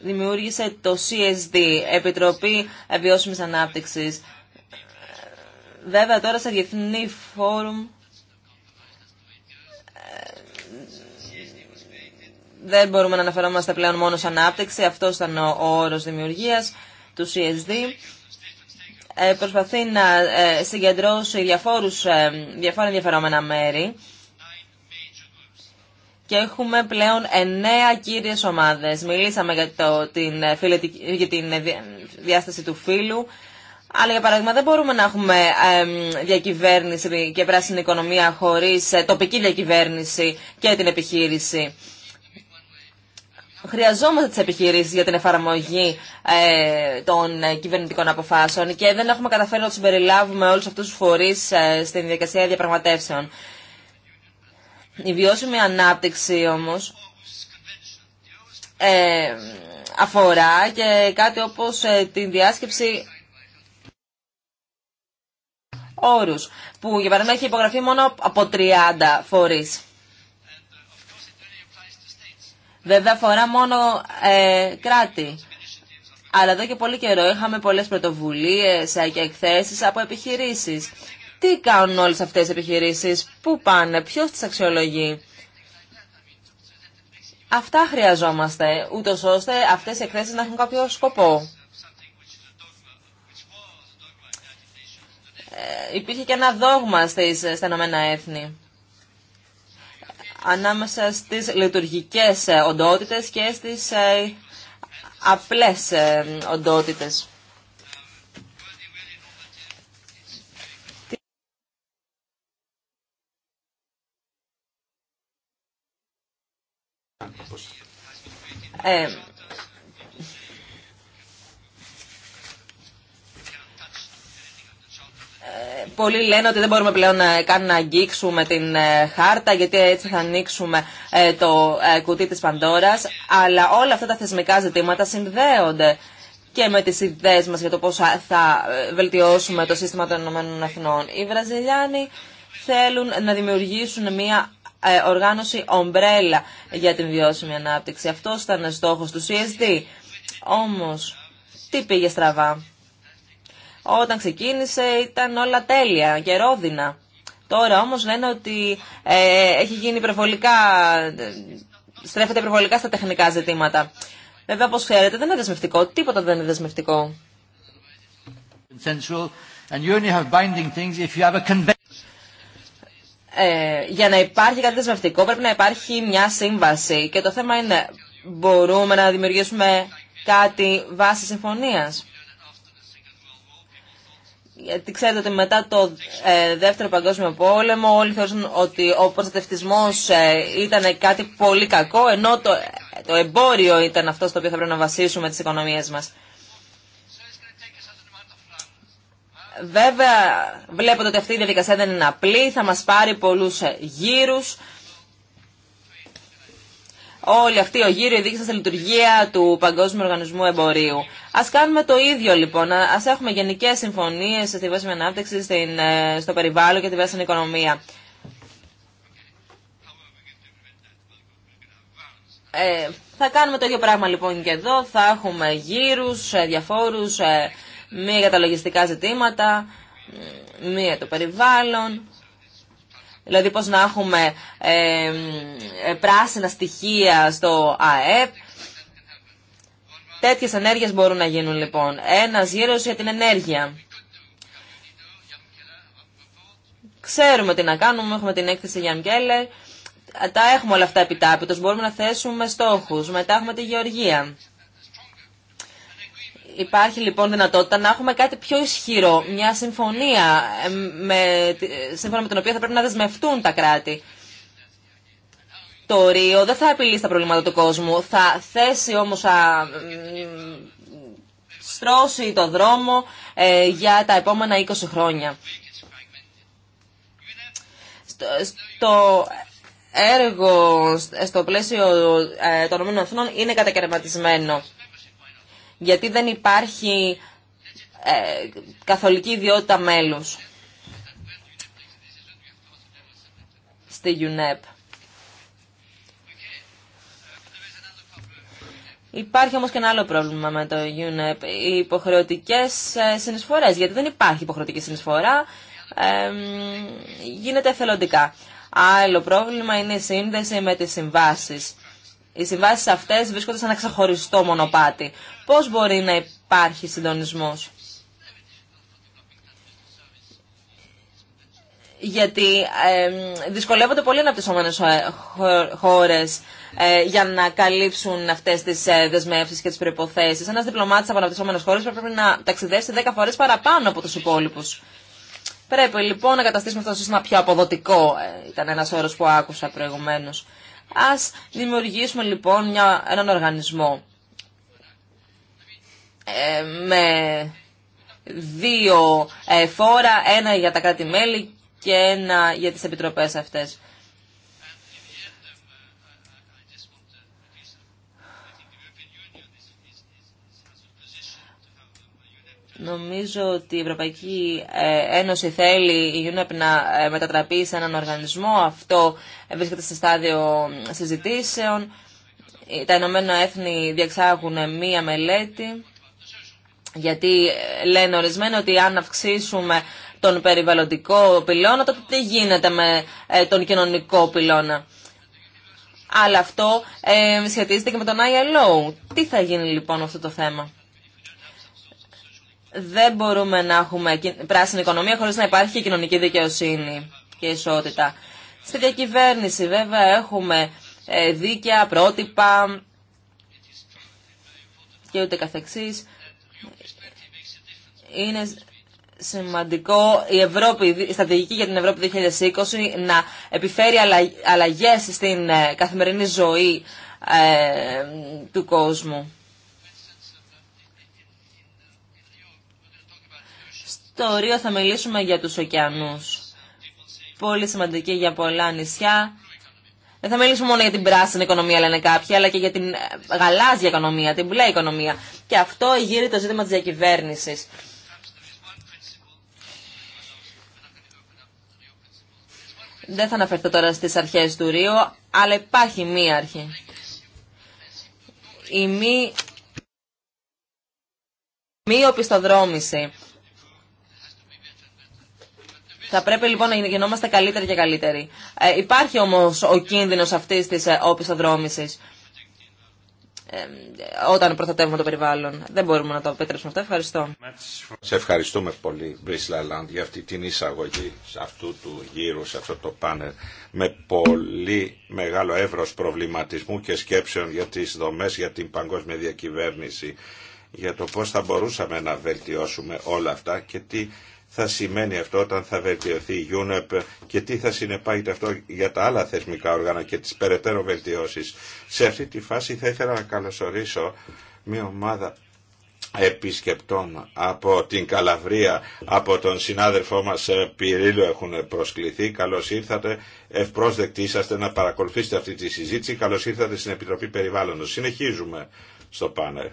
δημιούργησε το CSD, Επιτροπή βιώσιμη Ανάπτυξης. Ε, βέβαια τώρα σε διεθνή φόρουμ δεν μπορούμε να αναφερόμαστε πλέον μόνο σε ανάπτυξη, αυτό ήταν ο όρο δημιουργίας του CSD. Ε, προσπαθεί να ε, συγκεντρώσει διαφόρους, ε, διαφόρα ενδιαφερόμενα μέρη και έχουμε πλέον εννέα κύριες ομάδες. Μιλήσαμε για, το, την, για την διάσταση του φύλου, αλλά για παράδειγμα δεν μπορούμε να έχουμε διακυβέρνηση και πράσινη οικονομία χωρίς τοπική διακυβέρνηση και την επιχείρηση χρειαζόμαστε τις επιχειρήσεις για την εφαρμογή ε, των ε, κυβερνητικών αποφάσεων και δεν έχουμε καταφέρει να τους συμπεριλάβουμε όλους αυτούς τους φορείς ε, στην διαδικασία διαπραγματεύσεων. Η βιώσιμη ανάπτυξη όμως αφορά και κάτι όπως την διάσκεψη όρους που για παράδειγμα έχει υπογραφεί μόνο από 30 φορείς. Βέβαια αφορά μόνο ε, κράτη. Αλλά εδώ και πολύ καιρό είχαμε πολλές πρωτοβουλίες και εκθέσεις από επιχειρήσεις. Τι κάνουν όλες αυτές οι επιχειρήσεις, πού πάνε, ποιος τις αξιολογεί. Αυτά χρειαζόμαστε, ούτω ώστε αυτές οι εκθέσεις να έχουν κάποιο σκοπό. Ε, υπήρχε και ένα δόγμα στις, στα Έθνη ανάμεσα στις λειτουργικές ε, οντότητες και στις ε, απλές ε, οντότητες. Ε, πολλοί λένε ότι δεν μπορούμε πλέον να, ε, κάνουμε να αγγίξουμε την ε, χάρτα γιατί έτσι θα ανοίξουμε ε, το κουτί της Παντόρας. Αλλά όλα αυτά τα θεσμικά ζητήματα συνδέονται και με τις ιδέες μας για το πώς θα βελτιώσουμε το σύστημα των Ηνωμένων Εθνών. Οι Βραζιλιάνοι θέλουν να δημιουργήσουν μια οργάνωση ομπρέλα για την βιώσιμη ανάπτυξη. Αυτός ήταν στόχος του CSD. Όμως, τι πήγε στραβά. Όταν ξεκίνησε ήταν όλα τέλεια και ρόδινα. Τώρα όμως λένε ότι ε, έχει γίνει υπερβολικά, στρέφεται υπερβολικά στα τεχνικά ζητήματα. Βέβαια, όπως ξέρετε, δεν είναι δεσμευτικό. Τίποτα δεν είναι δεσμευτικό. Ε, για να υπάρχει κάτι δεσμευτικό πρέπει να υπάρχει μια σύμβαση. Και το θέμα είναι, μπορούμε να δημιουργήσουμε κάτι βάση συμφωνίας γιατί ξέρετε ότι μετά το ε, Δεύτερο Παγκόσμιο Πόλεμο όλοι θεωρούσαν ότι ο προστατευτισμός ε, ήταν κάτι πολύ κακό, ενώ το, το εμπόριο ήταν αυτό στο οποίο θα πρέπει να βασίσουμε τις οικονομίες μας. Βέβαια, βλέπετε ότι αυτή η διαδικασία δεν είναι απλή, θα μας πάρει πολλούς ε, γύρους όλοι αυτοί ο γύρο ειδίκησαν στη λειτουργία του Παγκόσμιου Οργανισμού Εμπορίου. Α κάνουμε το ίδιο λοιπόν. Α έχουμε γενικέ συμφωνίε στη βάση με ανάπτυξη, στην, ε, στο περιβάλλον και τη βάση στην οικονομία. Ε, θα κάνουμε το ίδιο πράγμα λοιπόν και εδώ. Θα έχουμε γύρου, ε, διαφόρου, ε, μία για τα λογιστικά ζητήματα, μία το περιβάλλον δηλαδή πώς να έχουμε ε, πράσινα στοιχεία στο ΑΕΠ. Τέτοιες ενέργειες μπορούν να γίνουν λοιπόν. Ένας γύρος για την ενέργεια. Ξέρουμε τι να κάνουμε, έχουμε την έκθεση Γιάνν Κέλλερ. Τα έχουμε όλα αυτά επιτάπητος, μπορούμε να θέσουμε στόχους. Μετά έχουμε τη γεωργία. Υπάρχει λοιπόν δυνατότητα να έχουμε κάτι πιο ισχυρό, μια συμφωνία ε, με, σύμφωνα με την οποία θα πρέπει να δεσμευτούν τα κράτη. Το Ρίο δεν θα επιλύσει τα προβλήματα του κόσμου, θα θέσει όμως α στρώσει το δρόμο ε, για τα επόμενα 20 χρόνια. Το έργο, στο πλαίσιο ε, των ΟΕΕ είναι κατακαιρματισμένο γιατί δεν υπάρχει ε, καθολική ιδιότητα μέλους στη UNEP. Υπάρχει όμως και ένα άλλο πρόβλημα με το UNEP, οι υποχρεωτικές ε, συνεισφορές, γιατί δεν υπάρχει υποχρεωτική συνεισφορά, γίνεται εθελοντικά. Άλλο πρόβλημα είναι η σύνδεση με τις συμβάσεις. Οι συμβάσει αυτέ βρίσκονται σε ένα ξεχωριστό μονοπάτι. Πώ μπορεί να υπάρχει συντονισμό. Γιατί ε, δυσκολεύονται πολύ αναπτυσσόμενε χώρε ε, για να καλύψουν αυτέ τι ε, δεσμεύσει και τι προποθέσει. Ένα διπλωμάτη από αναπτυσσόμενε χώρε πρέπει να ταξιδέψει 10 φορέ παραπάνω από του υπόλοιπου. Πρέπει λοιπόν να καταστήσουμε αυτό το σύστημα πιο αποδοτικό. Ε, ήταν ένα όρο που άκουσα προηγουμένω. Ας δημιουργήσουμε λοιπόν μια, έναν οργανισμό ε, με δύο ε, φόρα, ένα για τα κράτη-μέλη και ένα για τις επιτροπές αυτές. Νομίζω ότι η Ευρωπαϊκή ε, Ένωση θέλει η UNEP να ε, μετατραπεί σε έναν οργανισμό. Αυτό βρίσκεται σε στάδιο συζητήσεων. Ε, τα Ηνωμένα Έθνη διεξάγουν μία μελέτη γιατί λένε ορισμένοι ότι αν αυξήσουμε τον περιβαλλοντικό πυλώνα τότε τι γίνεται με τον κοινωνικό πυλώνα. Αλλά αυτό σχετίζεται και με τον ILO. Τι θα γίνει λοιπόν αυτό το θέμα δεν μπορούμε να έχουμε πράσινη οικονομία χωρίς να υπάρχει κοινωνική δικαιοσύνη και ισότητα. Στη διακυβέρνηση βέβαια έχουμε ε, δίκαια, πρότυπα και ούτε καθεξής. Είναι σημαντικό η, Ευρώπη, η στρατηγική για την Ευρώπη 2020 να επιφέρει αλλαγές στην ε, καθημερινή ζωή ε, του κόσμου. Το Ρίο θα μιλήσουμε για τους ωκεανούς. Πολύ σημαντική για πολλά νησιά. Δεν θα μιλήσουμε μόνο για την πράσινη οικονομία, λένε κάποιοι, αλλά και για την ε, γαλάζια οικονομία, την μπλε οικονομία. Και αυτό γύρει το ζήτημα της διακυβέρνησης. Δεν θα αναφερθώ τώρα στις αρχές του Ρίου, αλλά υπάρχει μία αρχή. Η μη... Μη οπισθοδρόμηση. Θα πρέπει λοιπόν να γινόμαστε καλύτεροι και καλύτεροι. Ε, υπάρχει όμως ο κίνδυνος αυτή τη ε, ε, όταν προστατεύουμε το περιβάλλον. Δεν μπορούμε να το επιτρέψουμε αυτό. Ευχαριστώ. Σε ευχαριστούμε πολύ, Μπρίσλα Λάντ, για αυτή την εισαγωγή σε αυτού του γύρου, σε αυτό το πάνελ, με πολύ μεγάλο εύρος προβληματισμού και σκέψεων για τις δομές, για την παγκόσμια διακυβέρνηση, για το πώς θα μπορούσαμε να βελτιώσουμε όλα αυτά και τι θα σημαίνει αυτό όταν θα βελτιωθεί η UNEP και τι θα συνεπάγεται αυτό για τα άλλα θεσμικά όργανα και τις περαιτέρω βελτιώσεις. Σε αυτή τη φάση θα ήθελα να καλωσορίσω μια ομάδα επισκεπτών από την Καλαβρία, από τον συνάδελφό μας ε, Πυρίλο έχουν προσκληθεί. Καλώς ήρθατε, ευπρόσδεκτοι είσαστε να παρακολουθήσετε αυτή τη συζήτηση. Καλώς ήρθατε στην Επιτροπή Περιβάλλοντος. Συνεχίζουμε στο πάνελ.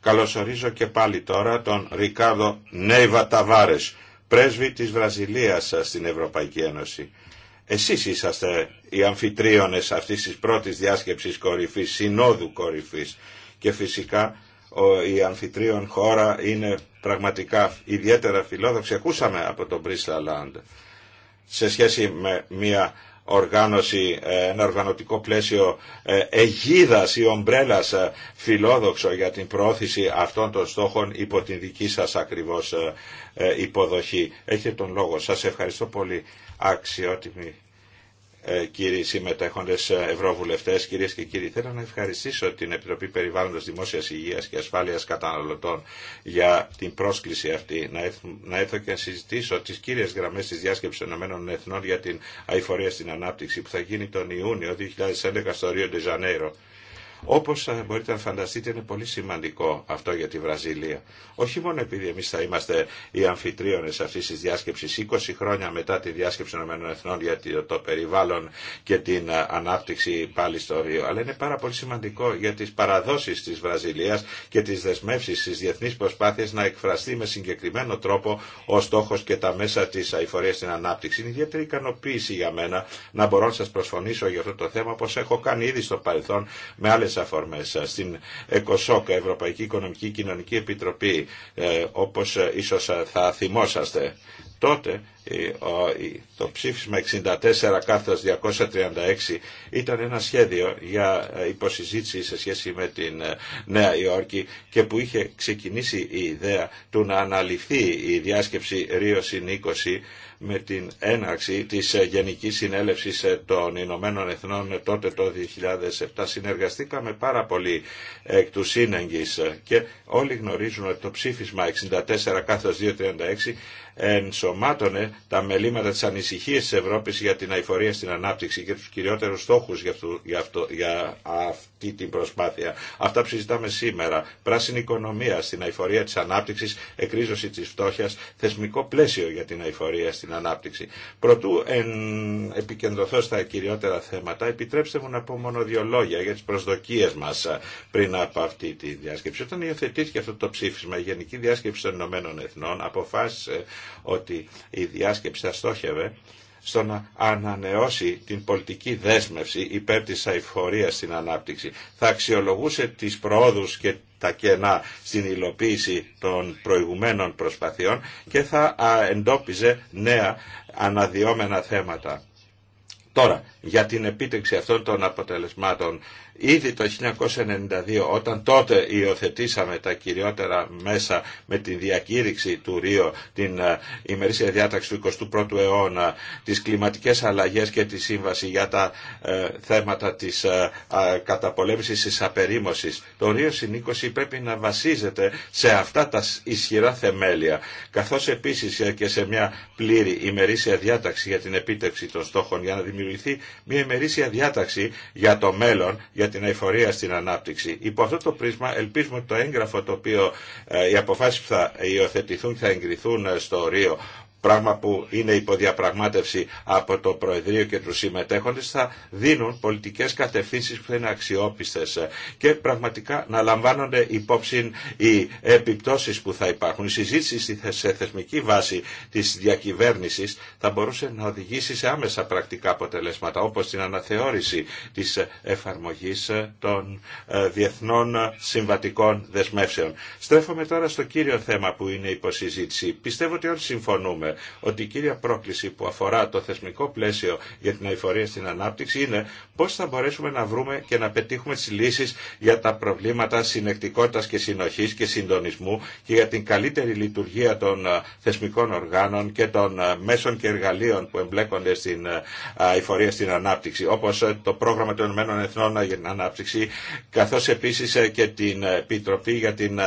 Καλωσορίζω και πάλι τώρα τον Ρικάρδο Νέιβα Ταβάρες, πρέσβη της Βραζιλίας στην Ευρωπαϊκή Ένωση. Εσείς είσαστε οι αμφιτρίονες αυτής της πρώτης διάσκεψης κορυφής, συνόδου κορυφής και φυσικά η αμφιτρίων χώρα είναι πραγματικά ιδιαίτερα φιλόδοξη. Ακούσαμε από τον Μπρίσλα Λάντ σε σχέση με μια οργάνωση, ε, ένα οργανωτικό πλαίσιο εγίδας ή ομπρέλας ε, φιλόδοξο για την προώθηση αυτών των στόχων υπό την δική σας ακριβώς ε, υποδοχή. Έχετε τον λόγο. Σας ευχαριστώ πολύ αξιότιμη ε, κύριοι συμμετέχοντε ευρωβουλευτέ, κυρίε και κύριοι. Θέλω να ευχαριστήσω την Επιτροπή Περιβάλλοντο Δημόσια Υγεία και Ασφάλεια Καταναλωτών για την πρόσκληση αυτή να έρθω και να συζητήσω τι κύριε γραμμέ τη διάσκεψη των εθνών για την αηφορία στην ανάπτυξη που θα γίνει τον Ιούνιο 2011 στο Ρίο Ντεζανέιρο. Όπω μπορείτε να φανταστείτε είναι πολύ σημαντικό αυτό για τη Βραζιλία. Όχι μόνο επειδή εμεί θα είμαστε οι αμφιτρίωνε αυτή τη διάσκεψη 20 χρόνια μετά τη διάσκεψη των ΗΕ για το περιβάλλον και την ε, ανάπτυξη πάλι στο Ρίο, αλλά είναι πάρα πολύ σημαντικό για τι παραδόσεις τη Βραζιλία και τι δεσμεύσει τη διεθνείς προσπάθειες να εκφραστεί με συγκεκριμένο τρόπο ο στόχος και τα μέσα τη αηφορία στην ανάπτυξη. Είναι ιδιαίτερη ικανοποίηση για μένα να μπορώ να σα προσφωνήσω για αυτό το θέμα όπως έχω κάνει ήδη στο παρελθόν με άλλε αφορμές στην ΕΚΟΣΟΚ, Ευρωπαϊκή Οικονομική Κοινωνική Επιτροπή, ε, όπως ίσως θα θυμόσαστε. Τότε ε, το ψήφισμα 64 236 ήταν ένα σχέδιο για ε, υποσυζήτηση σε σχέση με την Νέα Υόρκη και που είχε ξεκινήσει η ιδέα του να αναλυθεί η διάσκεψη Ρίο 20 με την έναρξη της ε, Γενικής Συνέλευσης ε, των Ηνωμένων Εθνών ε, τότε το 2007 συνεργαστήκαμε πάρα πολύ εκ του και όλοι γνωρίζουν ότι το ψήφισμα 64 236 ενσωμάτωνε τα μελήματα της ανησυχίας της Ευρώπης για την αηφορία στην ανάπτυξη και τους κυριότερους στόχους για, για, αυτό, για αυτή την προσπάθεια. Αυτά που συζητάμε σήμερα. Πράσινη οικονομία στην αηφορία της ανάπτυξης, εκρίζωση της φτώχειας, θεσμικό πλαίσιο για την αηφορία στην ανάπτυξη. Πρωτού εν, επικεντρωθώ στα κυριότερα θέματα, επιτρέψτε μου να πω μόνο δύο λόγια για τις προσδοκίες μας πριν από αυτή τη διάσκεψη. Όταν υιοθετήθηκε αυτό το ψήφισμα, η Γενική Διάσκεψη των Ηνωμένων Εθνών αποφάσισε ότι η διάσκεψη θα στόχευε στο να ανανεώσει την πολιτική δέσμευση υπέρ της αηφορίας στην ανάπτυξη. Θα αξιολογούσε τις προόδους και τα κενά στην υλοποίηση των προηγουμένων προσπαθειών και θα εντόπιζε νέα αναδιόμενα θέματα. Τώρα, για την επίτευξη αυτών των αποτελεσμάτων Ήδη το 1992 όταν τότε υιοθετήσαμε τα κυριότερα μέσα με τη διακήρυξη του Ρίο την ε, ημερήσια διάταξη του 21ου αιώνα, τις κλιματικές αλλαγές και τη σύμβαση για τα ε, θέματα της ε, ε, καταπολέμησης της απερίμωσης. Το Ρίο Συνήκωση πρέπει να βασίζεται σε αυτά τα ισχυρά θεμέλια, καθώς επίσης ε, και σε μια πλήρη ημερήσια διάταξη για την επίτευξη των στόχων, για να δημιουργηθεί μια ημερήσια διάταξη για το μέλλον, για την εφορία στην ανάπτυξη. Υπό αυτό το πρίσμα ελπίζουμε ότι το έγγραφο το οποίο ε, οι αποφάσεις που θα υιοθετηθούν θα εγκριθούν ε, στο Ρίο πράγμα που είναι υποδιαπραγμάτευση από το Προεδρείο και τους συμμετέχοντες, θα δίνουν πολιτικές κατευθύνσεις που θα είναι αξιόπιστες και πραγματικά να λαμβάνονται υπόψη οι επιπτώσεις που θα υπάρχουν. Η συζήτηση σε θεσμική βάση της διακυβέρνησης θα μπορούσε να οδηγήσει σε άμεσα πρακτικά αποτελέσματα, όπως την αναθεώρηση της εφαρμογής των ε, διεθνών συμβατικών δεσμεύσεων. Στρέφομαι τώρα στο κύριο θέμα που είναι υποσυζήτηση. Πιστεύω ότι όλοι συμφωνούμε ότι η κύρια πρόκληση που αφορά το θεσμικό πλαίσιο για την αηφορία στην ανάπτυξη είναι πώς θα μπορέσουμε να βρούμε και να πετύχουμε τι λύσει για τα προβλήματα συνεκτικότητας και συνοχής και συντονισμού και για την καλύτερη λειτουργία των ε, θεσμικών οργάνων και των ε, μέσων και εργαλείων που εμπλέκονται στην ε, αηφορία στην ανάπτυξη, όπω το πρόγραμμα των ΗΕ για την Ανάπτυξη, καθώ επίση και την Επιτροπή για την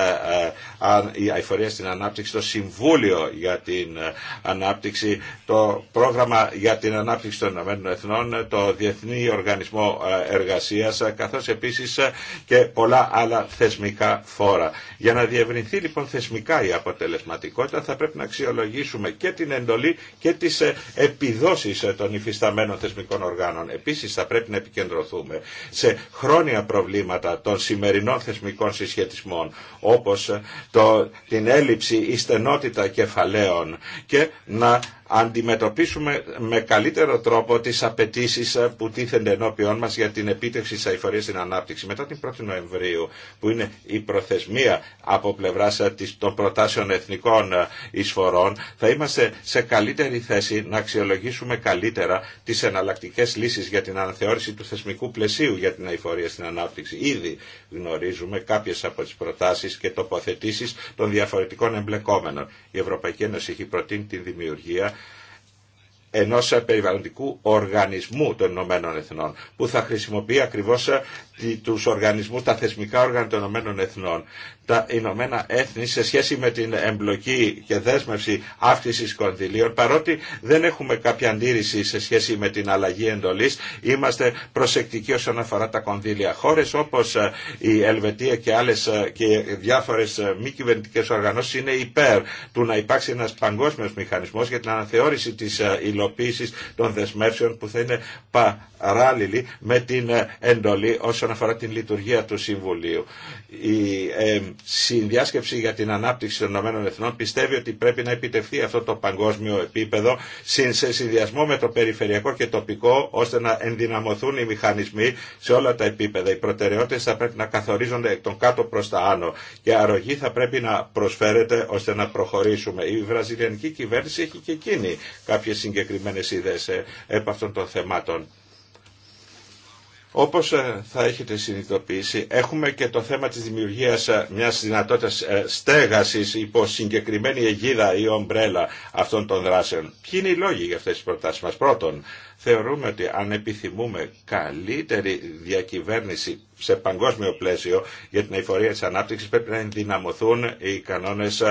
Αηφορία στην Ανάπτυξη, το Συμβούλιο για την ανάπτυξη, το πρόγραμμα για την ανάπτυξη των Ηνωμένων Εθνών, το Διεθνή Οργανισμό ε, Εργασίας, ε, καθώς επίσης ε, και πολλά άλλα θεσμικά φόρα. Για να διευρυνθεί λοιπόν θεσμικά η αποτελεσματικότητα θα πρέπει να αξιολογήσουμε και την εντολή και τις επιδόσεις των υφισταμένων θεσμικών οργάνων. Επίσης θα πρέπει να επικεντρωθούμε σε χρόνια προβλήματα των σημερινών θεσμικών συσχετισμών όπως την έλλειψη η στενότητα κεφαλαίων και να αντιμετωπίσουμε με καλύτερο τρόπο τι απαιτήσει ε, που τίθενται ενώπιόν μα για την επίτευξη τη αηφορίας στην ανάπτυξη. Μετά την 1η Νοεμβρίου, που είναι η προθεσμία από απο πλευρα ε, των προτάσεων εθνικών ε, εισφορών, θα είμαστε σε καλύτερη θέση να αξιολογήσουμε καλύτερα τι εναλλακτικέ λύσει για την αναθεώρηση του θεσμικού πλαισίου για την αηφορία στην ανάπτυξη. Ήδη γνωρίζουμε κάποιε από τι προτάσει και τοποθετήσει των διαφορετικών εμπλεκόμενων. Η Ευρωπαϊκή Ένωση έχει προτείνει δημιουργία ενός περιβαλλοντικού οργανισμού των Ηνωμένων Εθνών που θα χρησιμοποιεί ακριβώς ε, ε, τους οργανισμούς, τα θεσμικά όργανα των Ηνωμένων Εθνών. Τα Ηνωμένα Έθνη σε σχέση με την εμπλοκή και δέσμευση αύξησης κονδυλίων, παρότι δεν έχουμε κάποια αντίρρηση σε σχέση με την αλλαγή εντολής, είμαστε προσεκτικοί όσον αφορά τα κονδύλια. Χώρες όπως ε, η Ελβετία και άλλες ε, και διάφορες μη κυβερνητικέ οργανώσεις είναι υπέρ του να υπάρξει ένας παγκόσμιος μηχανισμός για την αναθεώρηση της υλοποίησης των δεσμεύσεων που θα είναι παράλληλη με την εντολή όσον αφορά την λειτουργία του Συμβουλίου. Η ε, συνδιάσκεψη για την ανάπτυξη των ΗΕ πιστεύει ότι πρέπει να επιτευχθεί αυτό το παγκόσμιο επίπεδο σε συνδυασμό με το περιφερειακό και τοπικό ώστε να ενδυναμωθούν οι μηχανισμοί σε όλα τα επίπεδα. Οι προτεραιότητε θα πρέπει να καθορίζονται εκ των κάτω προ τα άνω και αρρωγή θα πρέπει να προσφέρεται ώστε να προχωρήσουμε. Η βραζιλιανική κυβέρνηση έχει και εκείνη κάποιες συγκεκριμένε ιδέες ε, επ' αυτών των θεμάτων. Όπως ε, θα έχετε συνειδητοποιήσει, έχουμε και το θέμα της δημιουργίας ε, μιας δυνατότητας ε, στέγασης υπό συγκεκριμένη αιγίδα ή ομπρέλα αυτών των δράσεων. Ποιοι είναι οι λόγοι για αυτές τις προτάσεις μας. Πρώτον, θεωρούμε ότι αν επιθυμούμε καλύτερη διακυβέρνηση σε παγκόσμιο πλαίσιο για την εφορία της ανάπτυξης πρέπει να ενδυναμωθούν οι κανόνες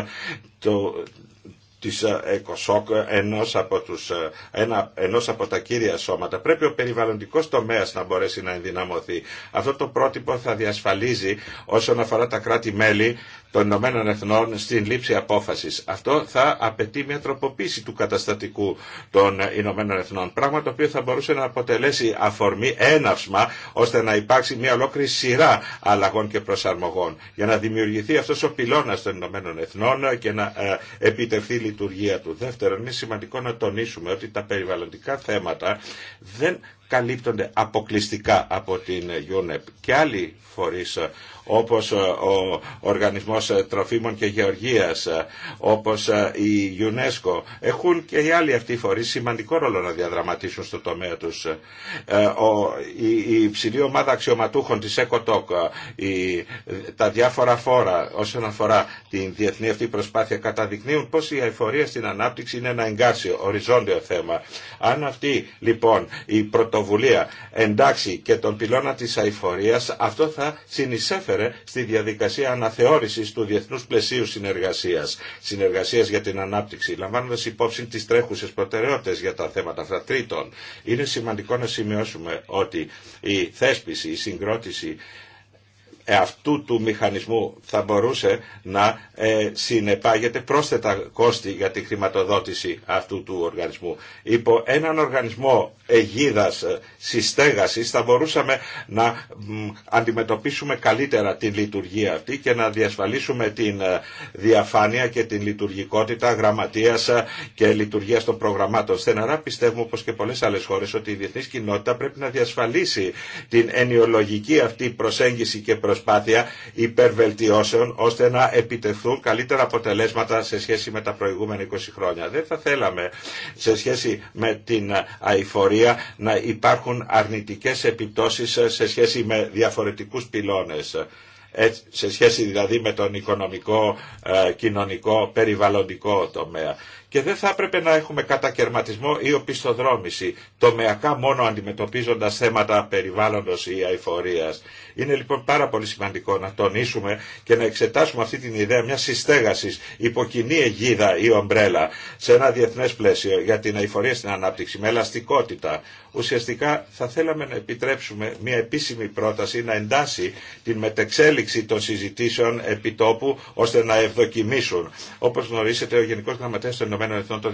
του, της ε, ΕΚΟΣΟΚ, ενός από, τους, ε, ένα, ενός από τα κύρια σώματα. Πρέπει ο περιβαλλοντικός τομέας να μπορέσει να ενδυναμωθεί. Αυτό το πρότυπο θα διασφαλίζει όσον αφορά τα κράτη-μέλη των Ηνωμένων Εθνών στην λήψη απόφαση. Αυτό θα απαιτεί μια τροποποίηση του καταστατικού των Ηνωμένων Εθνών. Πράγμα το οποίο θα μπορούσε να αποτελέσει αφορμή, έναυσμα, ώστε να υπάρξει μια ολόκληρη σειρά αλλαγών και προσαρμογών. Για να δημιουργηθεί αυτό ο πυλώνας των Ηνωμένων Εθνών και να ε, επιτευχθεί η λειτουργία του. Δεύτερον, είναι σημαντικό να τονίσουμε ότι τα περιβαλλοντικά θέματα δεν καλύπτονται αποκλειστικά από την UNEP και άλλοι φορείς ε, όπως ε, ο Οργανισμός ε, Τροφίμων και Γεωργίας, ε, όπως η UNESCO, έχουν και οι άλλοι αυτοί οι φορείς σημαντικό ρόλο να διαδραματίσουν στο τομέα τους. Η υψηλή ομάδα αξιωματούχων της ECOTOC τα διάφορα φόρα όσον αφορά την διεθνή αυτή προσπάθεια καταδεικνύουν πως η αηφορία στην ανάπτυξη είναι ένα εγκάσιο, οριζόντιο θέμα. Αν αυτή λοιπόν η πρωτοβουλία εντάξει και τον πυλώνα της αηφορίας, αυτό θα συνεισέφερε στη διαδικασία αναθεώρησης του Διεθνούς Πλαισίου Συνεργασίας, Συνεργασίας για την Ανάπτυξη, λαμβάνοντα υπόψη τις τρέχουσες προτεραιότητε για τα θέματα αυτά. Τρίτον, είναι σημαντικό να σημειώσουμε ότι η θέσπιση, η συγκρότηση αυτού του μηχανισμού θα μπορούσε να ε, συνεπάγεται πρόσθετα κόστη για τη χρηματοδότηση αυτού του οργανισμού. Υπό έναν οργανισμό αιγίδας ε, συστέγασης θα μπορούσαμε να αντιμετωπίσουμε καλύτερα την λειτουργία αυτή και να διασφαλίσουμε την ε, διαφάνεια και την λειτουργικότητα γραμματείας ε, και λειτουργία των προγραμμάτων. Στεναρά πιστεύουμε όπως και πολλές άλλες χώρες ότι η διεθνής κοινότητα πρέπει να διασφαλίσει την ενιολογική αυτή προσέγγιση και προσπάθεια υπερβελτιώσεων ώστε να επιτεθούν καλύτερα αποτελέσματα σε σχέση με τα προηγούμενα 20 χρόνια. Δεν θα θέλαμε σε σχέση με την ε, αηφορία να υπάρχουν αρνητικές επιπτώσεις σε σχέση με διαφορετικούς πυλώνες ε, σε σχέση δηλαδή με τον οικονομικό, ε, κοινωνικό, περιβαλλοντικό τομέα. Και δεν θα έπρεπε να έχουμε κατακαιρματισμό ή οπισθοδρόμηση, τομεακά μόνο αντιμετωπίζοντας θέματα περιβάλλοντος ή αηφορίας. Είναι λοιπόν πάρα πολύ σημαντικό να τονίσουμε και να εξετάσουμε αυτή την ιδέα μια συστέγαση κοινή αιγίδα ή ομπρέλα σε ένα διεθνέ πλαίσιο για την αηφορία στην ανάπτυξη με ελαστικότητα. Ουσιαστικά θα θέλαμε να επιτρέψουμε μια επίσημη πρόταση να εντάσει την μετεξέλιξη των συζητήσεων επιτόπου ώστε να ευδοκιμήσουν. Όπω γνωρίζετε, ο Γενικό Γραμματέα των Ηνωμένων Εθνών το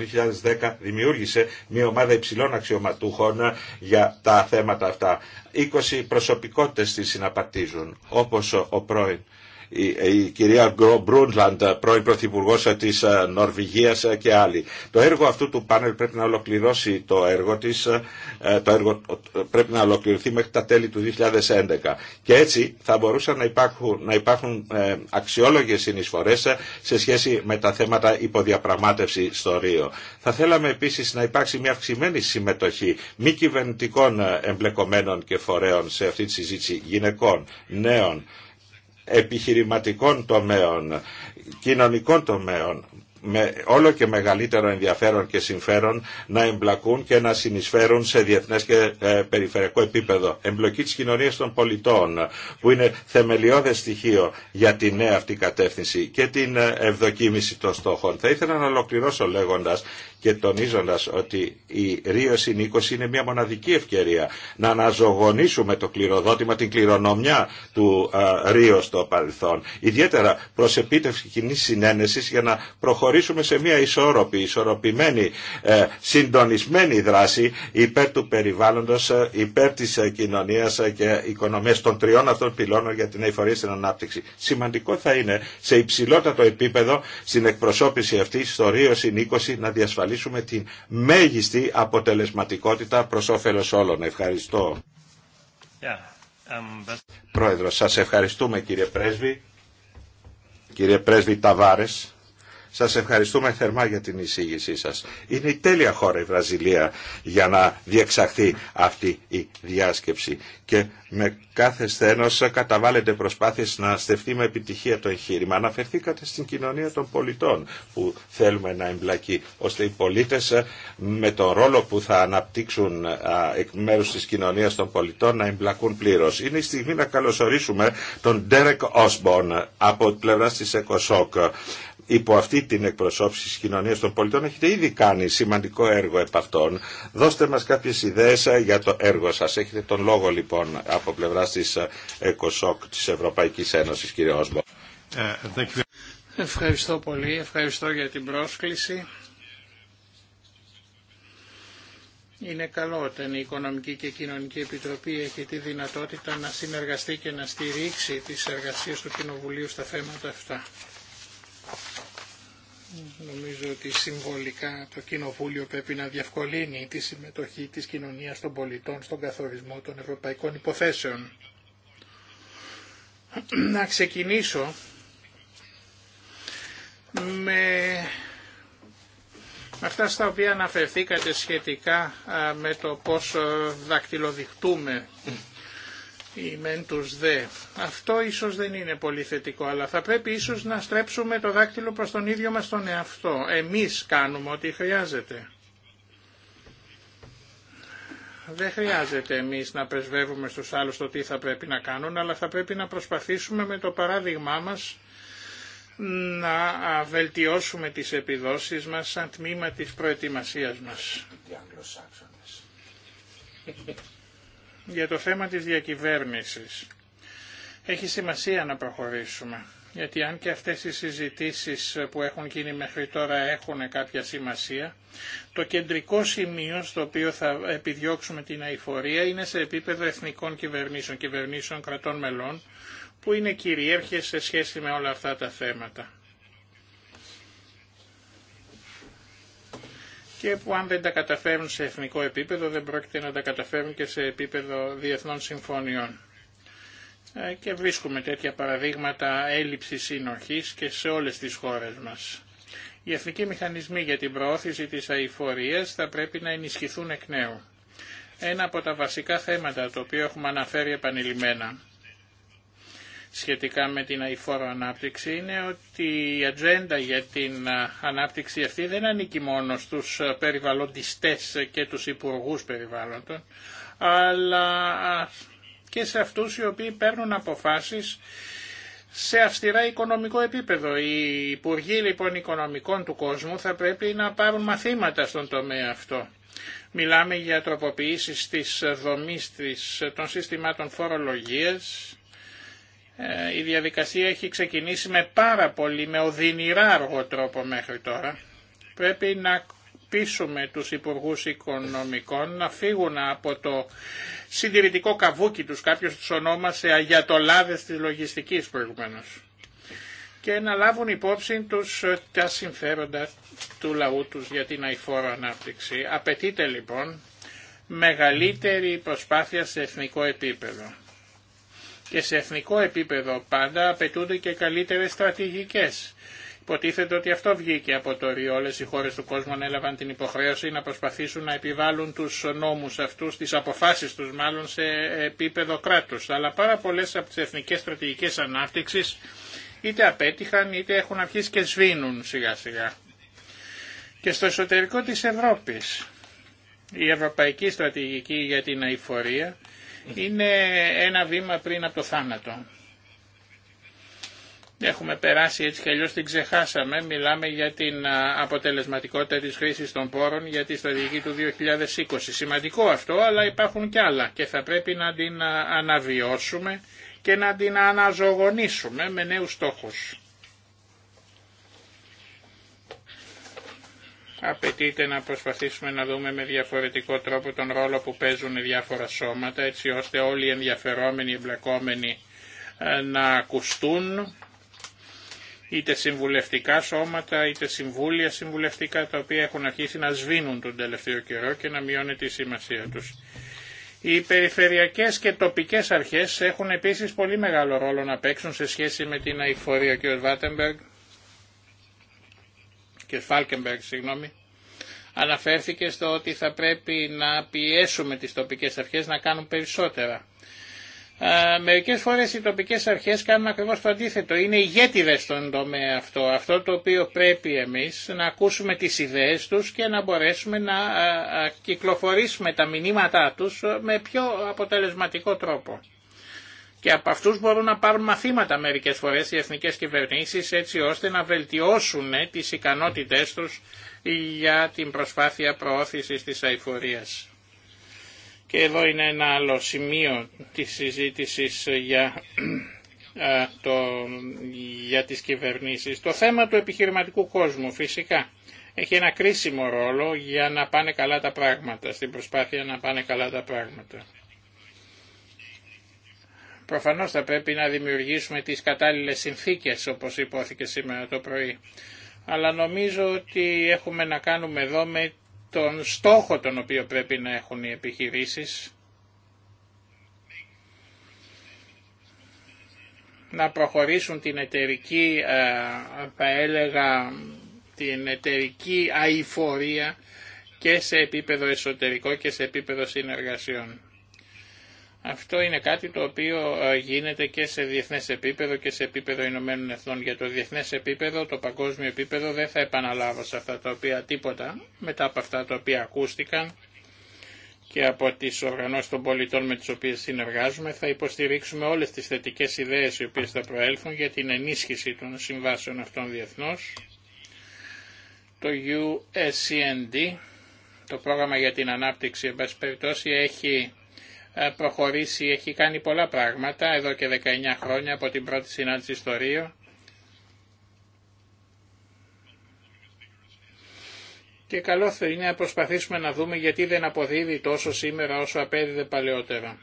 2010 δημιούργησε μια ομάδα υψηλών αξιωματούχων για τα θέματα αυτά. 20 προσωπικότητες τη συναπατίζουν, όπως ο πρώην η, κυρία Γκρο Μπρούντλαντ, πρώην Πρωθυπουργό τη ε, Νορβηγία ε, και άλλοι. Το έργο αυτού του πάνελ πρέπει να ολοκληρώσει το έργο τη, ε, το έργο πρέπει να ολοκληρωθεί μέχρι τα τέλη του 2011. Και έτσι θα μπορούσαν να υπάρχουν, να υπάρχουν αξιόλογε συνεισφορέ σε σχέση με τα θέματα υποδιαπραγμάτευση στο Ρίο. Θα θέλαμε επίση να υπάρξει μια αυξημένη συμμετοχή μη κυβερνητικών εμπλεκομένων και φορέων σε αυτή τη συζήτηση γυναικών, νέων, επιχειρηματικών τομέων, κοινωνικών τομέων, με όλο και μεγαλύτερο ενδιαφέρον και συμφέρον να εμπλακούν και να συνεισφέρουν σε διεθνές και ε, περιφερειακό επίπεδο. Εμπλοκή της κοινωνίας των πολιτών που είναι θεμελιώδες στοιχείο για τη νέα αυτή κατεύθυνση και την ε, ευδοκίμηση των στόχων. Θα ήθελα να ολοκληρώσω λέγοντας και τονίζοντας ότι η Ρίο συν είναι μια μοναδική ευκαιρία να αναζωογονήσουμε το κληροδότημα, την κληρονομιά του Ρίο στο παρελθόν. Ιδιαίτερα προς επίτευξη κοινή συνένεσης για να προχωρήσουμε σε μια ισόρροπη, ισορροπημένη, ε, συντονισμένη δράση υπέρ του περιβάλλοντος, ε, υπέρ της ε, κοινωνίας και οικονομίας των τριών αυτών πυλώνων για την αηφορία στην ανάπτυξη. Σημαντικό θα είναι σε υψηλότατο επίπεδο στην εκπροσώπηση αυτή στο Ρίο να διασφαλίσουμε διασφαλίσουμε την μέγιστη αποτελεσματικότητα προς όφελος όλων. Ευχαριστώ. Yeah. Um, Πρόεδρο, σας ευχαριστούμε κύριε Πρέσβη. Κύριε Πρέσβη Ταβάρες. Σας ευχαριστούμε θερμά για την εισήγησή σας. Είναι η τέλεια χώρα η Βραζιλία για να διεξαχθεί αυτή η διάσκεψη και με κάθε σθένος καταβάλλεται προσπάθειες να στεφτεί με επιτυχία το εγχείρημα. Αναφερθήκατε στην κοινωνία των πολιτών που θέλουμε να εμπλακεί, ώστε οι πολίτες ε, με τον ρόλο που θα αναπτύξουν ε, εκ μέρους της κοινωνίας των πολιτών να εμπλακούν πλήρως. Είναι η στιγμή να καλωσορίσουμε τον Ντέρεκ Όσμπον από πλευρά τη ΕΚΟΣΟΚ υπό αυτή την εκπροσώπηση της κοινωνίας των πολιτών έχετε ήδη κάνει σημαντικό έργο επ' αυτών. Δώστε μας κάποιες ιδέες ε, για το έργο σας. Έχετε τον λόγο λοιπόν από πλευράς της ε, ΕΚΟΣΟΚ της Ευρωπαϊκής Ένωσης κύριε Όσμπο. Ε, Ευχαριστώ πολύ. Ευχαριστώ για την πρόσκληση. Είναι καλό όταν η Οικονομική και Κοινωνική Επιτροπή έχει τη δυνατότητα να συνεργαστεί και να στηρίξει τις εργασίες του Κοινοβουλίου στα θέματα αυτά. Νομίζω ότι συμβολικά το Κοινοβούλιο πρέπει να διευκολύνει τη συμμετοχή της κοινωνίας των πολιτών στον καθορισμό των ευρωπαϊκών υποθέσεων. Να ξεκινήσω με αυτά στα οποία αναφερθήκατε σχετικά με το πώς δακτυλοδειχτούμε ή μεν τους δε. Αυτό ίσως δεν είναι πολύ θετικό, αλλά θα πρέπει ίσως να στρέψουμε το δάκτυλο προς τον ίδιο μας τον εαυτό. Εμείς κάνουμε ό,τι χρειάζεται. Δεν χρειάζεται εμείς να πεσβεύουμε στους άλλους το τι θα πρέπει να κάνουν, αλλά θα πρέπει να προσπαθήσουμε με το παράδειγμά μας να βελτιώσουμε τις επιδόσεις μας σαν τμήμα της προετοιμασίας μας για το θέμα της διακυβέρνησης. Έχει σημασία να προχωρήσουμε, γιατί αν και αυτές οι συζητήσεις που έχουν γίνει μέχρι τώρα έχουν κάποια σημασία, το κεντρικό σημείο στο οποίο θα επιδιώξουμε την αηφορία είναι σε επίπεδο εθνικών κυβερνήσεων, κυβερνήσεων κρατών μελών, που είναι κυρίαρχες σε σχέση με όλα αυτά τα θέματα. και που αν δεν τα καταφέρουν σε εθνικό επίπεδο δεν πρόκειται να τα καταφέρουν και σε επίπεδο διεθνών συμφωνιών. Ε, και βρίσκουμε τέτοια παραδείγματα έλλειψης συνοχής και σε όλες τις χώρες μας. Οι εθνικοί μηχανισμοί για την προώθηση της αηφορίας θα πρέπει να ενισχυθούν εκ νέου. Ένα από τα βασικά θέματα το οποίο έχουμε αναφέρει επανειλημμένα σχετικά με την αηφόρο ανάπτυξη είναι ότι η ατζέντα για την ανάπτυξη αυτή δεν ανήκει μόνο στους περιβαλλοντιστές και τους υπουργούς περιβάλλοντων, αλλά και σε αυτούς οι οποίοι παίρνουν αποφάσεις σε αυστηρά οικονομικό επίπεδο. Οι υπουργοί λοιπόν οικονομικών του κόσμου θα πρέπει να πάρουν μαθήματα στον τομέα αυτό. Μιλάμε για τροποποιήσεις της δομής των συστημάτων φορολογίας, ε, η διαδικασία έχει ξεκινήσει με πάρα πολύ, με οδυνηρά αργό τρόπο μέχρι τώρα. Πρέπει να πείσουμε τους Υπουργούς Οικονομικών να φύγουν από το συντηρητικό καβούκι τους, κάποιος τους ονόμασε αγιατολάδες της λογιστικής προηγουμένως, και να λάβουν υπόψη τους τα συμφέροντα του λαού τους για την αηφόρο ανάπτυξη. Απαιτείται λοιπόν μεγαλύτερη προσπάθεια σε εθνικό επίπεδο. Και σε εθνικό επίπεδο πάντα απαιτούνται και καλύτερες στρατηγικές. Υποτίθεται ότι αυτό βγήκε από το ΡΙΟ. Όλες οι χώρες του κόσμου ανέλαβαν την υποχρέωση να προσπαθήσουν να επιβάλλουν τους νόμους αυτούς, τις αποφάσεις τους μάλλον σε επίπεδο κράτους. Αλλά πάρα πολλές από τις εθνικές στρατηγικές ανάπτυξης είτε απέτυχαν είτε έχουν αρχίσει και σβήνουν σιγά σιγά. Και στο εσωτερικό της Ευρώπης η Ευρωπαϊκή Στρατηγική για την Αηφορία είναι ένα βήμα πριν από το θάνατο. Έχουμε περάσει έτσι και αλλιώς την ξεχάσαμε. Μιλάμε για την αποτελεσματικότητα της χρήσης των πόρων για τη στρατηγική του 2020. Σημαντικό αυτό, αλλά υπάρχουν και άλλα και θα πρέπει να την αναβιώσουμε και να την αναζωογονήσουμε με νέους στόχους. απαιτείται να προσπαθήσουμε να δούμε με διαφορετικό τρόπο τον ρόλο που παίζουν διάφορα σώματα έτσι ώστε όλοι οι ενδιαφερόμενοι, οι εμπλεκόμενοι ε, να ακουστούν είτε συμβουλευτικά σώματα είτε συμβούλια συμβουλευτικά τα οποία έχουν αρχίσει να σβήνουν τον τελευταίο καιρό και να μειώνεται η σημασία τους. Οι περιφερειακές και τοπικές αρχές έχουν επίσης πολύ μεγάλο ρόλο να παίξουν σε σχέση με την αηφορία. κ. Βάτεμπεργκ και Φάλκεμπεργκ, συγγνώμη, αναφέρθηκε στο ότι θα πρέπει να πιέσουμε τις τοπικές αρχές να κάνουν περισσότερα. Ε, μερικές φορές οι τοπικές αρχές κάνουν ακριβώς το αντίθετο. Είναι ηγέτιδες στον τομέα αυτό. Αυτό το οποίο πρέπει εμείς να ακούσουμε τις ιδέες τους και να μπορέσουμε να ε, ε, κυκλοφορήσουμε τα μηνύματά τους με πιο αποτελεσματικό τρόπο και από αυτούς μπορούν να πάρουν μαθήματα μερικές φορές οι εθνικές κυβερνήσεις έτσι ώστε να βελτιώσουν τις ικανότητές τους για την προσπάθεια προώθησης της αηφορίας. Και εδώ είναι ένα άλλο σημείο της συζήτησης για, το, για τις κυβερνήσεις. Το θέμα του επιχειρηματικού κόσμου φυσικά έχει ένα κρίσιμο ρόλο για να πάνε καλά τα πράγματα, στην προσπάθεια να πάνε καλά τα πράγματα. Προφανώς θα πρέπει να δημιουργήσουμε τις κατάλληλες συνθήκες όπως υπόθηκε σήμερα το πρωί. Αλλά νομίζω ότι έχουμε να κάνουμε εδώ με τον στόχο τον οποίο πρέπει να έχουν οι επιχειρήσεις να προχωρήσουν την εταιρική, ε, θα έλεγα, την εταιρική αηφορία και σε επίπεδο εσωτερικό και σε επίπεδο συνεργασιών. Αυτό είναι κάτι το οποίο ε, γίνεται και σε διεθνές επίπεδο και σε επίπεδο Ηνωμένων Εθνών. Για το διεθνές επίπεδο, το παγκόσμιο επίπεδο, δεν θα επαναλάβω σε αυτά τα οποία τίποτα, μετά από αυτά τα οποία ακούστηκαν και από τις οργανώσεις των πολιτών με τις οποίες συνεργάζουμε, θα υποστηρίξουμε όλες τις θετικές ιδέες οι οποίες θα προέλθουν για την ενίσχυση των συμβάσεων αυτών διεθνώς. Το USCND, το πρόγραμμα για την ανάπτυξη, εν έχει ε, προχωρήσει, έχει κάνει πολλά πράγματα εδώ και 19 χρόνια από την πρώτη συνάντηση στο Ρίο. Και καλό θα είναι να προσπαθήσουμε να δούμε γιατί δεν αποδίδει τόσο σήμερα όσο απέδιδε παλαιότερα.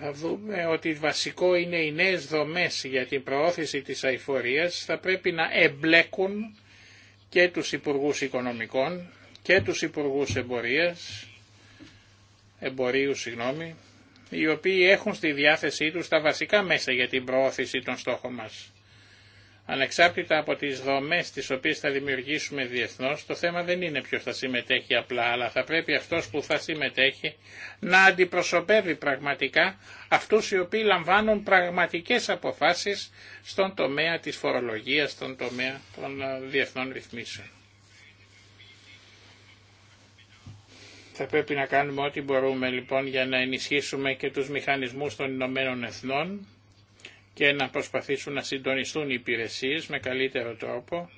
Θα δούμε ότι βασικό είναι οι νέες δομές για την προώθηση της αηφορίας θα πρέπει να εμπλέκουν και τους Υπουργούς Οικονομικών και τους Υπουργούς Εμπορίας εμπορίου, συγγνώμη, οι οποίοι έχουν στη διάθεσή τους τα βασικά μέσα για την προώθηση των στόχων μας. Ανεξάρτητα από τις δομές τις οποίες θα δημιουργήσουμε διεθνώς, το θέμα δεν είναι ποιος θα συμμετέχει απλά, αλλά θα πρέπει αυτός που θα συμμετέχει να αντιπροσωπεύει πραγματικά αυτούς οι οποίοι λαμβάνουν πραγματικές αποφάσεις στον τομέα της φορολογίας, στον τομέα των ε, διεθνών ρυθμίσεων. Θα πρέπει να κάνουμε ό,τι μπορούμε λοιπόν για να ενισχύσουμε και τους μηχανισμούς των Ηνωμένων Εθνών και να προσπαθήσουν να συντονιστούν οι υπηρεσίες με καλύτερο τρόπο.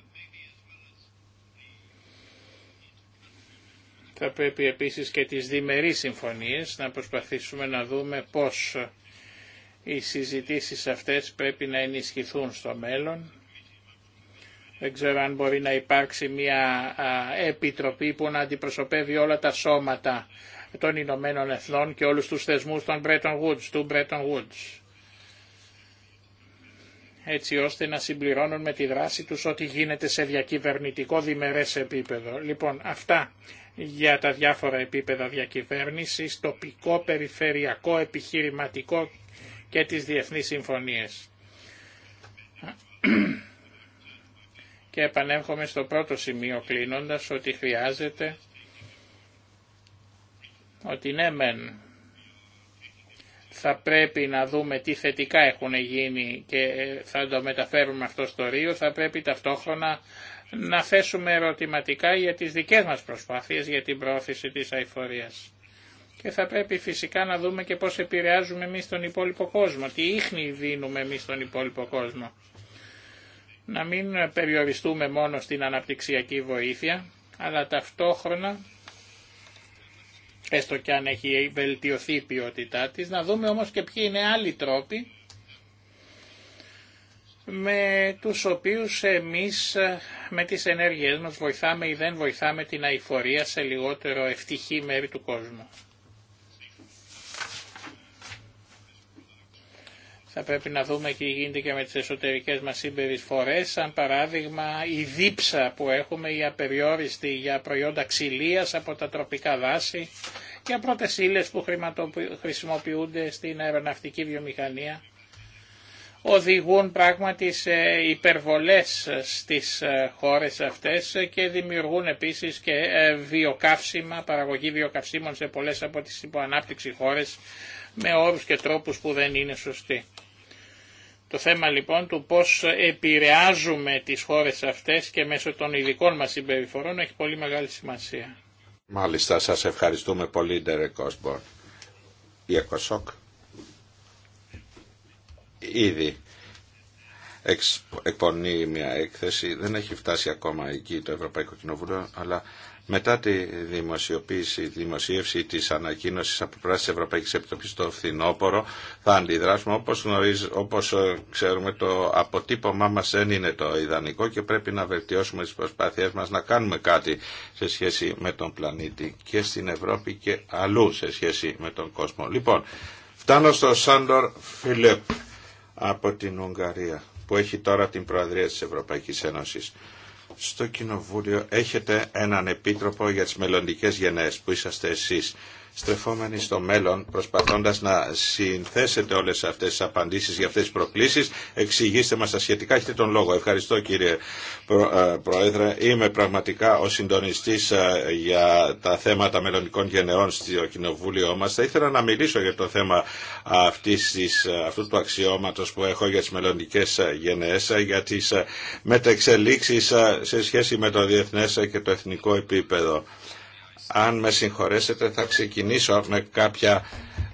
Θα πρέπει επίσης και τις διμερείς συμφωνίες να προσπαθήσουμε να δούμε πώς οι συζητήσεις αυτές πρέπει να ενισχυθούν στο μέλλον δεν ξέρω αν μπορεί να υπάρξει μια επιτροπή που να αντιπροσωπεύει όλα τα σώματα των Ηνωμένων Εθνών και όλους τους θεσμούς των Bretton Woods, του Bretton Woods. Έτσι ώστε να συμπληρώνουν με τη δράση τους ό,τι γίνεται σε διακυβερνητικό διμερές επίπεδο. Λοιπόν, αυτά για τα διάφορα επίπεδα διακυβέρνησης, τοπικό, περιφερειακό, επιχειρηματικό και τις διεθνείς συμφωνίες. Και επανέρχομαι στο πρώτο σημείο κλείνοντας ότι χρειάζεται ότι ναι μεν θα πρέπει να δούμε τι θετικά έχουν γίνει και ε, θα το μεταφέρουμε αυτό στο Ρίο, θα πρέπει ταυτόχρονα να θέσουμε ερωτηματικά για τις δικές μας προσπάθειες για την πρόθεση της αηφορίας. Και θα πρέπει φυσικά να δούμε και πώς επηρεάζουμε εμείς τον υπόλοιπο κόσμο, τι ίχνη δίνουμε εμείς στον υπόλοιπο κόσμο να μην περιοριστούμε μόνο στην αναπτυξιακή βοήθεια, αλλά ταυτόχρονα, έστω και αν έχει βελτιωθεί η ποιότητά της, να δούμε όμως και ποιοι είναι άλλοι τρόποι με τους οποίους εμείς με τις ενέργειές μας βοηθάμε ή δεν βοηθάμε την αηφορία σε λιγότερο ευτυχή μέρη του κόσμου. Θα πρέπει να δούμε τι γίνεται και με τις εσωτερικές μας συμπεριφορές. Σαν παράδειγμα η δίψα που έχουμε για απεριόριστη για προϊόντα ξυλίας από τα τροπικά δάση για πρώτε ύλες που χρησιμοποιούνται στην αεροναυτική βιομηχανία οδηγούν πράγματι σε υπερβολές στις ε, χώρες αυτές και δημιουργούν επίσης και ε, βιοκαύσιμα, παραγωγή βιοκαυσίμων σε πολλές από τις υποανάπτυξη χώρες με όρους και τρόπους που δεν είναι σωστοί. Το θέμα λοιπόν του πώς επηρεάζουμε τις χώρες αυτές και μέσω των ειδικών μας συμπεριφορών έχει πολύ μεγάλη σημασία. Μάλιστα, σας ευχαριστούμε πολύ, Ντερε Κόσμπορ. Η Εκοσόκ. Ήδη εκπονεί μια έκθεση, δεν έχει φτάσει ακόμα εκεί το Ευρωπαϊκό Κοινοβούλιο, αλλά μετά τη δημοσιοποίηση, τη δημοσίευση της ανακοίνωσης από πράσινης Ευρωπαϊκή Επιτροπής στο φθινόπωρο θα αντιδράσουμε όπως, ε, ξέρουμε το αποτύπωμά μας δεν είναι το ιδανικό και πρέπει να βελτιώσουμε τις προσπάθειές μας να κάνουμε κάτι σε σχέση με τον πλανήτη και στην Ευρώπη και αλλού σε σχέση με τον κόσμο. Λοιπόν, φτάνω στο Σάντορ Φιλεπ από την Ουγγαρία που έχει τώρα την Προεδρία της Ευρωπαϊκής Ένωσης στο Κοινοβούλιο έχετε έναν επίτροπο για τις μελλοντικέ γενναίες που είσαστε εσείς στρεφόμενοι στο μέλλον, προσπαθώντας να συνθέσετε όλες αυτές τις απαντήσεις για αυτές τις προκλήσεις, εξηγήστε μας τα σχετικά, έχετε τον λόγο. Ευχαριστώ κύριε Πρόεδρε. Είμαι πραγματικά ο συντονιστής ε, για τα θέματα μελλοντικών γενεών στο Κοινοβούλιο μας. Θα ήθελα να μιλήσω για το θέμα αυτής της, ε, αυτού του αξιώματος που έχω για τις μελλοντικές ε, γενναίες, για τις μετεξελίξεις σε σχέση με το διεθνές και το εθνικό επίπεδο αν με συγχωρέσετε θα ξεκινήσω με κάποια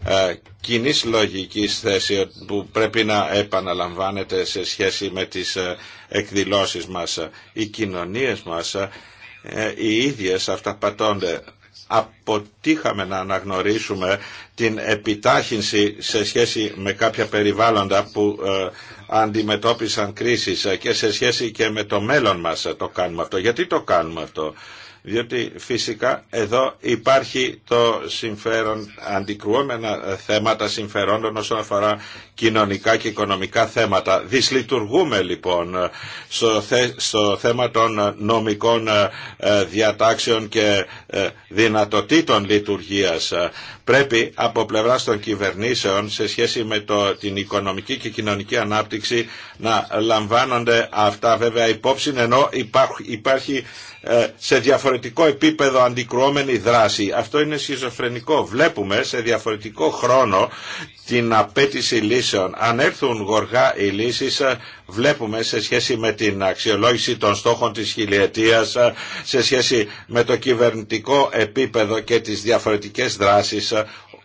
ε, κοινή λογική θέση που πρέπει να επαναλαμβάνεται σε σχέση με τις ε, εκδηλώσεις μας. Οι κοινωνίες μας ε, οι ίδιες αυταπατώνται αποτύχαμε να αναγνωρίσουμε την επιτάχυνση σε σχέση με κάποια περιβάλλοντα που ε, αντιμετώπισαν κρίσεις και σε σχέση και με το μέλλον μας το κάνουμε αυτό. Γιατί το κάνουμε αυτό διότι φυσικά εδώ υπάρχει το συμφέρον, αντικρουόμενα θέματα συμφερόντων όσον αφορά κοινωνικά και οικονομικά θέματα. Δυσλειτουργούμε λοιπόν στο, θέμα των νομικών ε, διατάξεων και ε, δυνατοτήτων λειτουργίας. Πρέπει από πλευρά των κυβερνήσεων σε σχέση με το, την οικονομική και κοινωνική ανάπτυξη να λαμβάνονται αυτά βέβαια υπόψη ενώ υπάρχει ε, σε διαφορετικό επίπεδο αντικρουόμενη δράση. Αυτό είναι σχιζοφρενικό. Βλέπουμε σε διαφορετικό χρόνο την απέτηση λύσεων. Αν έρθουν γοργά οι λύσεις ε, βλέπουμε σε σχέση με την αξιολόγηση των στόχων της χιλιετίας, ε, σε σχέση με το κυβερνητικό επίπεδο και τις διαφορετικές δράσεις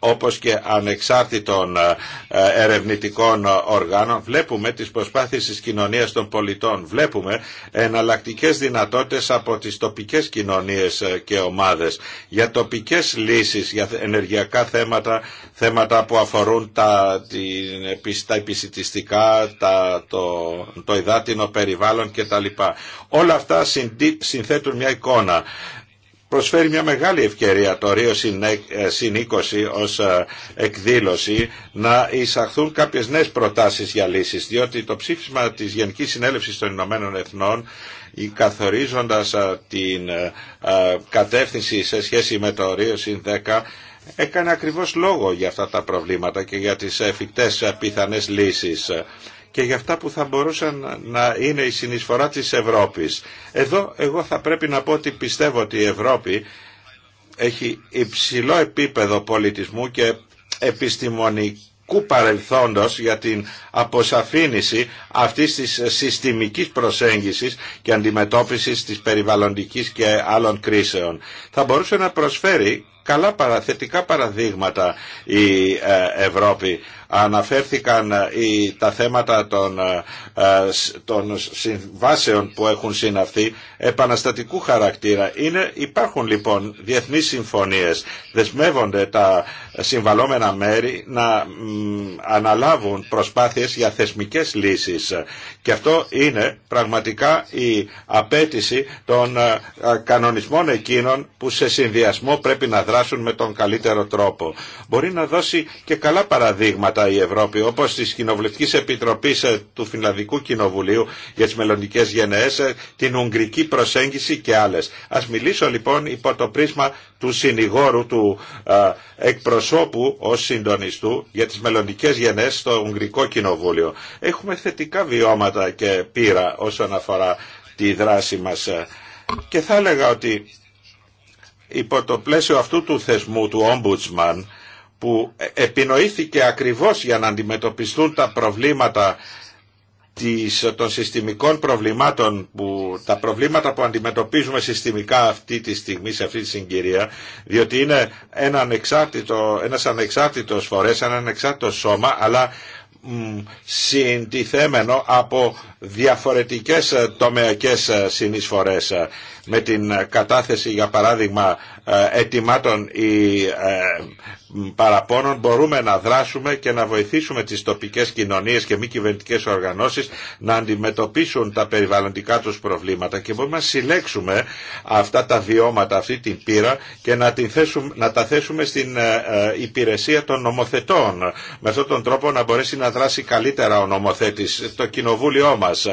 όπως και ανεξάρτητων ε, ε, ερευνητικών οργάνων. Βλέπουμε τις προσπάθειες της κοινωνίας των πολιτών. Βλέπουμε εναλλακτικές δυνατότητες από τις τοπικές κοινωνίες ε, και ομάδες για τοπικές λύσεις, για ενεργειακά θέματα, θέματα που αφορούν τα, την, τα τα, το, το υδάτινο περιβάλλον κτλ. Όλα αυτά συνθέτουν μια εικόνα προσφέρει μια μεγάλη ευκαιρία το Ρίο 20 ε, ως ε, εκδήλωση να εισαχθούν κάποιες νέες προτάσεις για λύσεις, διότι το ψήφισμα της Γενικής Συνέλευσης των Ηνωμένων Εθνών ή καθορίζοντας ε, την κατεύθυνση σε σχέση με το Ρίο συν 10 έκανε ακριβώς λόγο για αυτά τα προβλήματα και για τις εφικτές πιθανές λύσεις και για αυτά που θα μπορούσαν να είναι η συνεισφορά της Ευρώπης. Εδώ εγώ θα πρέπει να πω ότι πιστεύω ότι η Ευρώπη έχει υψηλό επίπεδο πολιτισμού και επιστημονικού παρελθόντος για την αποσαφήνιση αυτής της συστημικής προσέγγισης και αντιμετώπισης της περιβαλλοντικής και άλλων κρίσεων. Θα μπορούσε να προσφέρει καλά παραθετικά παραδείγματα η ε, Ευρώπη αναφέρθηκαν ε, οι, τα θέματα των, ε, ε, των συμβάσεων που έχουν συναυθεί επαναστατικού χαρακτήρα. Είναι, υπάρχουν λοιπόν διεθνείς συμφωνίες. Δεσμεύονται τα συμβαλόμενα μέρη να αναλάβουν προσπάθειες για θεσμικές λύσεις. Και αυτό είναι πραγματικά η απέτηση των κανονισμών εκείνων που σε συνδυασμό πρέπει να δράσουν με τον καλύτερο τρόπο. Μπορεί να δώσει και καλά παραδείγματα η Ευρώπη, όπως της Κοινοβουλευτικής Επιτροπής ε, του Φινλανδικού Κοινοβουλίου για τις μελλοντικές γενναίες, ε, την Ουγγρική προσέγγιση και άλλες. Ας μιλήσω λοιπόν υπό το πρίσμα του συνηγόρου, του ε, εκπροσώπου ως συντονιστού για τις μελλοντικές γενναίες στο Ουγγρικό Κοινοβούλιο. Έχουμε θετικά βιώματα και πείρα όσον αφορά τη δράση μας και θα έλεγα ότι υπό το πλαίσιο αυτού του θεσμού του Ombudsman που επινοήθηκε ακριβώς για να αντιμετωπιστούν τα προβλήματα της, των συστημικών προβλημάτων που, τα προβλήματα που αντιμετωπίζουμε συστημικά αυτή τη στιγμή σε αυτή τη συγκυρία διότι είναι ένα ανεξάρτητο, ένας ανεξάρτητος φορές, ένα ανεξάρτητο σώμα αλλά συντιθέμενο από διαφορετικές τομεακές συνεισφορές με την κατάθεση για παράδειγμα ε, ετοιμάτων ή παραπώνων μπορούμε να δράσουμε και να βοηθήσουμε τις τοπικές κοινωνίες και μη κυβερνητικέ οργανώσεις να αντιμετωπίσουν τα περιβαλλοντικά τους προβλήματα και μπορούμε να συλλέξουμε αυτά τα βιώματα, αυτή την πείρα και να, θέσουμε, να τα θέσουμε στην ε, ε, υπηρεσία των νομοθετών. Με αυτόν τον τρόπο να μπορέσει να δράσει καλύτερα ο νομοθέτης, το κοινοβούλιο μας.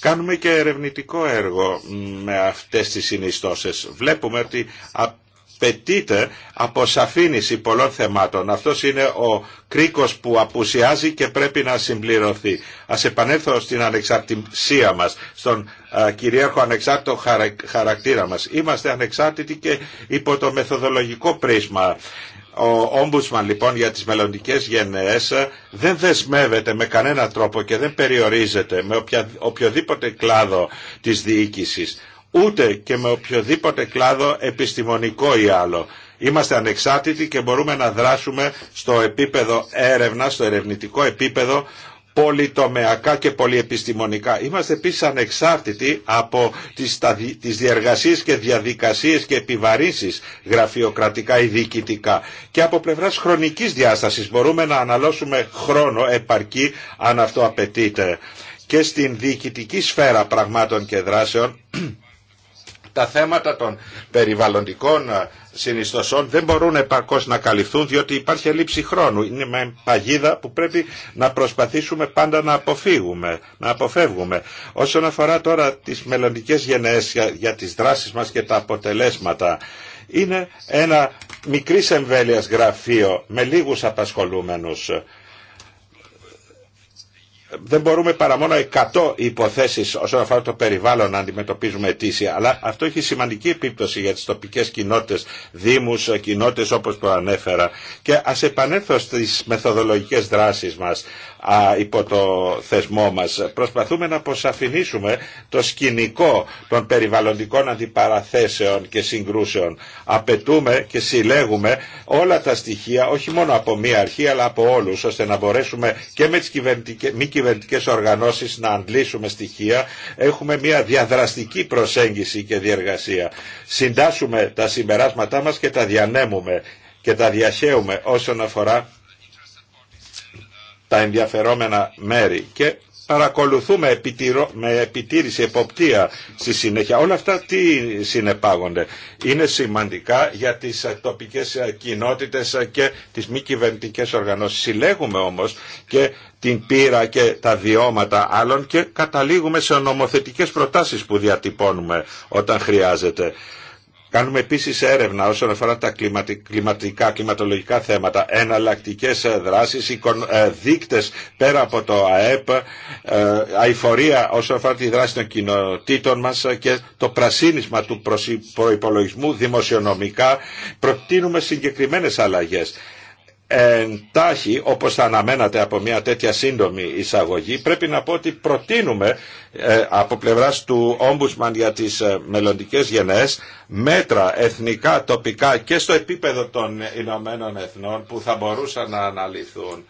Κάνουμε και ερευνητικό έργο με αυτές τις συνιστώσεις. Βλέπουμε ότι απαιτείται αποσαφήνιση πολλών θεμάτων. Αυτός είναι ο κρίκος που απουσιάζει και πρέπει να συμπληρωθεί. Ας επανέλθω στην ανεξαρτησία μας, στον α, κυρίαρχο ανεξάρτητο χαρακτήρα μας. Είμαστε ανεξάρτητοι και υπό το μεθοδολογικό πρίσμα. Ο Ombudsman λοιπόν για τις μελλοντικέ γενναίες δεν δεσμεύεται με κανένα τρόπο και δεν περιορίζεται με οποιοδήποτε κλάδο της διοίκησης ούτε και με οποιοδήποτε κλάδο επιστημονικό ή άλλο. Είμαστε ανεξάρτητοι και μπορούμε να δράσουμε στο επίπεδο έρευνα, στο ερευνητικό επίπεδο, πολυτομεακά και πολυεπιστημονικά. Είμαστε επίσης ανεξάρτητοι από τις διεργασίες και διαδικασίες και επιβαρύνσεις γραφειοκρατικά ή διοικητικά. Και από πλευράς χρονικής διάστασης μπορούμε να αναλώσουμε χρόνο επαρκή αν αυτό απαιτείται. Και στην διοικητική σφαίρα πραγμάτων και δράσεων τα θέματα των περιβαλλοντικών ε, συνιστοσών δεν μπορούν επαρκώς να καλυφθούν διότι υπάρχει λήψη χρόνου. Είναι μια παγίδα που πρέπει να προσπαθήσουμε πάντα να αποφύγουμε, να αποφεύγουμε. Όσον αφορά τώρα τις μελλοντικές γενναίες για τις δράσεις μας και τα αποτελέσματα, είναι ένα μικρής εμβέλειας γραφείο με λίγους απασχολούμενους δεν μπορούμε παρά μόνο 100 υποθέσεις όσον αφορά το περιβάλλον να αντιμετωπίζουμε αιτήσια, αλλά αυτό έχει σημαντική επίπτωση για τις τοπικές κοινότητες, δήμους, κοινότητες όπως προανέφερα. Και ας επανέλθω στις μεθοδολογικές δράσεις μας α, υπό το θεσμό μας. Προσπαθούμε να αποσαφηνίσουμε το σκηνικό των περιβαλλοντικών αντιπαραθέσεων και συγκρούσεων. Απαιτούμε και συλλέγουμε όλα τα στοιχεία, όχι μόνο από μία αρχή, αλλά από όλους, ώστε να μπορέσουμε και με τις κυβερνητικές, κυβερνητικές οργανώσεις να αντλήσουμε στοιχεία, έχουμε μια διαδραστική προσέγγιση και διεργασία. Συντάσσουμε τα συμπεράσματά μας και τα διανέμουμε και τα διαχέουμε όσον αφορά τα ενδιαφερόμενα μέρη και παρακολουθούμε με επιτήρηση, εποπτεία στη συνέχεια. Όλα αυτά τι συνεπάγονται. Είναι σημαντικά για τις τοπικές κοινότητες και τις μη κυβερνητικέ οργανώσεις. Συλλέγουμε όμως και την πείρα και τα βιώματα άλλων και καταλήγουμε σε νομοθετικές προτάσεις που διατυπώνουμε όταν χρειάζεται. Κάνουμε επίση έρευνα όσον αφορά τα κλιματικά, κλιματολογικά θέματα, εναλλακτικέ ε, δράσεις, ε, δείκτε πέρα από το ΑΕΠ, ε, αηφορία όσον αφορά τη δράση των κοινοτήτων μας και το πρασίνισμα του προπολογισμού δημοσιονομικά. Προτείνουμε συγκεκριμένες αλλαγές εντάχει όπως θα αναμένατε από μια τέτοια σύντομη εισαγωγή πρέπει να πω ότι προτείνουμε ε, από πλευράς του Ombudsman για τις ε, μελλοντικές γενναίες μέτρα εθνικά, τοπικά και στο επίπεδο των Ηνωμένων Εθνών που θα μπορούσαν να αναλυθούν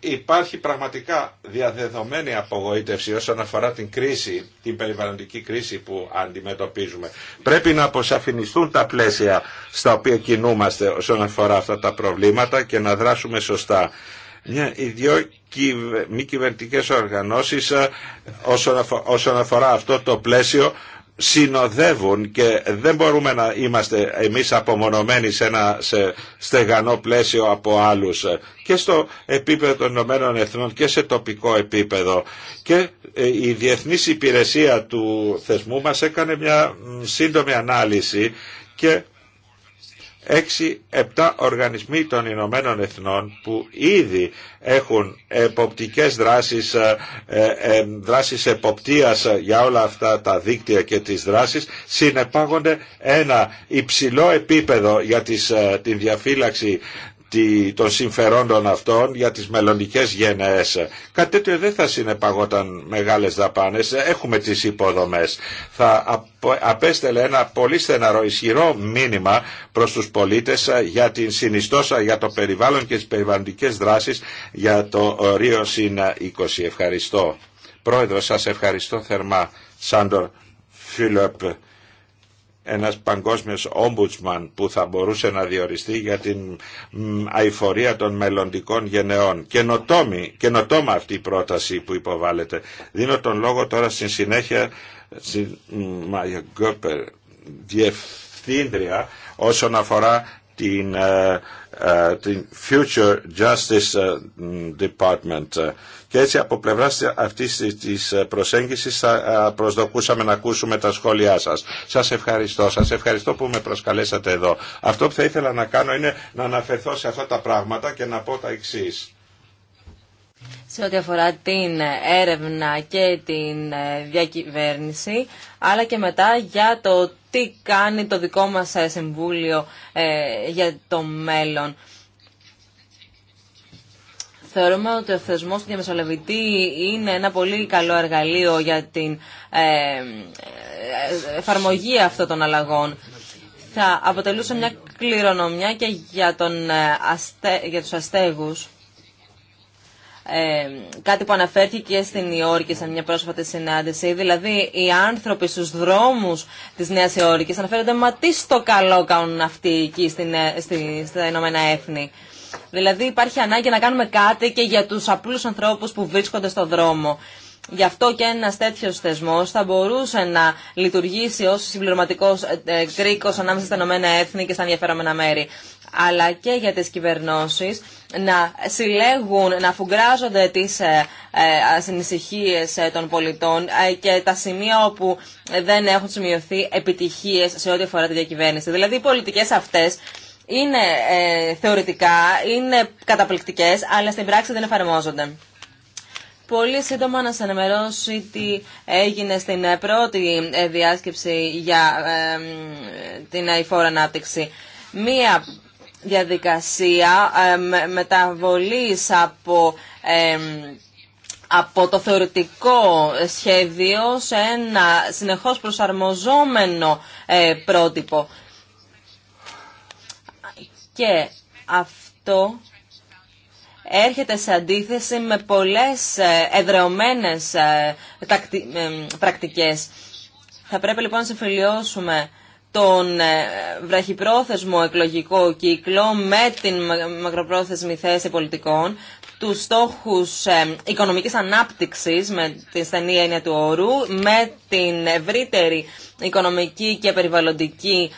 υπάρχει πραγματικά διαδεδομένη απογοήτευση όσον αφορά την κρίση, την περιβαλλοντική κρίση που αντιμετωπίζουμε. Πρέπει να αποσαφινιστούν τα πλαίσια στα οποία κινούμαστε όσον αφορά αυτά τα προβλήματα και να δράσουμε σωστά. Μια, οι δυο μη κυβερνητικέ οργανώσεις ε, όσον αφορά αυτό το πλαίσιο συνοδεύουν και δεν μπορούμε να είμαστε εμείς απομονωμένοι σε ένα σε στεγανό πλαίσιο από άλλους και στο επίπεδο των Ηνωμένων Εθνών και σε τοπικό επίπεδο. Και ε, η Διεθνής Υπηρεσία του θεσμού μας έκανε μια σύντομη ανάλυση και εξι 7 οργανισμοί των Ηνωμένων Εθνών που ήδη έχουν εποπτικές δράσεις, ε, ε, ε, δράσεις εποπτείας για όλα αυτά τα δίκτυα και τις δράσεις συνεπάγονται ένα υψηλό επίπεδο για τις, την διαφύλαξη των συμφερόντων αυτών για τις μελλοντικές γενναίες. Κάτι τέτοιο δεν θα συνεπαγόταν μεγάλες δαπάνες. Έχουμε τις υποδομές. Θα απέστελε ένα πολύ στεναρό ισχυρό μήνυμα προς τους πολίτες για την συνιστόσα για το περιβάλλον και τις περιβαλλοντικές δράσεις για το ε, Ρίο 20. Ευχαριστώ. Πρόεδρο, σας ευχαριστώ θερμά. Σάντορ Φίλεπ ένας παγκόσμιος ομπουτσμαν που θα μπορούσε να διοριστεί για την αηφορία των μελλοντικών γενεών. καινοτόμα αυτή η πρόταση που υποβάλλεται. Δίνω τον λόγο τώρα στην συνέχεια στην Μάγια διευθύντρια όσον αφορά την, ε, ε, την Future Justice ε, Department. Και έτσι από πλευρά αυτής της προσέγγισης θα προσδοκούσαμε να ακούσουμε τα σχόλιά σας. Σας ευχαριστώ. Σας ευχαριστώ που με προσκαλέσατε εδώ. Αυτό που θα ήθελα να κάνω είναι να αναφερθώ σε αυτά τα πράγματα και να πω τα εξής. Σε ό,τι αφορά την έρευνα και την διακυβέρνηση, αλλά και μετά για το τι κάνει το δικό μας ε, Συμβούλιο ε, για το μέλλον. Θεωρούμε ότι ο θεσμό του διαμεσολαβητή είναι ένα πολύ καλό εργαλείο για την ε, εφαρμογή αυτών των αλλαγών. Θα αποτελούσε μια κληρονομιά και για, τον, για τους αστέγους ε, κάτι που αναφέρθηκε στην Υόρκη σε μια πρόσφατη συνάντηση. Δηλαδή, οι άνθρωποι στους δρόμους της Νέας Υόρκης αναφέρονται «Μα τι στο καλό κάνουν αυτοί εκεί στην, ε, στη, στα Ηνωμένα Έθνη». Δηλαδή, υπάρχει ανάγκη να κάνουμε κάτι και για τους απλούς ανθρώπους που βρίσκονται στο δρόμο. Γι' αυτό και ένα τέτοιο θεσμό θα μπορούσε να λειτουργήσει ως συμπληρωματικός ε, ε, κρίκο ανάμεσα στα Ηνωμένα Έθνη και στα ενδιαφέρομενα μέρη αλλά και για τι κυβερνώσει να συλλέγουν, να φουγκράζονται τις ε, ε, των πολιτών και τα σημεία όπου δεν έχουν σημειωθεί επιτυχίε σε ό,τι αφορά τη διακυβέρνηση. Δηλαδή οι πολιτικέ αυτέ είναι θεωρητικά, είναι καταπληκτικές, αλλά στην πράξη δεν εφαρμόζονται. Πολύ σύντομα να σα ενημερώσω τι έγινε στην ε, πρώτη ε, διάσκεψη για ε, την αηφόρα ανάπτυξη. Μία διαδικασία μεταβολής από, από το θεωρητικό σχέδιο σε ένα συνεχώς προσαρμοζόμενο πρότυπο. Και αυτό έρχεται σε αντίθεση με πολλές ε, εδρεωμένες ε, ε, πρακτικές. Θα πρέπει λοιπόν να συμφιλιώσουμε τον βραχυπρόθεσμο εκλογικό κύκλο με την μακροπρόθεσμη θέση πολιτικών, τους στόχους οικονομικής ανάπτυξης με την στενή έννοια του όρου, με την ευρύτερη οικονομική και περιβαλλοντική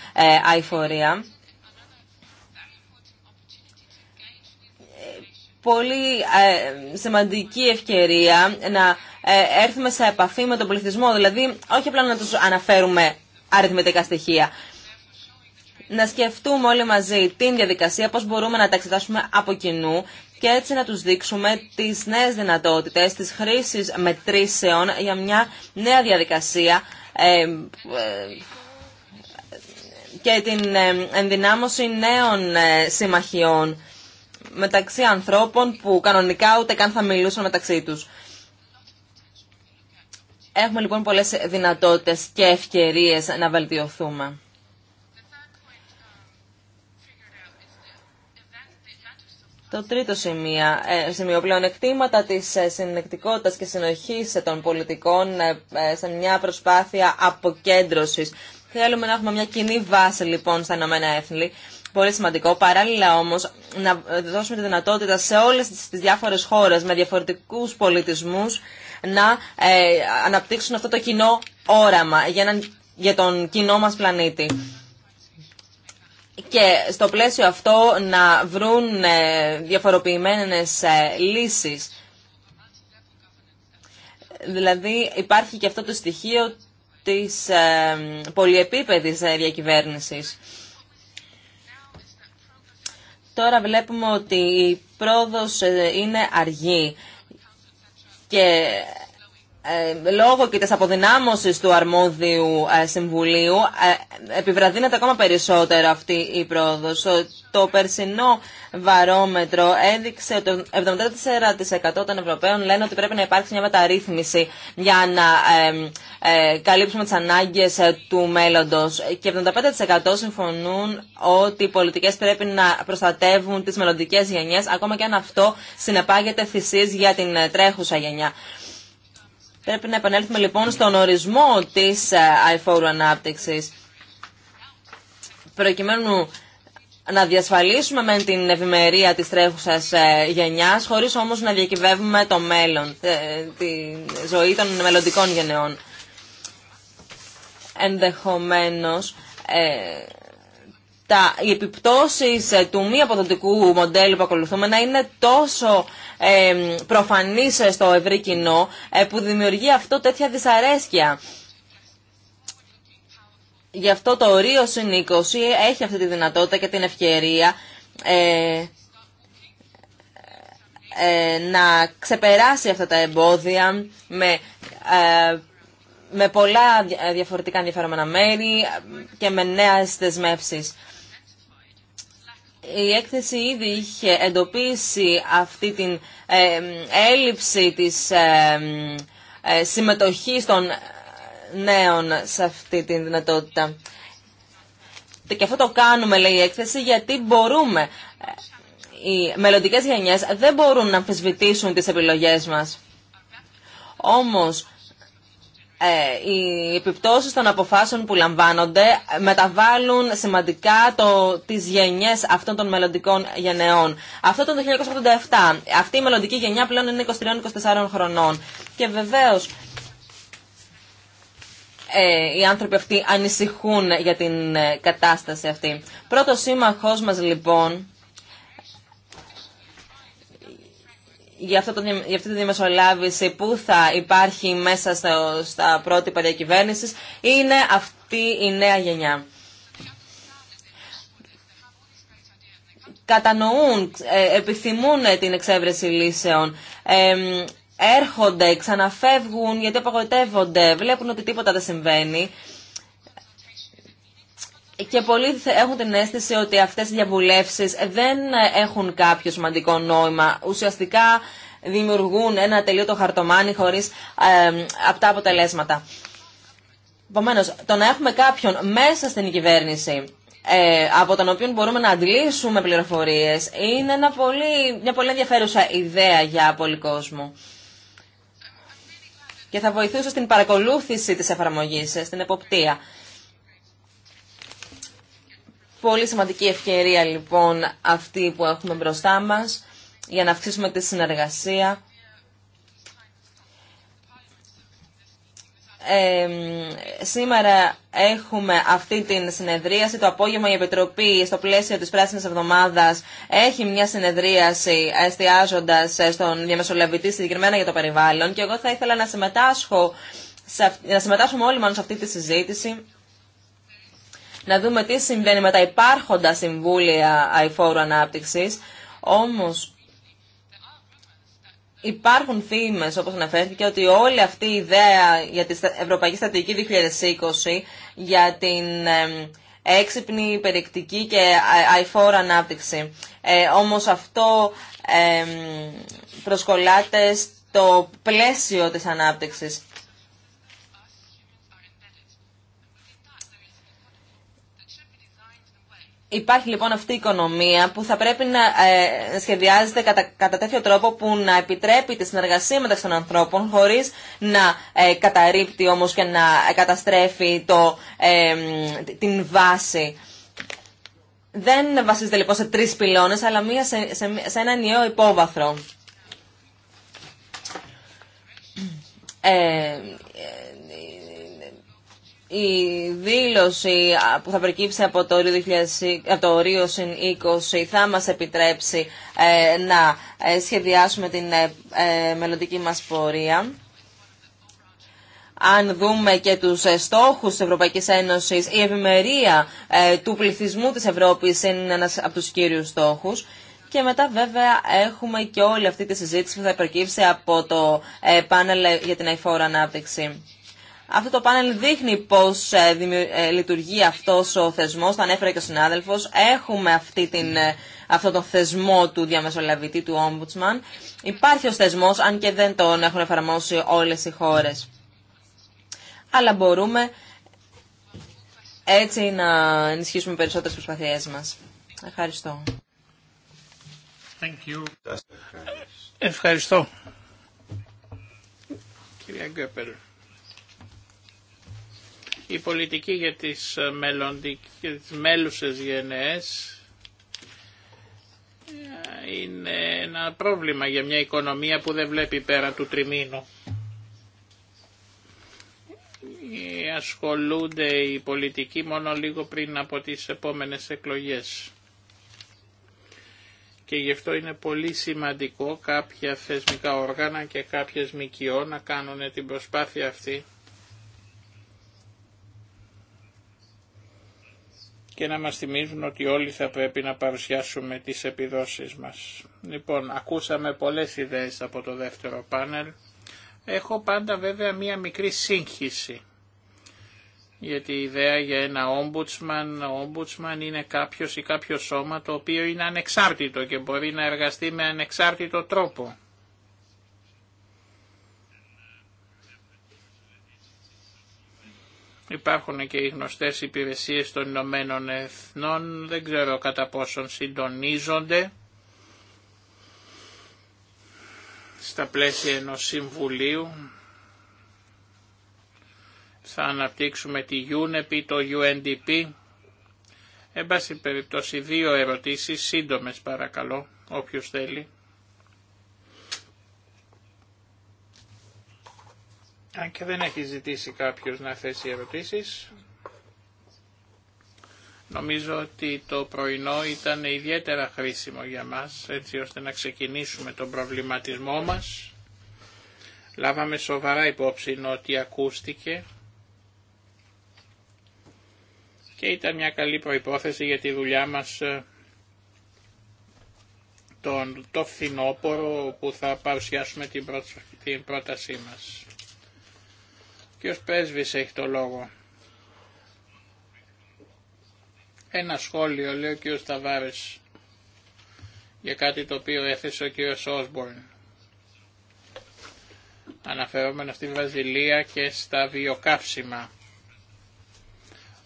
αηφορία. πολύ ε, σημαντική ευκαιρία να ε, έρθουμε σε επαφή με τον πληθυσμό, δηλαδή όχι απλά να τους αναφέρουμε αριθμητικά στοιχεία. Να σκεφτούμε όλοι μαζί την διαδικασία, πώς μπορούμε να τα εξετάσουμε από κοινού και έτσι να τους δείξουμε τις νέες δυνατότητες, τις χρήσεις μετρήσεων για μια νέα διαδικασία ε, και την ενδυνάμωση νέων συμμαχιών μεταξύ ανθρώπων που κανονικά ούτε καν θα μιλούσαν μεταξύ τους. Έχουμε λοιπόν πολλές δυνατότητες και ευκαιρίες να βελτιωθούμε. Το τρίτο σημείο, ε, σημείο πλεονεκτήματα της ε, συνεκτικότητας και συνοχής ε, των πολιτικών σε μια προσπάθεια αποκέντρωσης. Θέλουμε να έχουμε μια κοινή βάση λοιπόν στα Ηνωμένα Πολύ σημαντικό. Παράλληλα όμως να δώσουμε τη δυνατότητα σε όλες τι διάφορες χώρες με διαφορετικούς πολιτισμούς να ε, αναπτύξουν αυτό το κοινό όραμα για, για τον κοινό μας πλανήτη. Και στο πλαίσιο αυτό να βρουν ε, διαφοροποιημένες ε, λύσεις. Δηλαδή υπάρχει και αυτό το στοιχείο της ε, πολυεπίπεδης διακυβέρνησης. Τώρα βλέπουμε ότι η πρόοδος ε, είναι αργή και ε, λόγω και της αποδυνάμωσης του αρμόδιου ε, συμβουλίου ε, επιβραδύνεται ακόμα περισσότερο αυτή η πρόοδος. Το περσινό βαρόμετρο έδειξε ότι 74% των Ευρωπαίων λένε ότι πρέπει να υπάρξει μια μεταρρύθμιση για να καλύψουμε τις ανάγκες του μέλλοντος και 75% συμφωνούν ότι οι πολιτικές πρέπει να προστατεύουν τις μελλοντικές γενιές ακόμα και αν αυτό συνεπάγεται θυσίες για την τρέχουσα γενιά. Πρέπει να επανέλθουμε λοιπόν στον ορισμό της ε, αϊ-φόρου ανάπτυξης προκειμένου να διασφαλίσουμε με την ευημερία της τρέχουσας ε, γενιάς χωρίς όμως να διακυβεύουμε το μέλλον, ε, τη ζωή των μελλοντικών γενεών. Ενδεχομένως, τα, οι επιπτώσεις ε, του μη αποδοτικού μοντέλου που ακολουθούμε να είναι τόσο ε, προφανείς στο ευρύ κοινό ε, που δημιουργεί αυτό τέτοια δυσαρέσκεια. Γι' αυτό το ορίο συν έχει αυτή τη δυνατότητα και την ευκαιρία ε, να ξεπεράσει αυτά τα εμπόδια με, με πολλά διαφορετικά ενδιαφέρομενα μέρη και με νέες δεσμεύσεις η έκθεση ήδη είχε εντοπίσει αυτή την έλλειψη της ε, συμμετοχής των ε, νέων σε αυτή την δυνατότητα. Και αυτό το κάνουμε, λέει η έκθεση, γιατί μπορούμε. Ε, οι μελλοντικέ γενιές δεν μπορούν να αμφισβητήσουν τις επιλογές μας. Όμως, ε, οι επιπτώσεις των αποφάσεων που λαμβάνονται μεταβάλλουν σημαντικά το, τις γενιές αυτών των μελλοντικών γενεών. Αυτό το 1987. Αυτή η μελλοντική γενιά πλέον είναι 23-24 χρονών. Και βεβαίως ε, οι άνθρωποι αυτοί ανησυχούν για την ε, κατάσταση αυτή. Πρώτος σύμμαχός μας λοιπόν για, αυτό το, για αυτή τη διαμεσολάβηση που θα υπάρχει μέσα στο, στα πρώτη διακυβέρνηση είναι αυτή η νέα γενιά. Κατανοούν, ε, επιθυμούν την εξέβρεση λύσεων, έρχονται, ξαναφεύγουν γιατί απογοητεύονται. βλέπουν ότι τίποτα δεν συμβαίνει και πολλοί έχουν την αίσθηση ότι αυτές οι διαβουλεύσεις δεν ε, έχουν κάποιο σημαντικό νόημα. Ουσιαστικά δημιουργούν ένα τελείωτο χαρτομάνι χωρίς ε, αυτά αποτελέσματα. Επομένω, το να έχουμε κάποιον μέσα στην κυβέρνηση ε, από τον οποίο μπορούμε να αντλήσουμε πληροφορίες είναι πολύ, μια πολύ ενδιαφέρουσα ιδέα για πολύ κόσμο. Και θα βοηθούσε στην παρακολούθηση της εφαρμογής, ε, στην εποπτεία. Πολύ σημαντική ευκαιρία λοιπόν αυτή που έχουμε μπροστά μας για να αυξήσουμε τη συνεργασία. σήμερα έχουμε αυτή την συνεδρίαση. Το απόγευμα η Επιτροπή στο πλαίσιο της Πράσινης Εβδομάδας έχει μια συνεδρίαση εστιάζοντας στον διαμεσολαβητή συγκεκριμένα για το περιβάλλον και εγώ θα ήθελα να συμμετάσχω να όλοι μόνο σε αυτή τη συζήτηση να δούμε τι συμβαίνει με τα υπάρχοντα συμβούλια αηφόρου ανάπτυξης. Όμως υπάρχουν φήμες, όπως αναφέρθηκε, ότι όλη αυτή η ιδέα για την Ευρωπαϊκή Στατική 2020, για την έξυπνη, περιεκτική και αηφόρο ανάπτυξη. Ε, όμως αυτό ε, προσκολάται στο πλαίσιο της ανάπτυξης. Υπάρχει λοιπόν αυτή η οικονομία που θα πρέπει να ε, σχεδιάζεται κατά, κατά τέτοιο τρόπο που να επιτρέπει τη συνεργασία μεταξύ των ανθρώπων χωρίς να ε, καταρρύπτει όμως και να καταστρέφει το, ε, την βάση. Δεν βασίζεται λοιπόν σε τρεις πυλώνες αλλά μία σε, σε, σε ένα νέο υπόβαθρο. Ε, η δήλωση που θα προκύψει από το Ρίο, 2020, από το 20 θα μας επιτρέψει ε, να ε, σχεδιάσουμε την ε, μελλοντική μας πορεία. Αν δούμε και τους στόχους της Ευρωπαϊκής Ένωσης, η ευημερία του πληθυσμού της Ευρώπης είναι ένας από τους κύριους στόχους. Και μετά βέβαια έχουμε και όλη αυτή τη συζήτηση που θα προκύψει από το πάνελ για την αηφόρα ανάπτυξη. Αυτό το πάνελ δείχνει πώς ε, ε, λειτουργεί αυτός ο θεσμός, Τα ανέφερε και ο συνάδελφος. Έχουμε αυτή την, ε, αυτό το θεσμό του διαμεσολαβητή, του Ombudsman. Υπάρχει ο θεσμός, αν και δεν τον έχουν εφαρμόσει όλες οι χώρες. Αλλά μπορούμε έτσι να ενισχύσουμε περισσότερες προσπαθίες μας. Ευχαριστώ. Thank you. Ευχαριστώ. Κυρία η πολιτική για τις ε, μελλοντικές μέλουσες γενναίες ε, είναι ένα πρόβλημα για μια οικονομία που δεν βλέπει πέρα του τριμήνου. Ε, ασχολούνται οι πολιτικοί μόνο λίγο πριν από τις επόμενες εκλογές. Και γι' αυτό είναι πολύ σημαντικό κάποια θεσμικά όργανα και κάποιες μικιό να κάνουν την προσπάθεια αυτή και να μας θυμίζουν ότι όλοι θα πρέπει να παρουσιάσουμε τις επιδόσεις μας. Λοιπόν, ακούσαμε πολλές ιδέες από το δεύτερο πάνελ. Έχω πάντα βέβαια μία μικρή σύγχυση. Γιατί η ιδέα για ένα ombudsman, ombudsman είναι κάποιος ή κάποιο σώμα το οποίο είναι ανεξάρτητο και μπορεί να εργαστεί με ανεξάρτητο τρόπο. Υπάρχουν και οι γνωστές υπηρεσίες των Ηνωμένων Εθνών, δεν ξέρω κατά πόσον συντονίζονται στα πλαίσια ενός συμβουλίου. Θα αναπτύξουμε τη UNEP, το UNDP. Εν πάση περιπτώσει δύο ερωτήσεις, σύντομες παρακαλώ, όποιος θέλει. Αν και δεν έχει ζητήσει κάποιος να θέσει ερωτήσεις, νομίζω ότι το πρωινό ήταν ιδιαίτερα χρήσιμο για μας, έτσι ώστε να ξεκινήσουμε τον προβληματισμό μας. Λάβαμε σοβαρά υπόψη ότι ακούστηκε και ήταν μια καλή προϋπόθεση για τη δουλειά μας ε, τον, το φθινόπωρο που θα παρουσιάσουμε την, πρότασή μας. Ποιος Πέσβης έχει το λόγο. Ένα σχόλιο λέει ο κ. Σταβάρης για κάτι το οποίο έθεσε ο κ. Όσμπορν. Αναφερόμενο στη Βαζιλία και στα βιοκαύσιμα.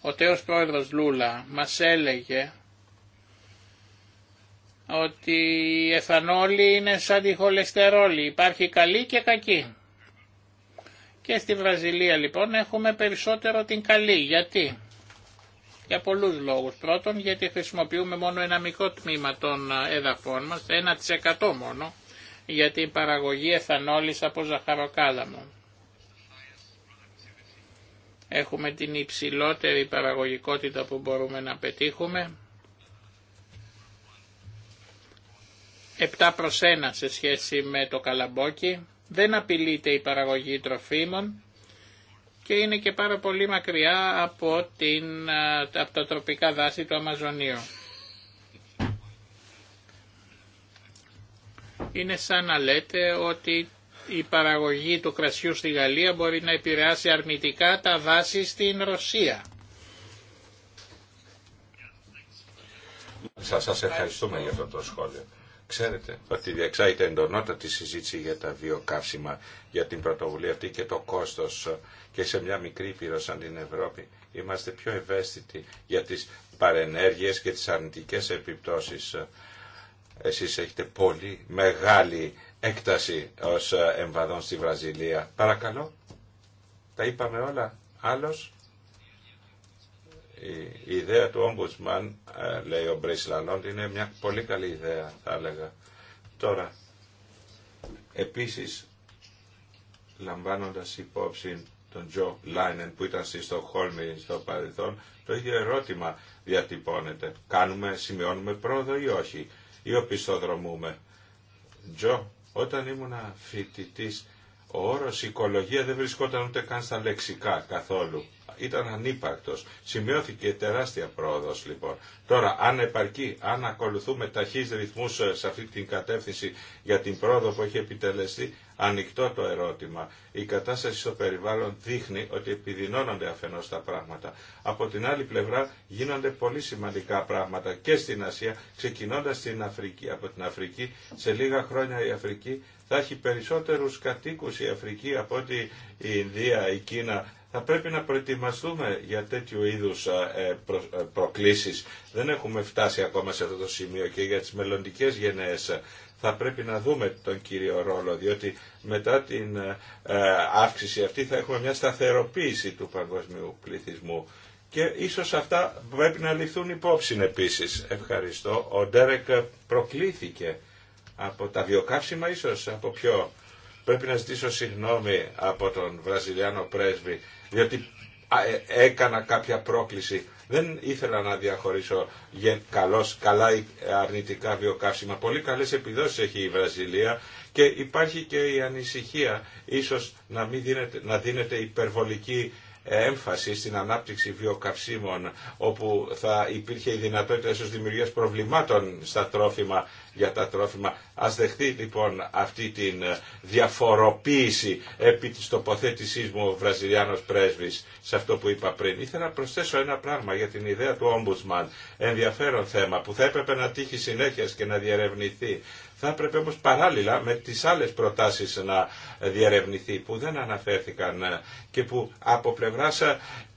Ο τέος πρόεδρος Λούλα μας έλεγε ότι η εθανόλη είναι σαν τη χολεστερόλη. Υπάρχει καλή και κακή. Και στη Βραζιλία λοιπόν έχουμε περισσότερο την καλή. Γιατί? Για πολλούς λόγους. Πρώτον γιατί χρησιμοποιούμε μόνο ένα μικρό τμήμα των ε, εδαφών μας, 1% μόνο, για την παραγωγή εθανόλης από ζαχαροκάλαμο. Έχουμε την υψηλότερη παραγωγικότητα που μπορούμε να πετύχουμε. 7 προς 1 σε σχέση με το καλαμπόκι δεν απειλείται η παραγωγή τροφίμων και είναι και πάρα πολύ μακριά από, την, από τα τροπικά δάση του Αμαζονίου. Είναι σαν να λέτε ότι η παραγωγή του κρασιού στη Γαλλία μπορεί να επηρεάσει αρνητικά τα δάση στην Ρωσία. Σας, σας ευχαριστούμε για αυτό το σχόλιο. Ξέρετε ότι διεξάγεται εντονότατη συζήτηση για τα βιοκαύσιμα, για την πρωτοβουλία αυτή και το κόστος ε, και σε μια μικρή πύρο σαν την Ευρώπη είμαστε πιο ευαίσθητοι για τις παρενέργειες και τις αρνητικές επιπτώσεις. Ε. Εσείς έχετε πολύ μεγάλη έκταση ως ε, εμβαδόν στη Βραζιλία. Παρακαλώ, τα είπαμε όλα. Άλλος. Η ιδέα του Ombudsman, ε, λέει ο Λαλόντ, είναι μια πολύ καλή ιδέα, θα έλεγα. Τώρα, επίσης, λαμβάνοντας υπόψη τον Τζο Λάινεν που ήταν στη Στοχόλμη στο παρελθόν, το ίδιο ερώτημα διατυπώνεται. Κάνουμε, σημειώνουμε πρόοδο ή όχι, ή οπισθοδρομούμε. Τζο, όταν ήμουνα φοιτητή, ο όρος οικολογία δεν βρισκόταν ούτε καν στα λεξικά καθόλου ήταν ανύπαρκτος. Σημειώθηκε τεράστια πρόοδος λοιπόν. Τώρα, αν επαρκεί, αν ακολουθούμε ταχύς ρυθμούς ε, σε αυτή την κατεύθυνση για την πρόοδο που έχει επιτελεστεί, ανοιχτό το ερώτημα. Η κατάσταση στο περιβάλλον δείχνει ότι επιδεινώνονται αφενός τα πράγματα. Από την άλλη πλευρά γίνονται πολύ σημαντικά πράγματα και στην Ασία, ξεκινώντας την Αφρική, από την Αφρική. Σε λίγα χρόνια η Αφρική θα έχει περισσότερους κατοίκους η Αφρική από ότι η Ινδία, η Κίνα θα πρέπει να προετοιμαστούμε για τέτοιου είδους ε, ε, προκλήσεις. Δεν έχουμε φτάσει ακόμα σε αυτό το σημείο και για τις μελλοντικέ γενναίες θα πρέπει να δούμε τον κύριο ρόλο, διότι μετά την ε, αύξηση αυτή θα έχουμε μια σταθεροποίηση του παγκοσμίου πληθυσμού. Και ίσως αυτά πρέπει να ληφθούν υπόψη επίσης. Ευχαριστώ. Ο Ντέρεκ προκλήθηκε από τα βιοκαύσιμα ίσως, από ποιο. Πρέπει να ζητήσω συγγνώμη από τον Βραζιλιάνο πρέσβη διότι ε, έκανα κάποια πρόκληση. Δεν ήθελα να διαχωρίσω καλώς, καλά αρνητικά βιοκαύσιμα. Πολύ καλές επιδόσεις έχει η Βραζιλία και υπάρχει και η ανησυχία ίσως να, μην δίνεται, να δίνεται υπερβολική έμφαση στην ανάπτυξη βιοκαυσίμων όπου θα υπήρχε η δυνατότητα ίσως δημιουργίας προβλημάτων στα τρόφιμα για τα τρόφιμα. Ας δεχτεί λοιπόν αυτή την ε, διαφοροποίηση επί της τοποθέτησής μου ο Βραζιλιάνος πρέσβης σε αυτό που είπα πριν. Ήθελα να προσθέσω ένα πράγμα για την ιδέα του Ombudsman, ενδιαφέρον θέμα που θα έπρεπε να τύχει συνέχεια και να διερευνηθεί. Θα έπρεπε όμως παράλληλα με τις άλλες προτάσεις να διερευνηθεί που δεν αναφέρθηκαν και που από πλευράς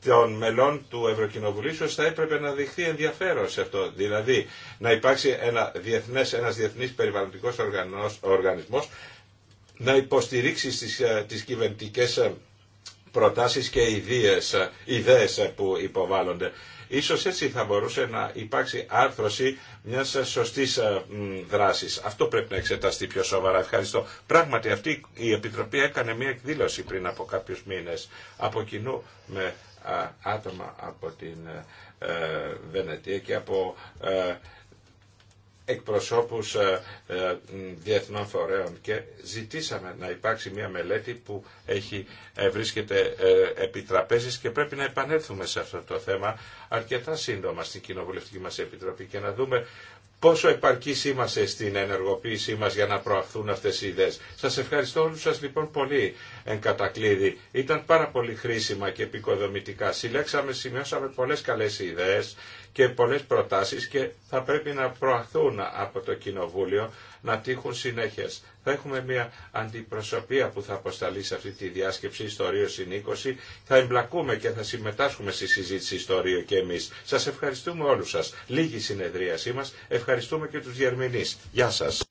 των μελών του Ευρωκοινοβουλίου θα έπρεπε να δειχθεί ενδιαφέρον σε αυτό. Δηλαδή να υπάρξει ένα διεθνές, ένας διεθνής περιβαλλοντικός οργανισμός να υποστηρίξει τις, ε, τις κυβερνητικές ε, προτάσεις και ε, ιδέες, ιδέες που υποβάλλονται. Ίσως έτσι θα μπορούσε να υπάρξει άρθρωση μιας σωστής ε, δράσης. Αυτό πρέπει να εξεταστεί πιο σοβαρά. Ευχαριστώ. Πράγματι αυτή η Επιτροπή έκανε μια εκδήλωση πριν από κάποιους μήνες από κοινού με ε, άτομα από την ε, Βενετία και από εκπροσώπους ε, ε, διεθνών φορέων και ζητήσαμε να υπάρξει μια μελέτη που έχει, ε, βρίσκεται επί τραπέζης και πρέπει να επανέλθουμε σε αυτό το θέμα αρκετά σύντομα στην Κοινοβουλευτική μας Επιτροπή και να δούμε πόσο επαρκής είμαστε στην ενεργοποίησή μας για να προαχθούν αυτές οι ιδέες. Σας ευχαριστώ όλους σας λοιπόν πολύ εν κατακλείδη. Ήταν πάρα πολύ χρήσιμα και επικοδομητικά. Συλλέξαμε, σημειώσαμε πολλές καλές ιδέες και πολλές προτάσεις και θα πρέπει να προαχθούν από το Κοινοβούλιο να τύχουν συνέχεια. Θα έχουμε μια αντιπροσωπεία που θα αποσταλεί σε αυτή τη διάσκεψη στο Ρίο Συν Θα εμπλακούμε και θα συμμετάσχουμε στη συζήτηση στο και εμείς. Σας ευχαριστούμε όλους σας. Λίγη συνεδρίασή μας. Ευχαριστούμε και τους Γερμηνείς. Γεια σας.